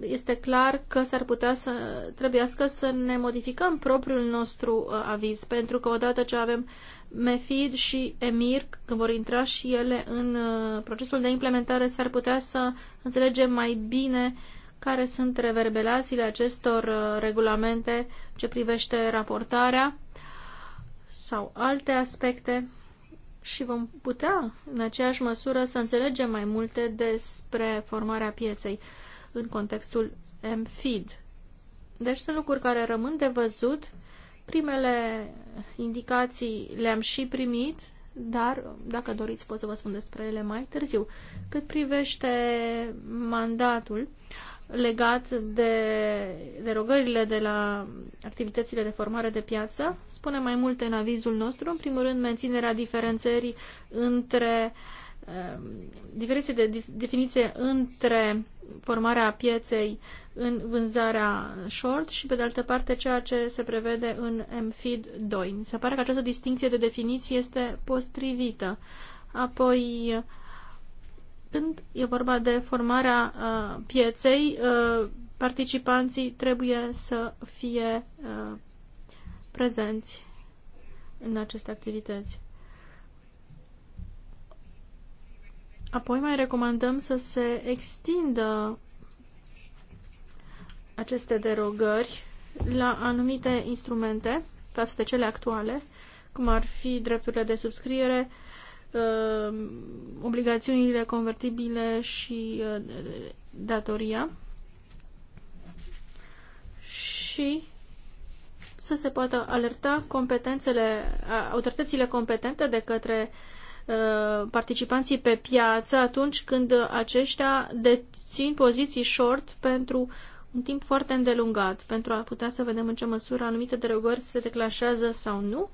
este clar că s-ar putea să trebuiască să ne modificăm propriul nostru uh, aviz, pentru că odată ce avem MEFID și EMIR, când vor intra și ele în uh, procesul de implementare, s-ar putea să înțelegem mai bine care sunt reverberațiile acestor uh, regulamente ce privește raportarea sau alte aspecte și vom putea, în aceeași măsură, să înțelegem mai multe despre formarea pieței în contextul MFID. Deci sunt lucruri care rămân de văzut. Primele indicații le-am și primit, dar, dacă doriți, pot să vă spun despre ele mai târziu. Cât privește mandatul, uh, legat de derogările de la activitățile de formare de piață. Spune mai multe în avizul nostru, în primul rând menținerea diferențării între ehm, diferențe de definiție între formarea pieței în vânzarea short și, pe de altă parte, ceea ce se prevede în MFID 2. Mi se pare că această distinție de definiție este postrivită. Apoi, când e vorba de formarea uh, pieței, uh, participanții trebuie să fie uh, prezenți în aceste activități. Apoi mai recomandăm să se extindă aceste derogări la anumite instrumente față de cele actuale, cum ar fi drepturile de subscriere, uh, uh, obligațiunile convertibile și uh, datoria și să se poată alerta competențele, autoritățile competente de către uh, participanții pe piață atunci când aceștia dețin poziții short pentru un timp foarte îndelungat pentru a putea să vedem în ce măsură anumite derogări se declanșează sau nu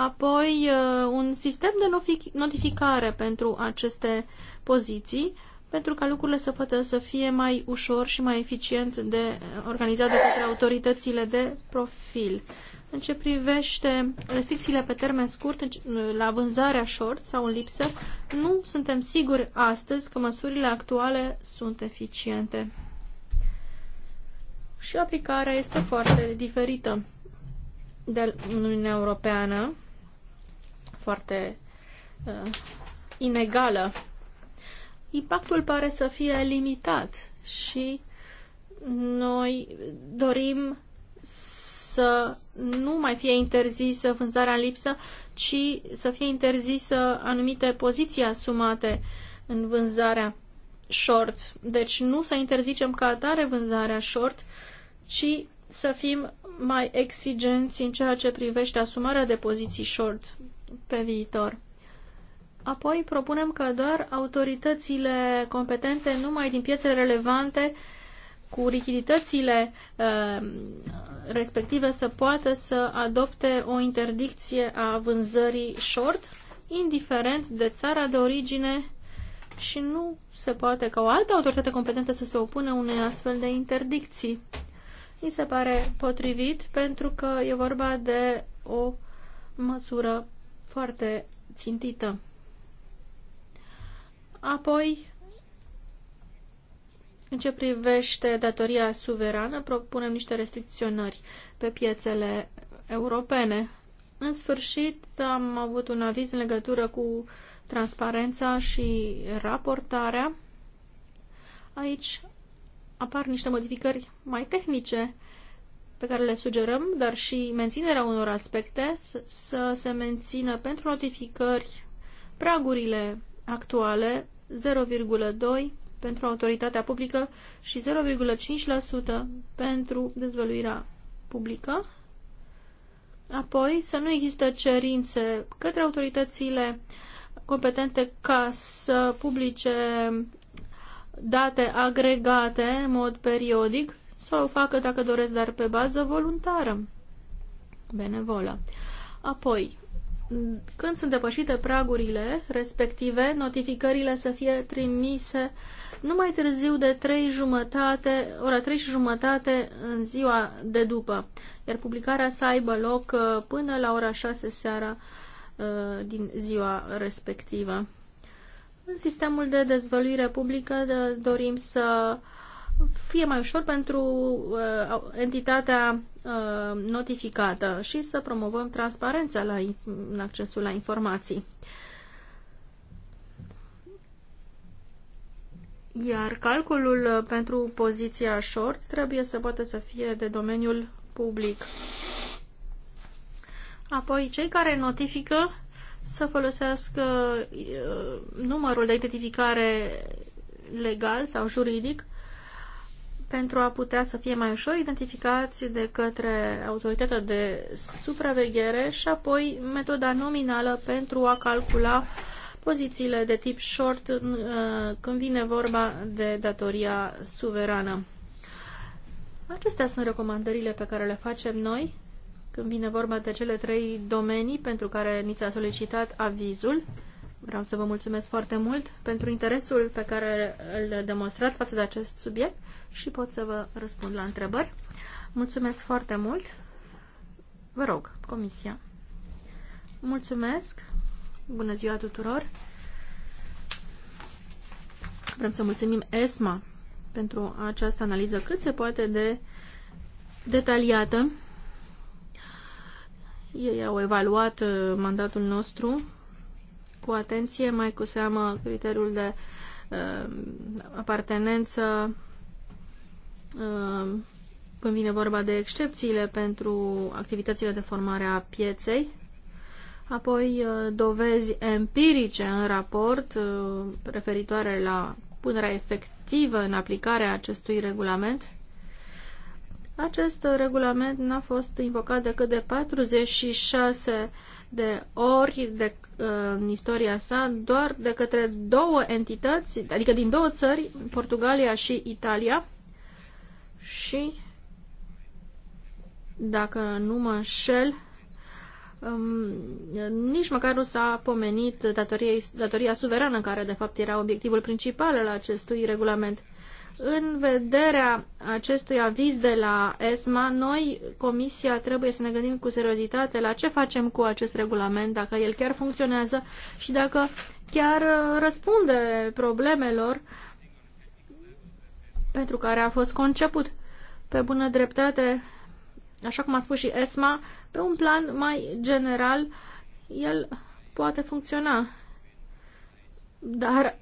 apoi uh, un sistem de notificare pentru aceste poziții, pentru ca lucrurile să poată să fie mai ușor și mai eficient de organizat de către autoritățile de profil. În ce privește restricțiile pe termen scurt la vânzarea short sau în lipsă, nu suntem siguri astăzi că măsurile actuale sunt eficiente. Și aplicarea este foarte diferită de Uniunea Europeană foarte uh, inegală. Impactul pare să fie limitat și noi dorim să nu mai fie interzisă vânzarea în lipsă, ci să fie interzisă anumite poziții asumate în vânzarea short. Deci nu să interzicem ca atare vânzarea short, ci să fim mai exigenți în ceea ce privește asumarea de poziții short pe viitor. Apoi propunem că doar autoritățile competente numai din piețe relevante cu lichiditățile uh, respective să poată să adopte o interdicție a vânzării short, indiferent de țara de origine și nu se poate ca o altă autoritate competentă să se opună unei astfel de interdicții. Mi se pare potrivit pentru că e vorba de o măsură foarte țintită. Apoi, în ce privește datoria suverană, propunem niște restricționări pe piețele europene. În sfârșit, am avut un aviz în legătură cu transparența și raportarea. Aici apar niște modificări mai tehnice pe care le sugerăm, dar și menținerea unor aspecte, să, să se mențină pentru notificări pragurile actuale 0,2 pentru autoritatea publică și 0,5% pentru dezvăluirea publică. Apoi să nu există cerințe către autoritățile competente ca să publice date agregate în mod periodic sau o facă, dacă doresc, dar pe bază voluntară, benevolă. Apoi, când sunt depășite pragurile respective, notificările să fie trimise nu mai târziu de 3 jumătate, ora 3 și jumătate în ziua de după, iar publicarea să aibă loc uh, până la ora 6 seara uh, din ziua respectivă. În sistemul de dezvăluire publică uh, dorim să uh, fie mai ușor pentru uh, entitatea uh, notificată și să promovăm transparența la în accesul la informații. Iar calculul uh, pentru poziția short trebuie să poată să fie de domeniul public. Apoi, cei care notifică să folosească uh, numărul de identificare legal sau juridic pentru a putea să fie mai ușor identificați de către autoritatea de supraveghere și apoi metoda nominală pentru a calcula pozițiile de tip short uh, când vine vorba de datoria suverană. Acestea sunt recomandările pe care le facem noi când vine vorba de cele trei domenii pentru care ni s-a solicitat avizul. Vreau să vă mulțumesc foarte mult pentru interesul pe care îl demonstrați față de acest subiect și pot să vă răspund la întrebări. Mulțumesc foarte mult. Vă rog, Comisia. Mulțumesc. Bună ziua tuturor. Vrem să mulțumim ESMA pentru această analiză cât se poate de detaliată. Ei au evaluat uh, mandatul nostru cu atenție, mai cu seamă criteriul de uh, apartenență uh, când vine vorba de excepțiile pentru activitățile de formare a pieței, apoi uh, dovezi empirice în raport uh, referitoare la punerea efectivă în aplicarea acestui regulament, acest regulament n-a fost invocat decât de 46 de ori de, uh, în istoria sa, doar de către două entități, adică din două țări, Portugalia și Italia. Și, dacă nu mă înșel, um, nici măcar nu s-a pomenit datoria, datoria suverană, care de fapt era obiectivul principal al acestui regulament. În vederea acestui aviz de la ESMA, noi, Comisia, trebuie să ne gândim cu seriozitate la ce facem cu acest regulament, dacă el chiar funcționează și dacă chiar uh, răspunde problemelor pentru care a fost conceput. Pe bună dreptate, așa cum a spus și ESMA, pe un plan mai general, el poate funcționa. Dar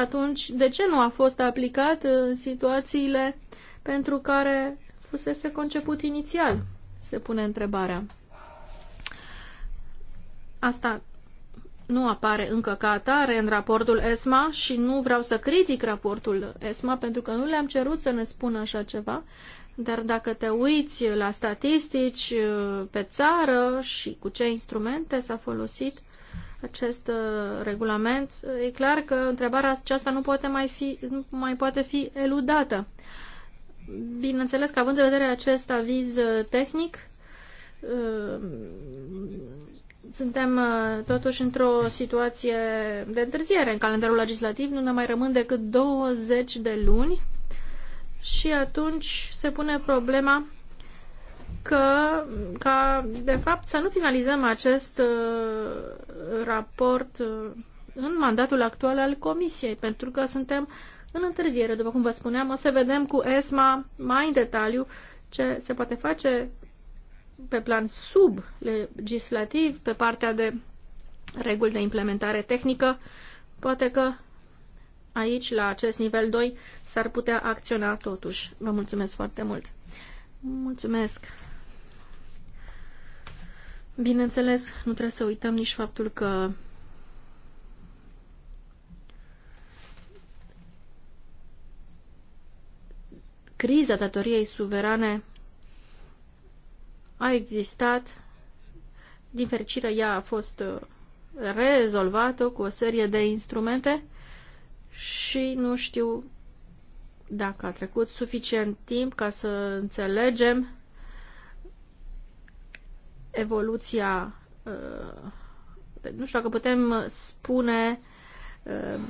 atunci de ce nu a fost aplicat în uh, situațiile pentru care fusese conceput inițial? Se pune întrebarea. Asta nu apare încă ca atare în raportul ESMA și nu vreau să critic raportul ESMA pentru că nu le-am cerut să ne spună așa ceva, dar dacă te uiți la statistici uh, pe țară și cu ce instrumente s-a folosit, acest uh, regulament, e clar că întrebarea aceasta nu, poate mai fi, nu mai poate fi eludată. Bineînțeles că având în vedere acest aviz uh, tehnic, uh, suntem totuși într-o situație de întârziere în calendarul legislativ, nu ne mai rămân decât 20 de luni și atunci se pune problema că, ca, de fapt, să nu finalizăm acest uh, raport uh, în mandatul actual al Comisiei, pentru că suntem în întârziere, după cum vă spuneam. O să vedem cu ESMA mai în detaliu ce se poate face pe plan sub-legislativ, pe partea de reguli de implementare tehnică. Poate că aici, la acest nivel 2, s-ar putea acționa totuși. Vă mulțumesc foarte mult! Mulțumesc! Bineînțeles, nu trebuie să uităm nici faptul că criza datoriei suverane a existat. Din fericire, ea a fost uh, rezolvată cu o serie de instrumente și nu știu dacă a trecut suficient timp ca să înțelegem evoluția, uh, nu știu dacă putem spune uh,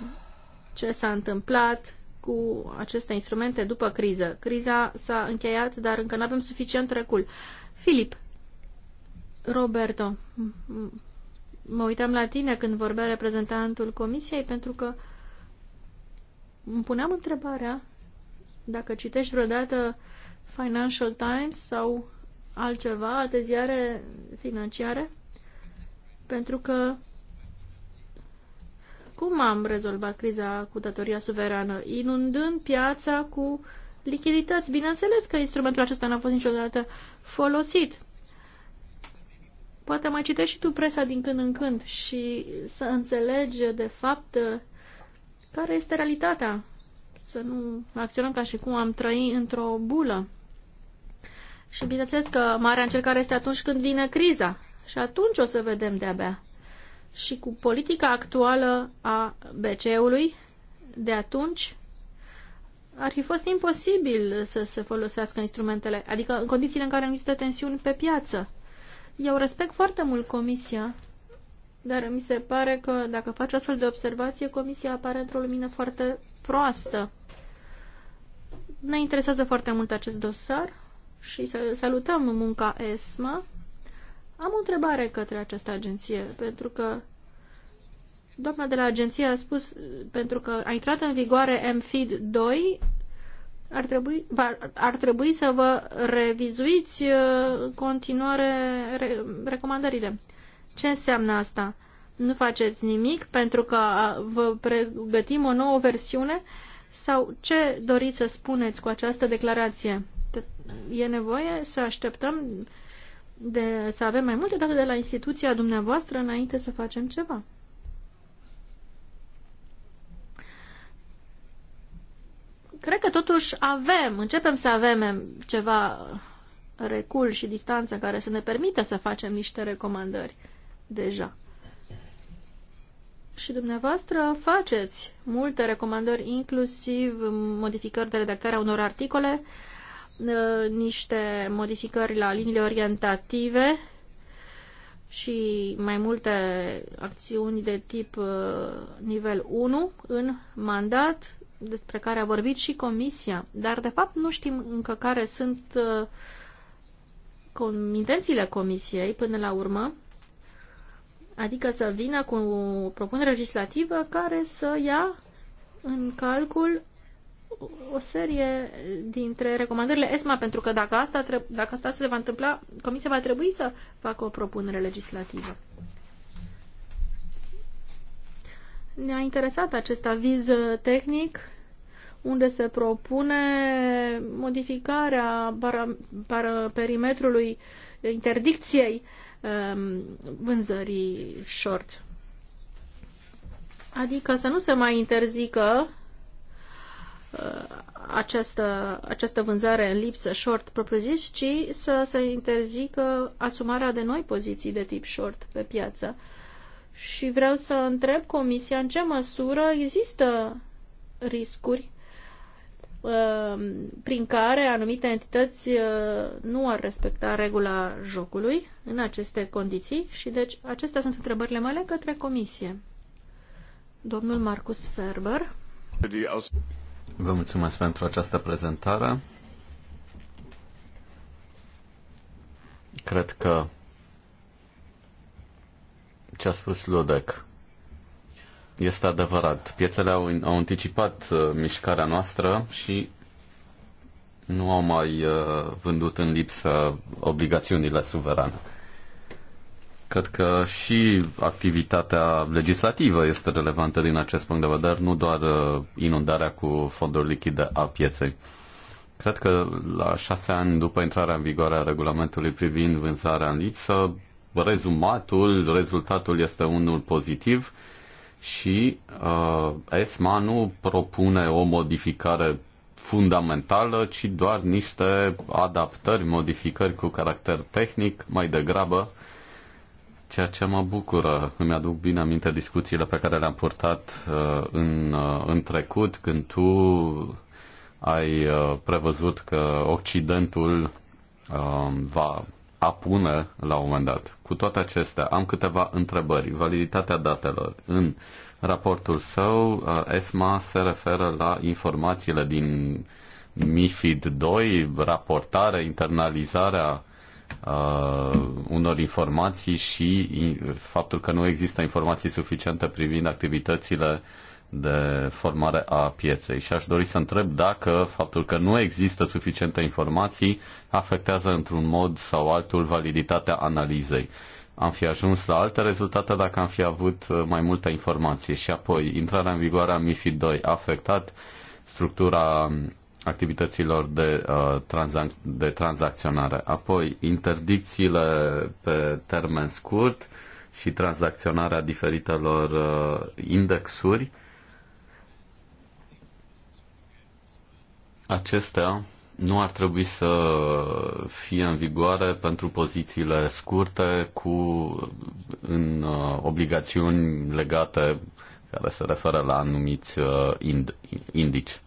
ce s-a întâmplat cu aceste instrumente după criză. Criza s-a încheiat, dar încă nu avem suficient recul. Filip, Roberto, mă uitam la tine când vorbea reprezentantul comisiei pentru că îmi puneam întrebarea dacă citești vreodată Financial Times sau altceva, alte ziare financiare, pentru că cum am rezolvat criza cu datoria suverană? Inundând piața cu lichidități. Bineînțeles că instrumentul acesta n-a fost niciodată folosit. Poate mai citești și tu presa din când în când și să înțelegi de fapt care este realitatea. Să nu acționăm ca și cum am trăi într-o bulă. Și bineînțeles că marea încercare este atunci când vine criza. Și atunci o să vedem de-abia. Și cu politica actuală a BCE-ului, de atunci, ar fi fost imposibil să se folosească instrumentele, adică în condițiile în care nu există tensiuni pe piață. Eu respect foarte mult Comisia, dar mi se pare că dacă faci astfel de observație, Comisia apare într-o lumină foarte proastă. Ne interesează foarte mult acest dosar, și să salutăm munca ESMA. Am o întrebare către această agenție, pentru că doamna de la agenție a spus, pentru că a intrat în vigoare MFID 2, ar trebui, ar trebui să vă revizuiți uh, în continuare re, recomandările. Ce înseamnă asta? Nu faceți nimic pentru că vă pregătim o nouă versiune? Sau ce doriți să spuneți cu această declarație? e nevoie să așteptăm de, să avem mai multe date de la instituția dumneavoastră înainte să facem ceva. Cred că totuși avem, începem să avem ceva recul și distanță care să ne permită să facem niște recomandări deja. Și dumneavoastră faceți multe recomandări, inclusiv modificări de redactare a unor articole, uh, Ă, niște modificări la liniile orientative și mai multe acțiuni de tip ă, nivel 1 în mandat, despre care a vorbit și Comisia, dar de fapt nu știm încă care sunt ă, intențiile Comisiei până la urmă, adică să vină cu o propunere legislativă care să ia în calcul o serie dintre recomandările ESMA, pentru că dacă asta, dacă asta se va întâmpla, Comisia va trebui să facă o propunere legislativă. Ne-a interesat acest aviz tehnic unde se propune modificarea para, para perimetrului interdicției um, vânzării short. Adică să nu se mai interzică Uh, această, această vânzare în lipsă short propriu-zis, ci să se interzică asumarea de noi poziții de tip short pe piață. Și vreau să întreb Comisia în ce măsură există riscuri uh, prin care anumite entități uh, nu ar respecta regula jocului în aceste condiții și deci acestea sunt întrebările mele către Comisie. Domnul Marcus Ferber. Vă mulțumesc pentru această prezentare. Cred că ce a spus Lodec este adevărat. Piețele au, au anticipat uh, mișcarea noastră și nu au mai uh, vândut în lipsă obligațiunile suverane. Cred că și activitatea legislativă este relevantă din acest punct de vedere, nu doar uh, inundarea cu fonduri lichide a pieței. Cred că la șase ani după intrarea în vigoare a regulamentului privind vânzarea în lipsă, rezumatul, rezultatul este unul pozitiv și uh, ESMA nu propune o modificare fundamentală, ci doar niște adaptări, modificări cu caracter tehnic, mai degrabă ceea ce mă bucură. Îmi aduc bine aminte discuțiile pe care le-am purtat uh, în, uh, în trecut, când tu ai uh, prevăzut că Occidentul um, va apune la un moment dat. Cu toate acestea, am câteva întrebări. Validitatea datelor. În raportul său, ESMA se referă la informațiile din MIFID 2, raportare, internalizarea uh, unor informații și faptul că nu există informații suficiente privind activitățile de formare a pieței. Și aș dori să întreb dacă faptul că nu există suficiente informații afectează într-un mod sau altul validitatea analizei. Am fi ajuns la alte rezultate dacă am fi avut uh, mai multă informații. Și apoi, intrarea în vigoare a MIFID 2 a afectat structura activităților de, uh, tranzac- de tranzacționare. Apoi, interdicțiile pe termen scurt și tranzacționarea diferitelor uh, indexuri. Acestea nu ar trebui să fie în vigoare pentru pozițiile scurte cu în uh, obligațiuni legate care se referă la anumiți uh, ind, indici.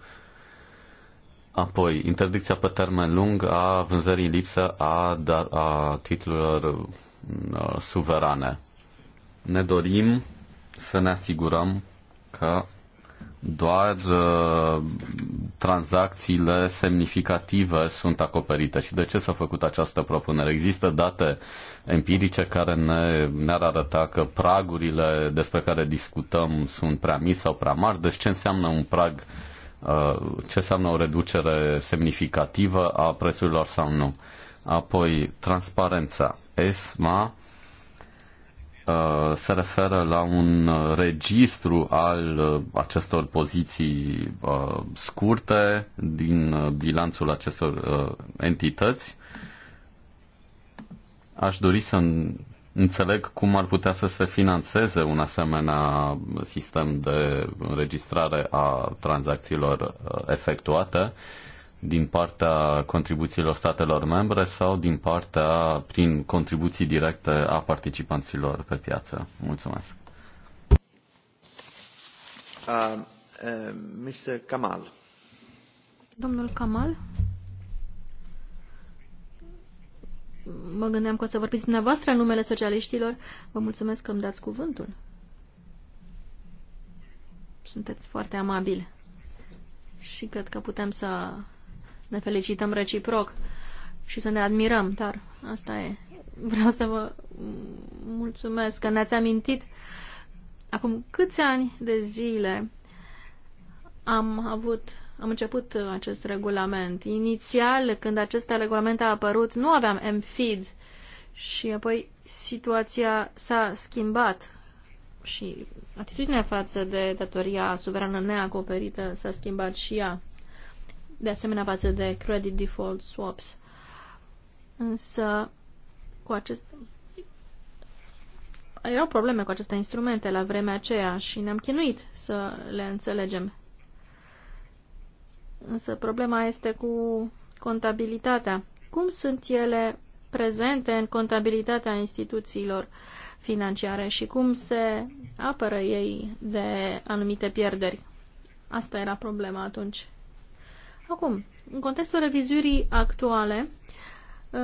Apoi, interdicția pe termen lung a vânzării lipsă a, da, a titlurilor uh, suverane. Ne dorim să ne asigurăm că doar uh, tranzacțiile semnificative sunt acoperite. Și de ce s-a făcut această propunere? Există date empirice care ne, ne-ar arăta că pragurile despre care discutăm sunt prea mici sau prea mari. Deci ce înseamnă un prag uh, Uh, ce înseamnă o reducere semnificativă a prețurilor sau nu. Apoi, transparența. ESMA uh, se referă la un registru al uh, acestor poziții scurte din bilanțul acestor entități. Aș dori să înțeleg cum ar putea să se financeze un asemenea sistem de înregistrare a tranzacțiilor uh, efectuate din partea contribuțiilor statelor membre sau din partea prin contribuții directe a participanților pe piață. Mulțumesc. Uh, uh, Mr. Kamal. Domnul Kamal. mă gândeam că o să vorbiți dumneavoastră în numele socialiștilor. Vă mulțumesc că îmi dați cuvântul. Sunteți foarte amabil și cred că putem să ne felicităm reciproc și să ne admirăm, dar asta e. Vreau să vă mulțumesc că ne-ați amintit acum câți ani de zile am avut am început uh, acest regulament. Inițial, când acest regulament a apărut, nu aveam MFID și apoi situația s-a schimbat și atitudinea față de datoria suverană neacoperită s-a schimbat și ea. De asemenea, față de credit default swaps. Însă, cu acest... erau probleme cu aceste instrumente la vremea aceea și ne-am chinuit să le înțelegem. Însă problema este cu contabilitatea. Cum sunt ele prezente în contabilitatea instituțiilor financiare și cum se apără ei de anumite pierderi? Asta era problema atunci. Acum, în contextul revizuirii actuale, uh,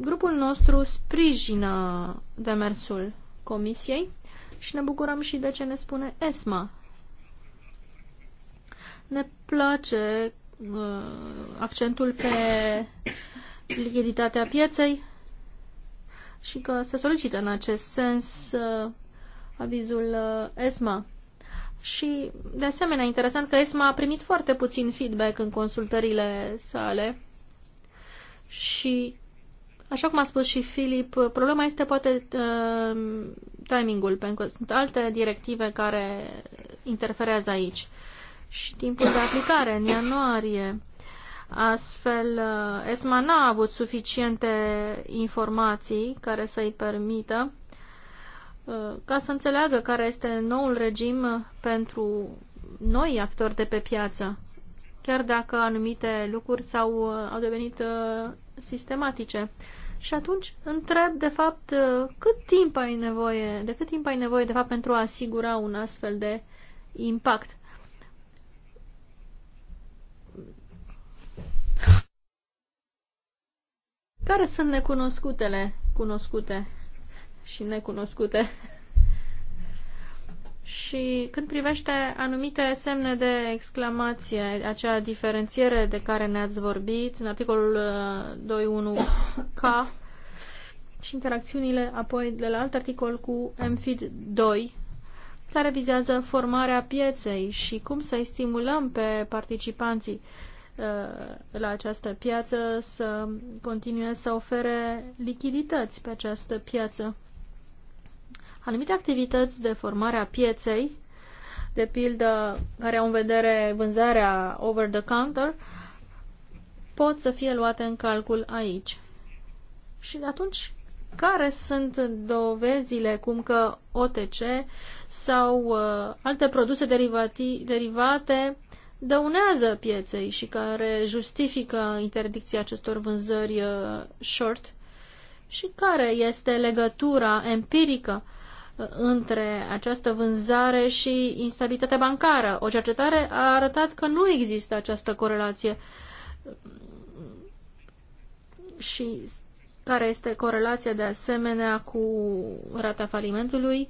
grupul nostru sprijină demersul Comisiei și ne bucurăm și de ce ne spune ESMA. Ne place Uh, accentul pe lichiditatea pieței și că se solicită în acest sens uh, avizul uh, ESMA. Și, de asemenea, interesant că ESMA a primit foarte puțin feedback în consultările sale și, așa cum a spus și Filip, problema este poate timingul, pentru că sunt alte directive care interferează aici și timpul de aplicare în ianuarie. Astfel, uh, ESMA n-a avut suficiente informații care să-i permită uh, ca să înțeleagă care este noul regim pentru noi actori de pe piață, chiar dacă anumite lucruri s-au, uh, au devenit sistematice. Și atunci întreb, de fapt, cât timp ai nevoie, de cât timp ai nevoie, de fapt, pentru a asigura un astfel de impact. Care sunt necunoscutele cunoscute și necunoscute? Și când privește anumite semne de exclamație, acea diferențiere de care ne-ați vorbit în articolul 2.1k uh, și interacțiunile apoi de la alt articol cu MFID 2, care vizează formarea pieței și cum să-i stimulăm pe participanții Uh, la această piață să continue să ofere lichidități pe această piață. Anumite activități de formare a pieței, de pildă care au în vedere vânzarea over-the-counter, pot să fie luate în calcul aici. Și de atunci, care sunt dovezile cum că OTC sau uh, alte produse derivati, derivate dăunează pieței și care justifică interdicția acestor vânzări uh, short și care este legătura empirică uh, între această vânzare și instabilitatea bancară. O cercetare a arătat că nu există această corelație și care este corelația de asemenea cu rata falimentului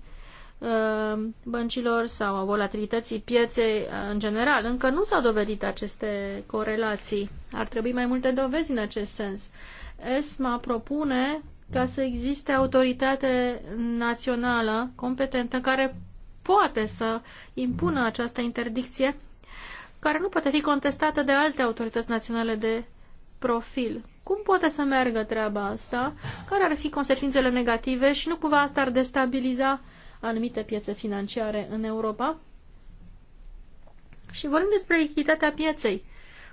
Uh, băncilor sau a volatilității pieței uh, în general. Încă nu s-au dovedit aceste corelații. Ar trebui mai multe dovezi în acest sens. ESMA propune ca să existe autoritate națională competentă care poate să impună această interdicție, care nu poate fi contestată de alte autorități naționale de profil. Cum poate să meargă treaba asta? Care ar fi consecințele negative și nu cumva asta ar destabiliza uh, anumite piețe financiare în Europa. Și vorbim despre lichiditatea pieței.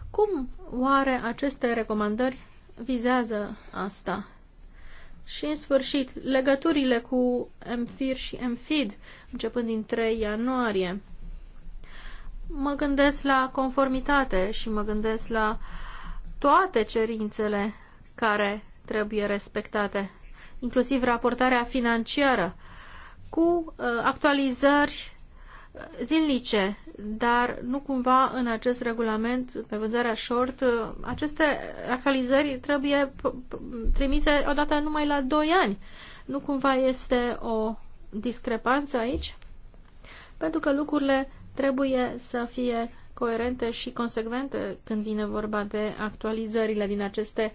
Cum oare aceste recomandări vizează asta? Și în sfârșit, legăturile cu MFIR și MFID, începând din 3 ianuarie. Mă gândesc la conformitate și mă gândesc la toate cerințele care trebuie respectate, inclusiv raportarea financiară cu uh, actualizări zilnice, dar nu cumva în acest regulament pe vânzarea short, uh, aceste actualizări trebuie trimise odată numai la 2 ani. Nu cumva este o discrepanță aici? Pentru că lucrurile trebuie să fie coerente și consecvente când vine vorba de actualizările din aceste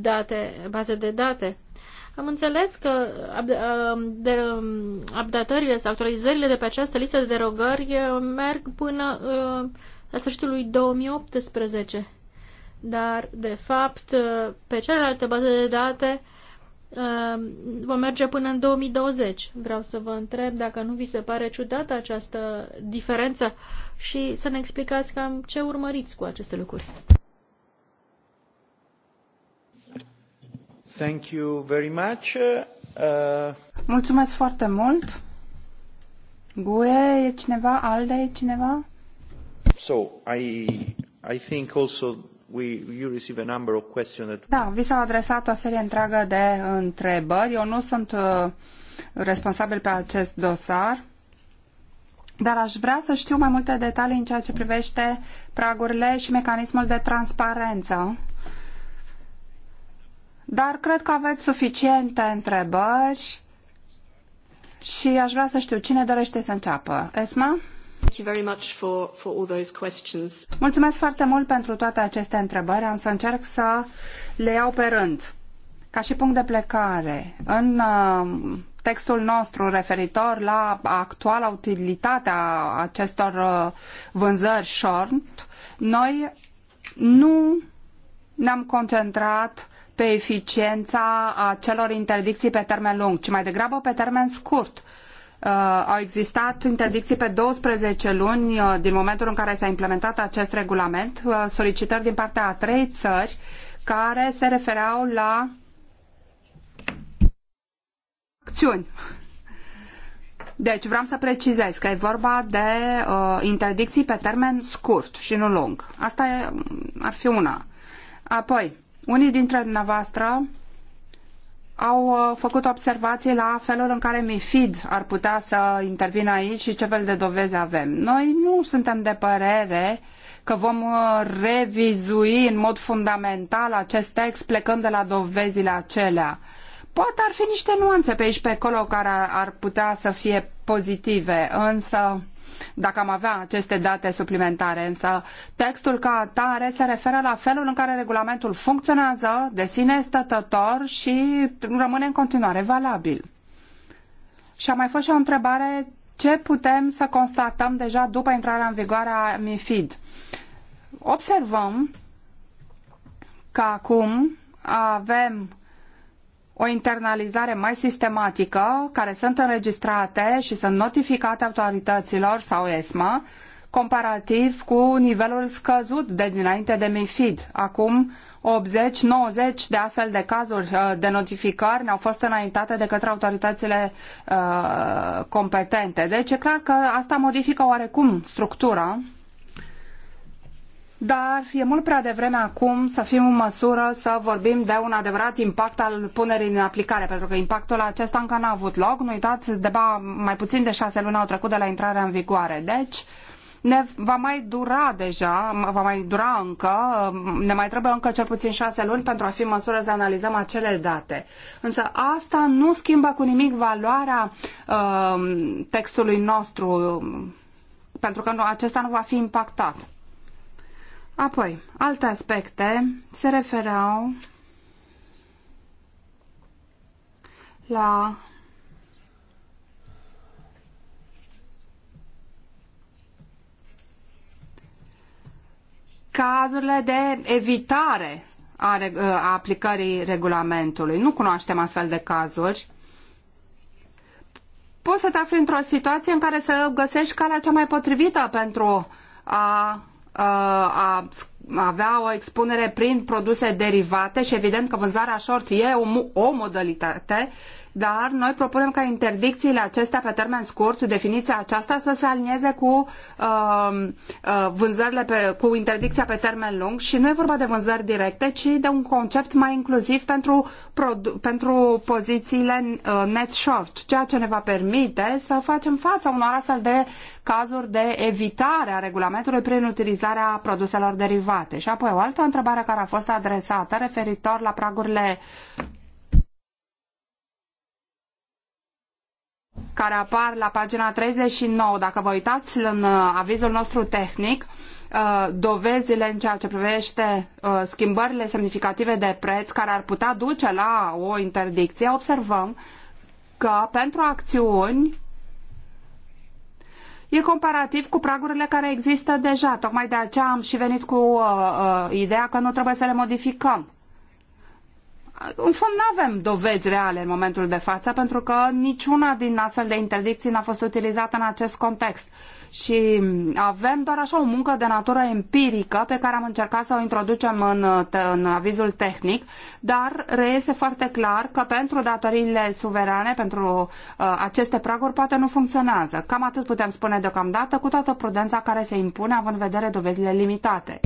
date, baze de date. Am înțeles că um, um, updatările sau actualizările de pe această listă de derogări uh, merg până uh, la sfârșitul lui 2018. Dar, de fapt, uh, pe celelalte baze de date vom merge până în 2020. Vreau să vă întreb dacă nu vi se pare ciudată această diferență și să ne explicați cam ce urmăriți cu aceste lucruri. Thank you very much. Uh... Mulțumesc foarte mult. GUE e cineva? ALDE e cineva? So, I, I think also We, you receive a number of questions that... Da, vi s-au adresat o serie întreagă de întrebări. Eu nu sunt uh, responsabil pe acest dosar, dar aș vrea să știu mai multe detalii în ceea ce privește pragurile și mecanismul de transparență dar cred că aveți suficiente întrebări și aș vrea să știu cine dorește să înceapă. Esma? Mulțumesc foarte mult pentru toate aceste întrebări. Am să încerc să le iau pe rând. Ca și punct de plecare, în uh, textul nostru referitor la actuala utilitate a acestor uh, vânzări short, noi nu ne-am concentrat pe eficiența acelor interdicții pe termen lung, ci mai degrabă pe termen scurt. Uh, au existat interdicții pe 12 luni uh, din momentul în care s-a implementat acest regulament, uh, solicitări din partea a trei țări care se refereau la acțiuni. Deci vreau să precizez că e vorba de uh, interdicții pe termen scurt și nu lung. Asta e, ar fi una. Apoi, unii dintre dumneavoastră au uh, făcut observații la felul în care MIFID ar putea să intervină aici și ce fel de dovezi avem. Noi nu suntem de părere că vom uh, revizui în mod fundamental acest text plecând de la dovezile acelea. Poate ar fi niște nuanțe pe aici pe acolo care ar putea să fie pozitive, însă dacă am avea aceste date suplimentare, însă textul ca atare se referă la felul în care regulamentul funcționează de sine stătător și rămâne în continuare valabil. Și a mai fost și o întrebare ce putem să constatăm deja după intrarea în vigoare a MIFID. Observăm că acum avem o internalizare mai sistematică, care sunt înregistrate și sunt notificate autorităților sau ESMA, comparativ cu nivelul scăzut de dinainte de MIFID. Acum 80-90 de astfel de cazuri uh, de notificări ne-au fost înaintate de către autoritățile uh, competente. Deci e clar că asta modifică oarecum structura dar e mult prea devreme acum să fim în măsură să vorbim de un adevărat impact al punerii în aplicare, pentru că impactul acesta încă n-a avut loc. Nu uitați, deba mai puțin de șase luni au trecut de la intrarea în vigoare. Deci, ne va mai dura deja, va mai dura încă, ne mai trebuie încă cel puțin șase luni pentru a fi în măsură să analizăm acele date. Însă asta nu schimbă cu nimic valoarea uh, textului nostru, pentru că nu, acesta nu va fi impactat. Apoi, alte aspecte se referau la cazurile de evitare a, a aplicării regulamentului. Nu cunoaștem astfel de cazuri. Poți să te afli într-o situație în care să găsești calea cea mai potrivită pentru a Uh, a avea o expunere prin produse derivate și evident că vânzarea short e o, o modalitate uh, dar noi propunem ca interdicțiile acestea pe termen scurt, definiția aceasta, să se alinieze cu uh, uh, vânzările pe, cu interdicția pe termen lung și nu e vorba de vânzări directe, ci de un concept mai inclusiv pentru, pentru pozițiile uh, net short, ceea ce ne va permite să facem fața unor astfel de cazuri de evitare a regulamentului prin utilizarea produselor derivate. Și apoi o altă întrebare care a fost adresată referitor la pragurile care apar la pagina 39, dacă vă uitați în uh, avizul nostru tehnic, uh, dovezile în ceea ce privește uh, schimbările semnificative de preț care ar putea duce la o interdicție, observăm că pentru acțiuni e comparativ cu pragurile care există deja. Tocmai de aceea am și venit cu uh, uh, ideea că nu trebuie să le modificăm în fond, nu avem dovezi reale în momentul de față, pentru că niciuna din astfel de interdicții n-a fost utilizată în acest context. Și avem doar așa o muncă de natură empirică pe care am încercat să o introducem în, în avizul tehnic, dar reiese foarte clar că pentru datoriile suverane, pentru uh, aceste praguri, poate nu funcționează. Cam atât putem spune deocamdată, cu toată prudența care se impune, având în vedere dovezile limitate.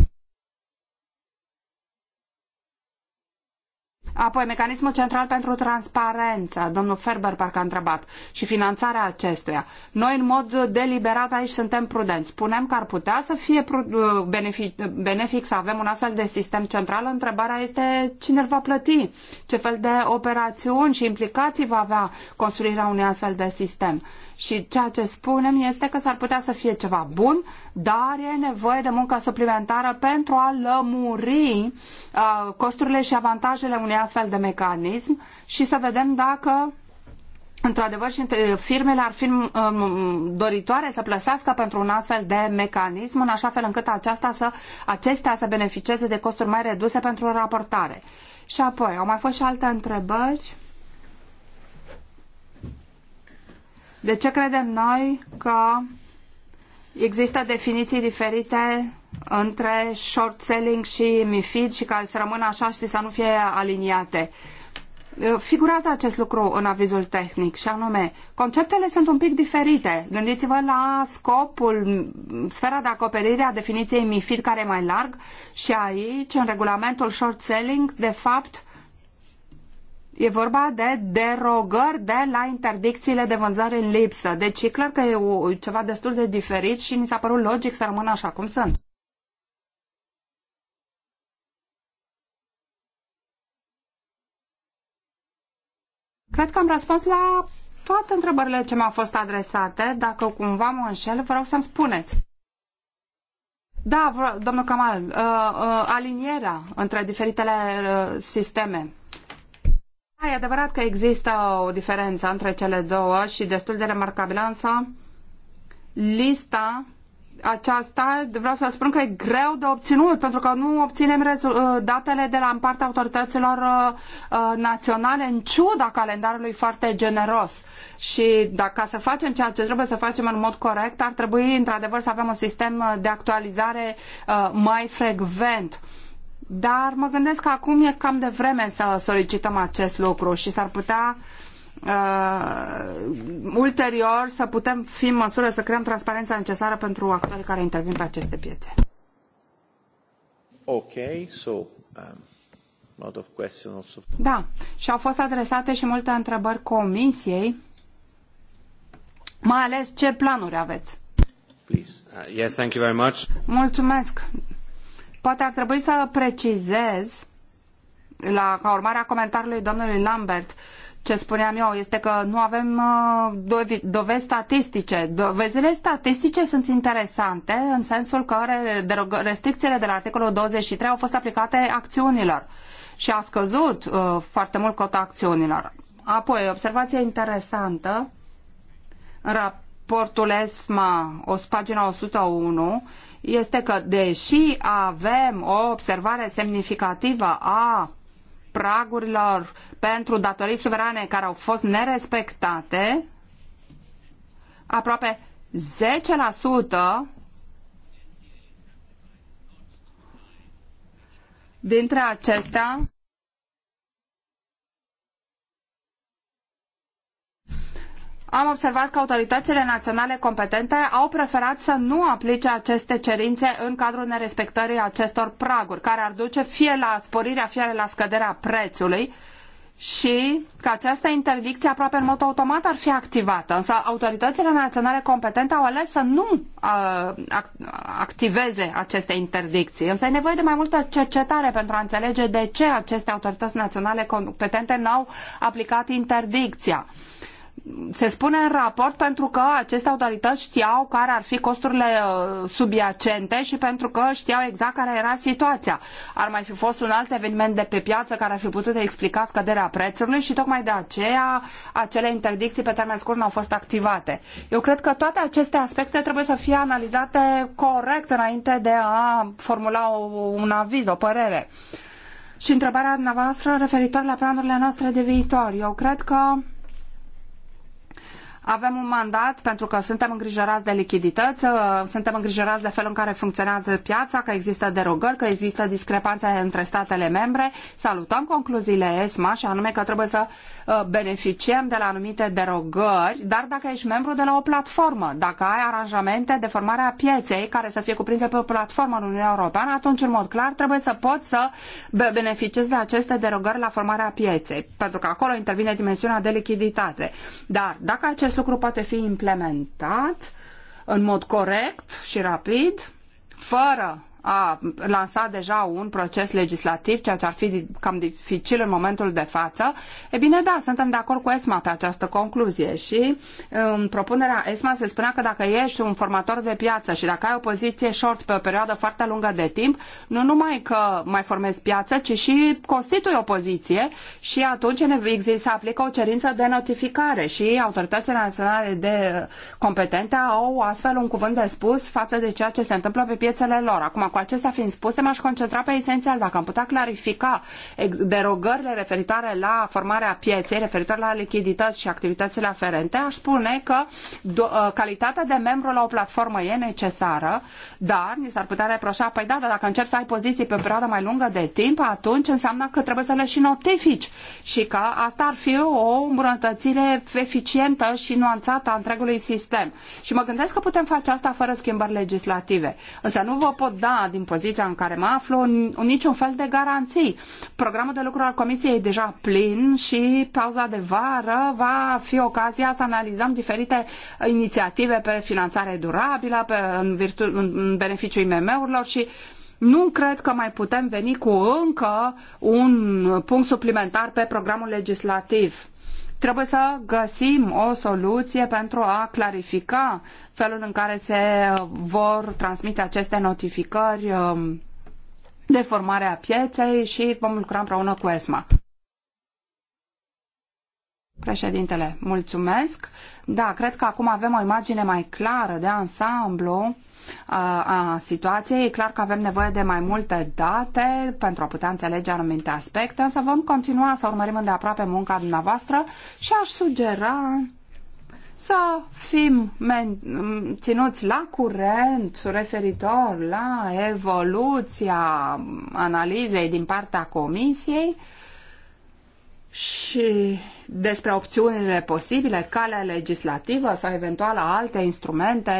Apoi, mecanismul central pentru transparență, domnul Ferber parcă a întrebat, și finanțarea acestuia. Noi, în mod deliberat, aici suntem prudenți. Spunem că ar putea să fie benefic, benefic să avem un astfel de sistem central. Întrebarea este cine îl va plăti, ce fel de operațiuni și implicații va avea construirea unui astfel de sistem. Și ceea ce spunem este că s-ar putea să fie ceva bun, dar e nevoie de muncă suplimentară pentru a lămuri uh, costurile și avantajele unui astfel de mecanism și să vedem dacă într-adevăr și firmele ar fi um, um, doritoare să plăsească pentru un astfel de mecanism, în așa fel încât aceasta să, acestea să beneficieze de costuri mai reduse pentru raportare. Și apoi, au mai fost și alte întrebări? De ce credem noi că există definiții diferite între short selling și MIFID și ca să rămână așa și să nu fie aliniate? figurează acest lucru în avizul tehnic și anume, conceptele sunt un pic diferite. Gândiți-vă la scopul, sfera de acoperire a definiției MIFID care e mai larg și aici, în regulamentul short selling, de fapt, E vorba de derogări de la interdicțiile de vânzare în lipsă. Deci e clar că e o, ceva destul de diferit și ni s-a părut logic să rămână așa cum sunt. Cred că am răspuns la toate întrebările ce mi-au fost adresate. Dacă cumva mă înșel, vă rog să-mi spuneți. Da, vă, domnul Kamal, uh, uh, alinierea între diferitele uh, sisteme. Da, e adevărat că există o diferență între cele două și destul de remarcabilă, însă lista aceasta, vreau să spun că e greu de obținut, pentru că nu obținem uh, datele de la partea autorităților uh, uh, naționale, în ciuda calendarului foarte generos. Și dacă să facem ceea ce trebuie să facem în mod corect, ar trebui, într-adevăr, să avem un sistem de actualizare mai frecvent dar mă gândesc că acum e cam de vreme să solicităm acest lucru și s-ar putea uh, ulterior să putem fi în măsură să creăm transparența necesară pentru actorii care intervin pe aceste piețe. Ok, so um, lot of questions also. Da, și au fost adresate și multe întrebări comisiei, mai ales ce planuri aveți. Please. Uh, yes, thank you very much. Mulțumesc. Poate ar trebui să precizez, la, ca urmare a comentariului domnului Lambert, ce spuneam eu este că nu avem uh, dovezi statistice. Dovezile statistice sunt interesante în sensul că restricțiile de la articolul 23 au fost aplicate acțiunilor și a scăzut uh, foarte mult cota acțiunilor. Apoi, observație interesantă, în raportul ESMA, o pagina 101, este că deși avem o observare semnificativă a pragurilor pentru datorii suverane care au fost nerespectate, aproape 10% dintre acestea am observat că autoritățile naționale competente au preferat să nu aplice aceste cerințe în cadrul nerespectării acestor praguri, care ar duce fie la sporirea, fie la scăderea prețului și că această interdicție aproape în mod automat ar fi activată. Însă autoritățile naționale competente au ales să nu uh, activeze aceste interdicții. Însă e nevoie de mai multă cercetare pentru a înțelege de ce aceste autorități naționale competente n-au aplicat interdicția. Uh, se spune în raport pentru că aceste autorități știau care ar fi costurile uh, subiacente și pentru că știau exact care era situația. Ar mai fi fost un alt eveniment de pe piață care ar fi putut explica scăderea prețului și tocmai de aceea acele interdicții pe termen scurt nu au fost activate. Eu cred că toate aceste aspecte trebuie să fie analizate corect înainte de a formula un aviz, o părere. Și întrebarea dumneavoastră referitor la planurile noastre de viitor. Eu cred că avem un mandat pentru că suntem îngrijorați de lichidități, uh, suntem îngrijorați de felul în care funcționează piața, că există derogări, că există discrepanțe între statele membre. Salutăm concluziile ESMA și anume că trebuie să uh, beneficiem de la anumite derogări, dar dacă ești membru de la o platformă, dacă ai aranjamente de formare a pieței care să fie cuprinse pe o platformă în Uniunea Europeană, atunci în mod clar trebuie să poți să beneficiezi de aceste derogări la formarea pieței, pentru că acolo intervine dimensiunea de lichiditate. Dar dacă acest acest lucru poate fi implementat în mod corect și rapid, fără a lansat deja un proces legislativ, ceea ce ar fi cam dificil în momentul de față. E bine, da, suntem de acord cu ESMA pe această concluzie și în um, propunerea ESMA se spunea că dacă ești un formator de piață și dacă ai o poziție short pe o perioadă foarte lungă de timp, nu numai că mai formezi piață, ci și constitui o poziție și atunci să aplică o cerință de notificare și autoritățile naționale de competente au astfel un cuvânt de spus față de ceea ce se întâmplă pe piețele lor. Acum, cu acestea fiind spuse, m-aș concentra pe esențial. Dacă am putea clarifica derogările referitoare la formarea pieței, referitoare la lichidități și activitățile aferente, aș spune că ă, calitatea de membru la o platformă e necesară, dar ni s-ar putea reproșa, păi da, dar dacă începi să ai poziții pe o perioadă mai lungă de timp, atunci înseamnă că trebuie să le și notifici și că asta ar fi o îmbunătățire eficientă și nuanțată a întregului sistem. Și mă gândesc că putem face asta fără schimbări legislative. Însă nu vă pot da din poziția în care mă aflu, niciun fel de garanții. Programul de lucru al Comisiei e deja plin și pauza de vară va fi ocazia să analizăm diferite inițiative pe finanțare durabilă, pe, în, virtu- în beneficiu IMM-urilor și nu cred că mai putem veni cu încă un punct suplimentar pe programul legislativ Trebuie să găsim o soluție pentru a clarifica felul în care se vor transmite aceste notificări um, de formare a pieței și vom lucra împreună cu ESMA. Președintele, mulțumesc. Da, cred că acum avem o imagine mai clară de ansamblu uh, a situației. E clar că avem nevoie de mai multe date pentru a putea înțelege anumite aspecte, însă vom continua să urmărim îndeaproape munca dumneavoastră și aș sugera să fim men- ținuți la curent referitor la evoluția analizei din partea comisiei și despre opțiunile posibile, calea legislativă sau eventual alte instrumente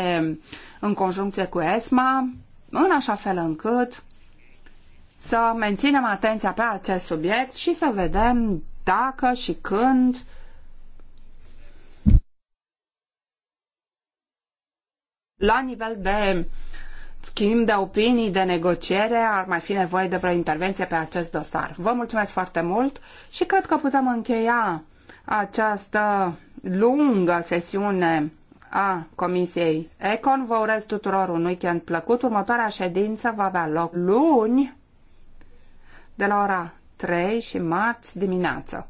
în conjuncție cu ESMA, în așa fel încât să menținem atenția pe acest subiect și să vedem dacă și când la nivel de schimb de opinii, de negociere, ar mai fi nevoie de vreo intervenție pe acest dosar. Vă mulțumesc foarte mult și cred că putem încheia această lungă sesiune a Comisiei Econ. Vă urez tuturor un weekend plăcut. Următoarea ședință va avea loc luni de la ora 3 și marți dimineață.